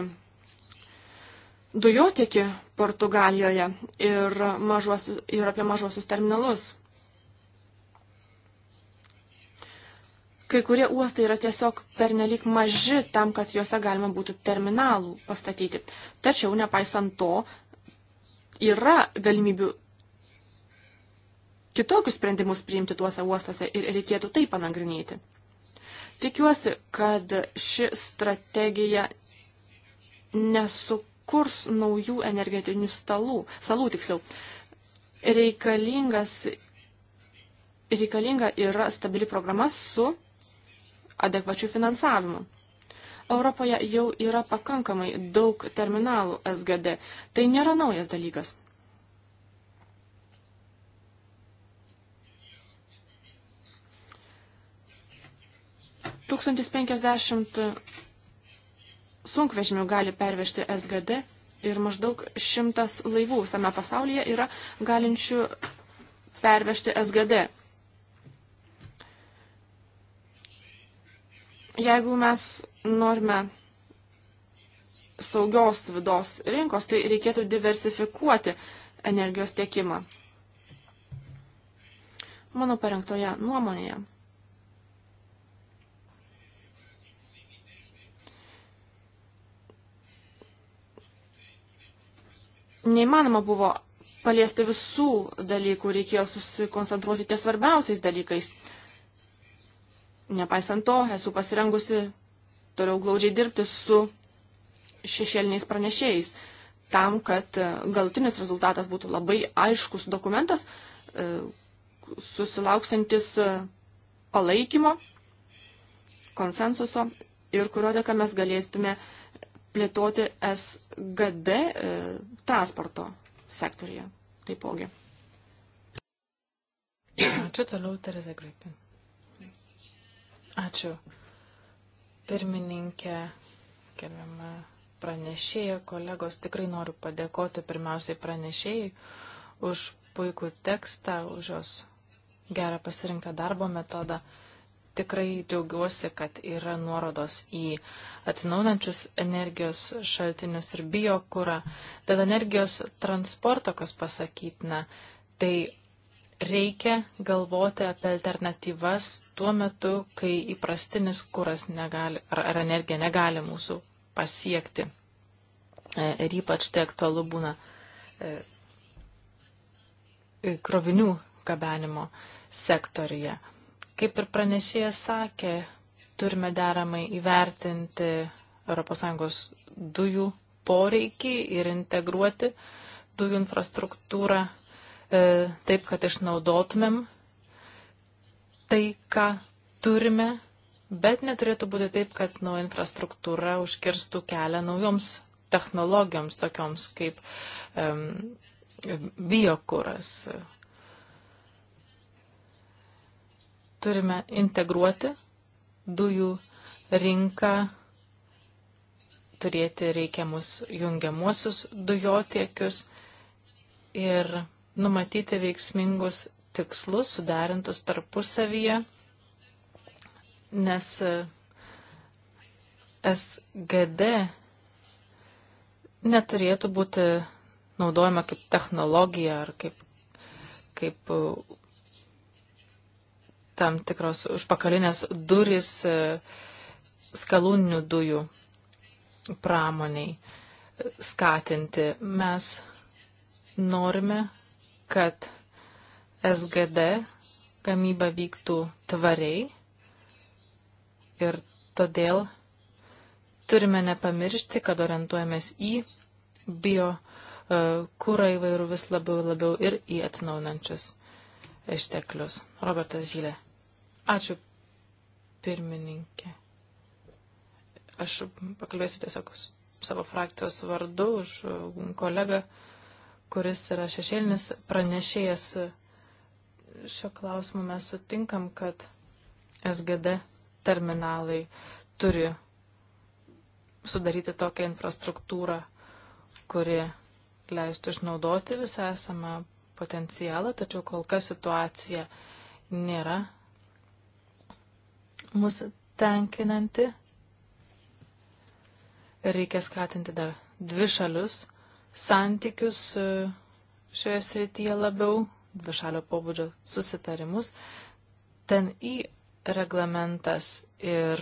dujotiekį Portugalijoje ir, mažuosius, ir apie mažuosius terminalus. Kai kurie uostai yra tiesiog pernelik maži tam, kad juose galima būtų terminalų pastatyti. Tačiau, nepaisant to, yra galimybių kitokius sprendimus priimti tuose uostuose ir reikėtų tai panagrinėti. Tikiuosi, kad ši strategija nesukurs naujų energetinių stalų, salų tiksliau. Reikalingas, reikalinga yra stabili programa su adekvačių finansavimų. Europoje jau yra pakankamai daug terminalų SGD. Tai nėra naujas dalykas. Tūkstantis penkiasdešimt sunkvežimių gali pervežti SGD ir maždaug šimtas laivų visame pasaulyje yra galinčių pervežti SGD. Jeigu mes norime saugios vidos rinkos, tai reikėtų diversifikuoti energijos tiekimą. Mano parengtoje nuomonėje neįmanoma buvo paliesti visų dalykų, reikėjo susikoncentruoti ties svarbiausiais dalykais. Nepaisant to, esu pasirengusi toliau glaudžiai dirbti su šešėliniais pranešėjais, tam, kad e, galutinis rezultatas būtų labai aiškus dokumentas, e, susilauksantis e, palaikymo, konsensuso ir kurio dėka mes galėtume plėtoti SGD transporto sektorija taipogi. Ačiū toliau, Tereza Gripin. Ačiū. Pirmininkė, gerbiama pranešėja, kolegos, tikrai noriu padėkoti pirmiausiai pranešėjai už puikų tekstą, už jos gerą pasirinktą darbo metodą tikrai džiaugiuosi, kad yra nuorodos į atsinaujančius energijos šaltinius ir biokūrą. Dėl energijos transporto, kas pasakytina, tai reikia galvoti apie alternatyvas tuo metu, kai įprastinis kuras negali, ar, ar energija negali mūsų pasiekti. E, ir ypač tai aktualu būna e, krovinių gabenimo sektorija. Kaip ir pranešėjas sakė, turime deramai įvertinti ES dujų poreikį ir integruoti dujų infrastruktūrą E, taip, kad išnaudotumėm tai, ką turime, bet neturėtų būti taip, kad nauja infrastruktūra užkirstų kelią naujoms technologijoms, tokioms kaip um, biokuras. Turime integruoti dujų rinką, turėti reikiamus jungiamuosius dujotiekius ir numatyti veiksmingus tikslus, suderintus tarpusavyje, nes e, SGD neturėtų būti naudojama kaip technologija ar kaip, kaip e, tam tikros užpakalinės durys e, skalūninių dujų pramoniai skatinti. Mes norime kad SGD gamyba vyktų tvariai ir todėl turime nepamiršti, kad orientuojamės į bio e, kūrą įvairių vis labiau ir labiau ir į atsinaunančius išteklius. Robertas Žylė. Ačiū, pirmininkė. Aš pakalbėsiu tiesiog savo frakcijos vardu už kolegą. Uh, kuris yra šešėlinis pranešėjas šio klausimu, mes sutinkam, kad SGD terminalai turi sudaryti tokią infrastruktūrą, kuri leistų išnaudoti visą esamą potencialą, tačiau kol kas situacija nėra mūsų tenkinanti. Reikia skatinti dar dvi šalius santykius e, šioje srityje labiau, dvišalio pobūdžio susitarimus. Ten į reglamentas ir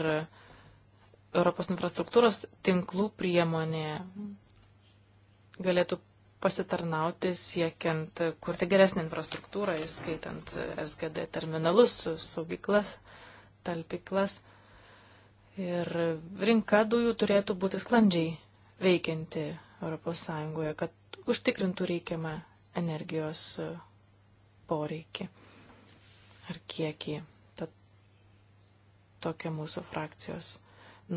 Europos infrastruktūros tinklų priemonė galėtų pasitarnauti siekiant kurti geresnį infrastruktūrą, įskaitant SGD terminalus, saugyklas, talpiklas. Ir rinka dujų turėtų būti sklandžiai veikianti Europos Sąjungoje, kad užtikrintų reikiamą energijos poreikį ar kiekį. Tad tokia mūsų frakcijos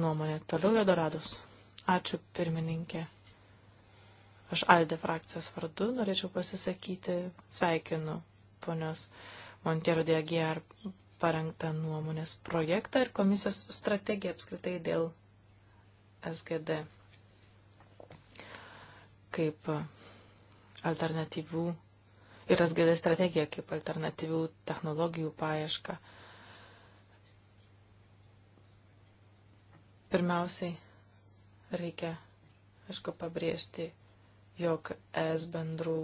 nuomonė. Toliau Jodoradus. Ačiū pirmininkė. Aš Alde frakcijos vardu norėčiau pasisakyti. Sveikinu ponios Montero Diagier parengtą nuomonės projektą ir komisijos strategiją apskritai dėl SGD kaip alternatyvių ir SGD strategija kaip alternatyvių technologijų paieška. Pirmiausiai reikia, aišku, pabrėžti, jog es bendrų,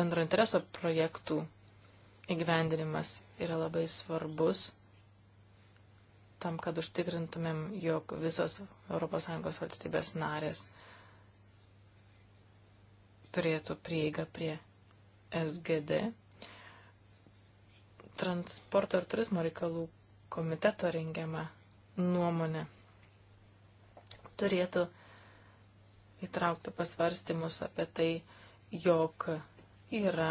bendro intereso projektų įgyvendinimas yra labai svarbus tam, kad užtikrintumėm, jog visos ES valstybės narės turėtų prieigą prie SGD. Transporto ir turizmo reikalų komiteto rengiama nuomonė turėtų įtraukti pasvarstymus apie tai, jog yra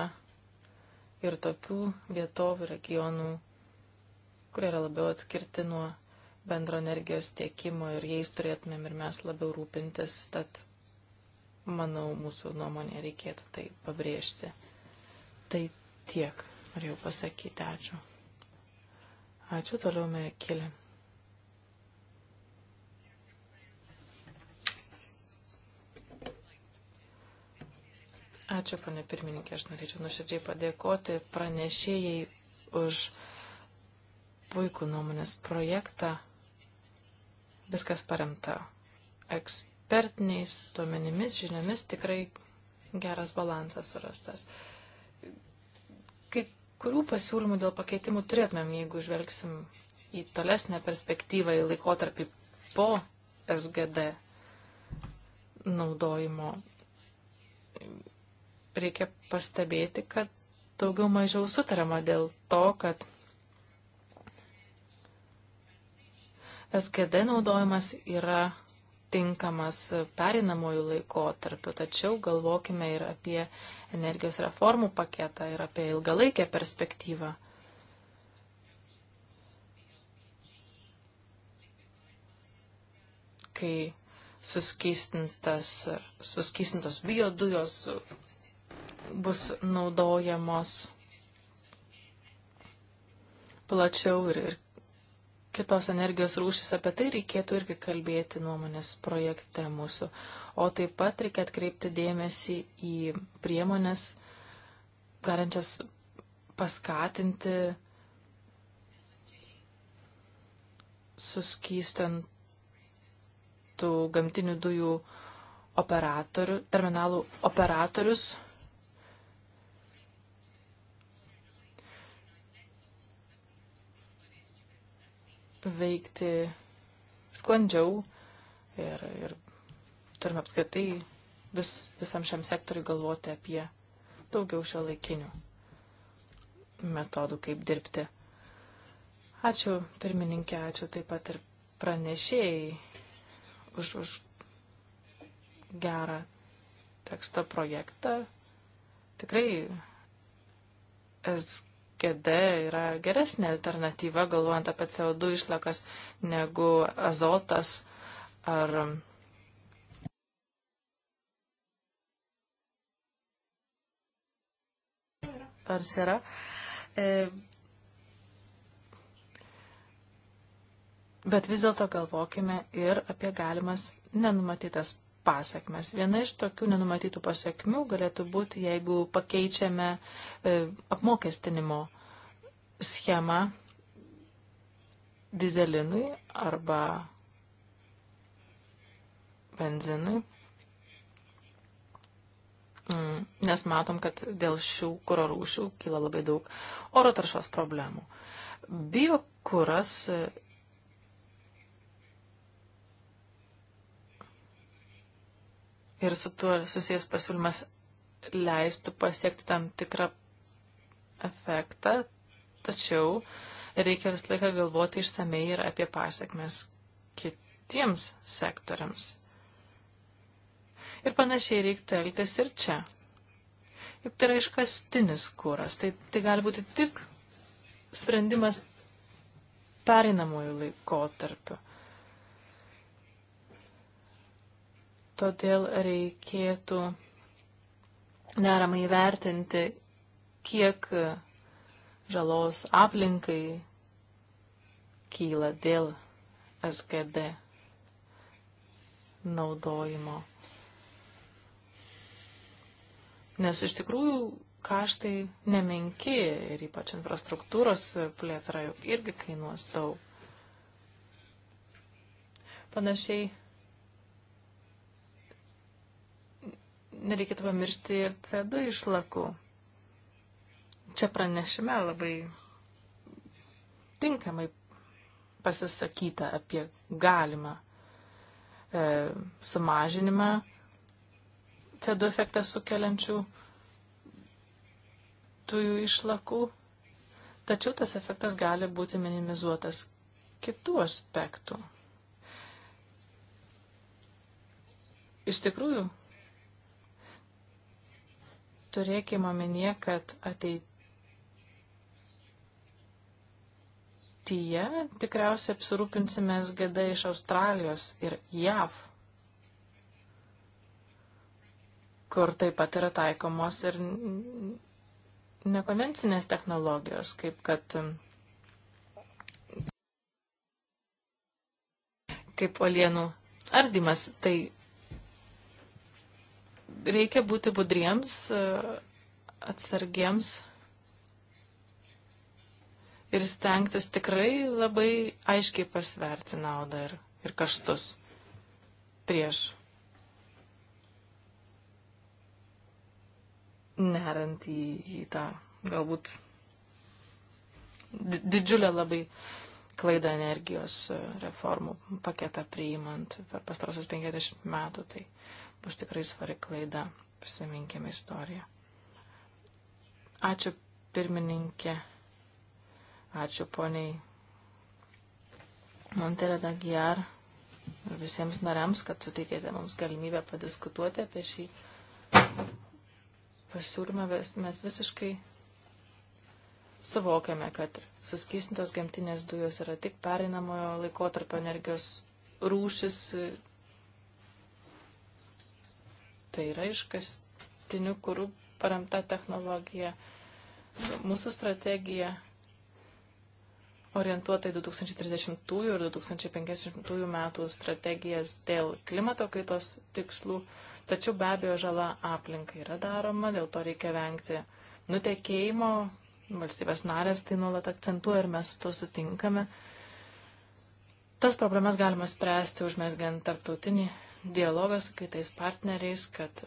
ir tokių vietovių regionų, kurie yra labiau atskirti nuo bendro energijos tiekimo ir jais turėtumėm ir mes labiau rūpintis, tad manau, mūsų nuomonė reikėtų tai pabrėžti. Tai tiek norėjau pasakyti. Ačiū. Ačiū toliau, Merkelė. Ačiū, pane pirmininkė, aš norėčiau nuoširdžiai padėkoti pranešėjai už puikų nuomonės projektą. Viskas paremta eks ekspertiniais duomenimis, žiniomis tikrai geras balansas surastas. Kai kurių pasiūlymų dėl pakeitimų turėtumėm, jeigu žvelgsim į tolesnę perspektyvą, į laikotarpį po SGD naudojimo. Reikia pastebėti, kad daugiau mažiau sutarama dėl to, kad SGD naudojimas yra tinkamas perinamojų laikotarpių, tačiau galvokime ir apie energijos reformų paketą ir apie ilgalaikę perspektyvą. Kai suskystintos biodujos bus naudojamos plačiau ir, ir kitos energijos rūšis, apie tai reikėtų irgi kalbėti nuomonės projekte mūsų. O taip pat reikia atkreipti dėmesį į priemonės, galinčias paskatinti suskystintų gamtinių dujų operatorių, terminalų operatorius veikti sklandžiau ir, ir turime apskritai vis, visam šiam sektoriui galvoti apie daugiau šio laikinių metodų, kaip dirbti. Ačiū pirmininkė, ačiū taip pat ir pranešėjai už, už gerą teksto projektą. Tikrai es GD yra geresnė alternatyva, galvojant apie CO2 išlakas, negu azotas ar. Ar sėra? E, bet vis dėlto galvokime ir apie galimas nenumatytas pasakmes. Viena iš tokių nenumatytų pasakmių galėtų būti, jeigu pakeičiame e, apmokestinimo schemą dizelinui arba benzinui. Mm, nes matom, kad dėl šių kuro rūšių kyla labai daug oro taršos problemų. Biokuras ir su tuo susijęs pasiūlymas leistų pasiekti tam tikrą efektą, tačiau reikia visą laiką galvoti išsamei ir apie pasiekmes kitiems sektoriams. Ir panašiai reiktų elgtis ir čia. Juk tai yra iškastinis kūras, tai, tai gali būti tik sprendimas pereinamųjų laikotarpių. Todėl reikėtų deramai įvertinti, kiek žalos aplinkai kyla dėl SGD naudojimo. Nes iš tikrųjų kaštai nemenki ir ypač infrastruktūros plėtra juk irgi kainuos daug. Panašiai nereikėtų pamiršti ir CO2 išlakų. Čia pranešime labai tinkamai pasisakyta apie galimą e, sumažinimą CO2 efektą sukeliančių dujų išlakų, tačiau tas efektas gali būti minimizuotas kitų aspektų. Iš tikrųjų, turėkime omenyje, kad ateityje tikriausiai apsirūpinsime SGD iš Australijos ir JAV, kur taip pat yra taikomos ir nekonvencinės technologijos, kaip kad kaip olienų ardymas. Tai reikia būti budriems, atsargiems ir stengtis tikrai labai aiškiai pasverti naudą ir, ir kaštus prieš nerant į, į tą galbūt didžiulę labai klaidą energijos e, reformų paketą priimant per pastarosius 50 metų. Tai bus tikrai svari klaida. Prisiminkime istoriją. Ačiū pirmininkė. Ačiū poniai Monterė Dagiar ir visiems nariams, kad suteikėte mums galimybę padiskutuoti apie šį pasiūlymą. Mes visiškai suvokiame, kad suskystintos gamtinės dujos yra tik pereinamojo laikotarpio energijos rūšis tai yra iškastiniu kurų paremta technologija. Mūsų strategija orientuota į 2030 ir 2050 metų strategijas dėl klimato kaitos tikslų, tačiau be abejo žala aplinkai yra daroma, dėl to reikia vengti nutekėjimo, valstybės narės tai nuolat akcentuoja ir mes su to sutinkame. Tas problemas galima spręsti užmesgiant tarptautinį dialogą su kitais partneriais, kad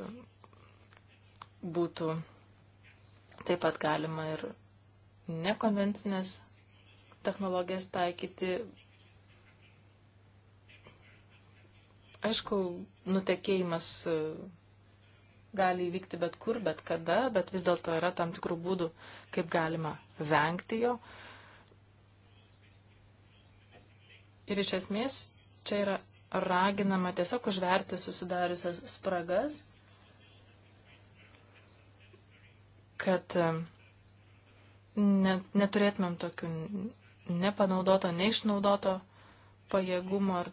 būtų taip pat galima ir nekonvencinės technologijas taikyti. Aišku, nutekėjimas e, gali įvykti bet kur, bet kada, bet vis dėlto yra tam tikrų būdų, kaip galima vengti jo. Ir iš esmės čia yra raginama tiesiog užverti susidariusias spragas, kad um, ne, neturėtumėm tokių nepanaudoto, neišnaudoto pajėgumo ar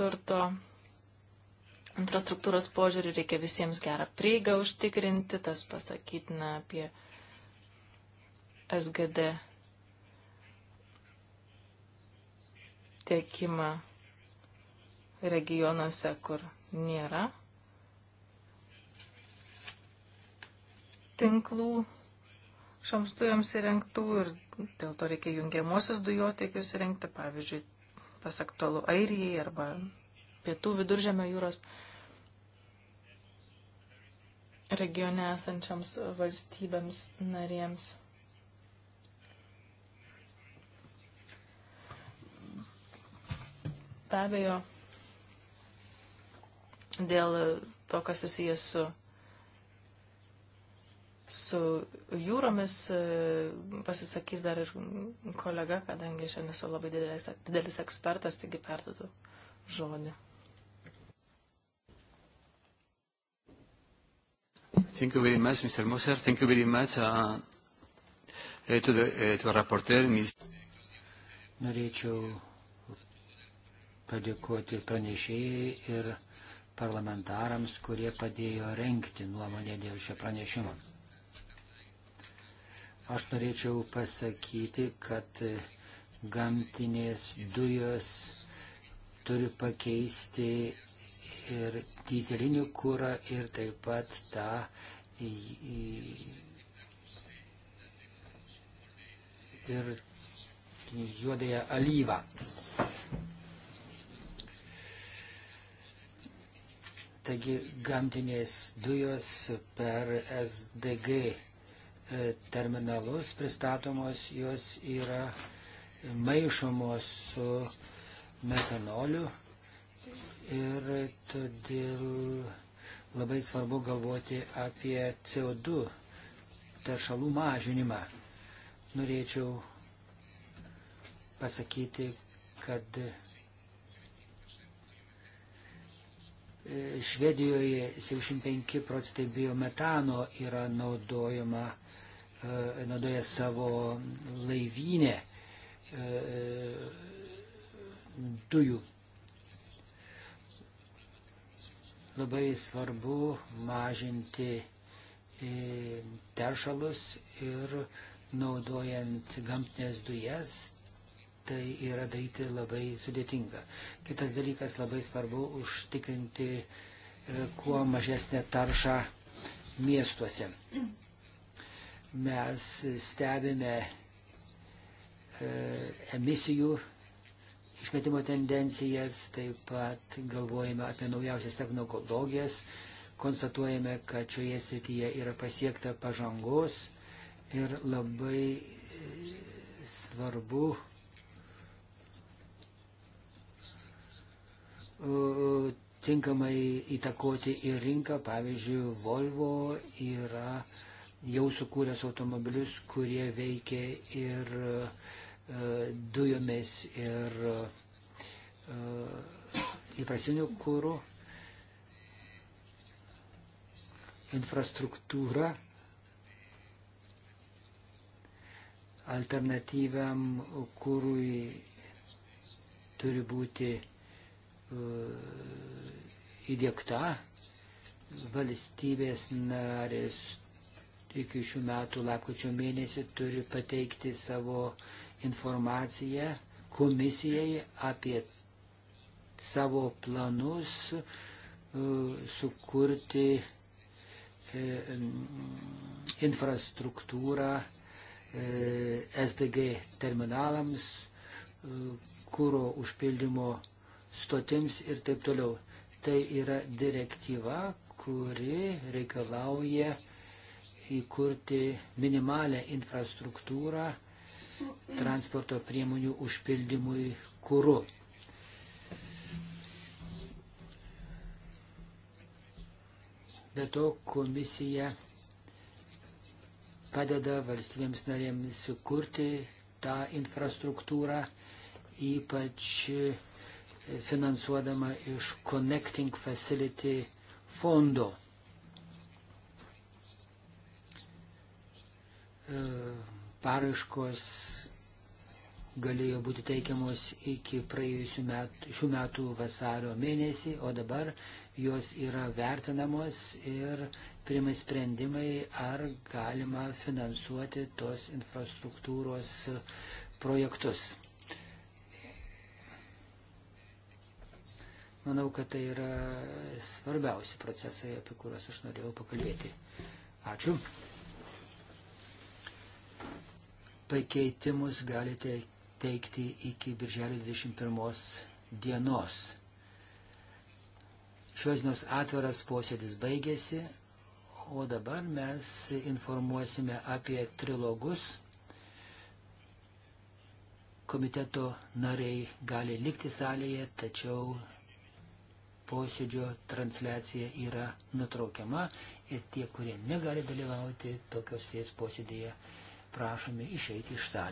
turto infrastruktūros požiūrį reikia visiems gerą prieigą užtikrinti, tas pasakytina apie SGD tiekimą regionuose, kur nėra tinklų šioms dujoms įrengtų ir dėl to reikia jungiamosius dujotiekius įrengti, pavyzdžiui, pas aktualu Airijai arba pietų viduržėmio jūros regione esančiams valstybėms narėms. Be abejo, dėl to, kas susijęs su, su jūromis, e, pasisakys dar ir kolega, kadangi aš nesu labai didelis, didelis ekspertas, taigi perdodu žodį. Thank you very much, Mr. Moser. Thank you very much uh, uh to the uh, to our rapporteur, Ms. Norėčiau padėkoti pranešėjai ir parlamentarams, kurie padėjo renkti nuomonę dėl šio pranešimo. Aš norėčiau pasakyti, kad gamtinės dujos turi pakeisti ir dizelinį kūrą ir taip pat tą ir juodąją alyvą. Taigi gamtinės dujos per SDG e, terminalus pristatomos, jos yra maišomos su metanoliu ir todėl labai svarbu galvoti apie CO2 teršalų mažinimą. Norėčiau pasakyti, kad Švedijoje 75 procentai biometano yra naudojama, e, naudoja savo laivynę e, dujų. Labai svarbu mažinti e, teršalus ir naudojant gamtinės dujas tai yra daryti labai sudėtinga. Kitas dalykas labai svarbu užtikrinti e, kuo mažesnę taršą miestuose. Mes stebime e, emisijų išmetimo tendencijas, taip pat galvojame apie naujausias technologijas, konstatuojame, kad šioje srityje yra pasiekta pažangos ir labai e, svarbu tinkamai įtakoti į rinką. Pavyzdžiui, Volvo yra jau sukūręs automobilius, kurie veikia ir e, dujomis, ir e, įprastiniu kūru. Infrastruktūra alternatyviam kūrui turi būti E, įdėkta. Valstybės narės iki šių metų lapkričio mėnesį turi pateikti savo informaciją komisijai apie savo planus e, sukurti e, infrastruktūrą SDG terminalams, kūro užpildymo stotims ir taip toliau. Tai yra direktyva, kuri reikalauja įkurti minimalę infrastruktūrą transporto priemonių užpildymui kūru. Be to komisija padeda valstybėms narėms sukurti tą infrastruktūrą, ypač finansuodama iš Connecting Facility fondo. E, paraiškos galėjo būti teikiamos iki praėjusių metų, šių metų vasario mėnesį, o dabar jos yra vertinamos ir primai sprendimai, ar galima finansuoti tos infrastruktūros projektus. Manau, kad tai yra svarbiausi procesai, apie kuriuos aš norėjau pakalbėti. Ačiū. Pakeitimus galite teikti iki birželio 21 dienos. Šios dienos atviras posėdis baigėsi, o dabar mes informuosime apie trilogus. Komiteto nariai gali likti salėje, tačiau posėdžio transliacija yra nutraukiama ir tie, kurie negali dalyvauti tokios vės posėdėje, prašomi išeiti iš salės.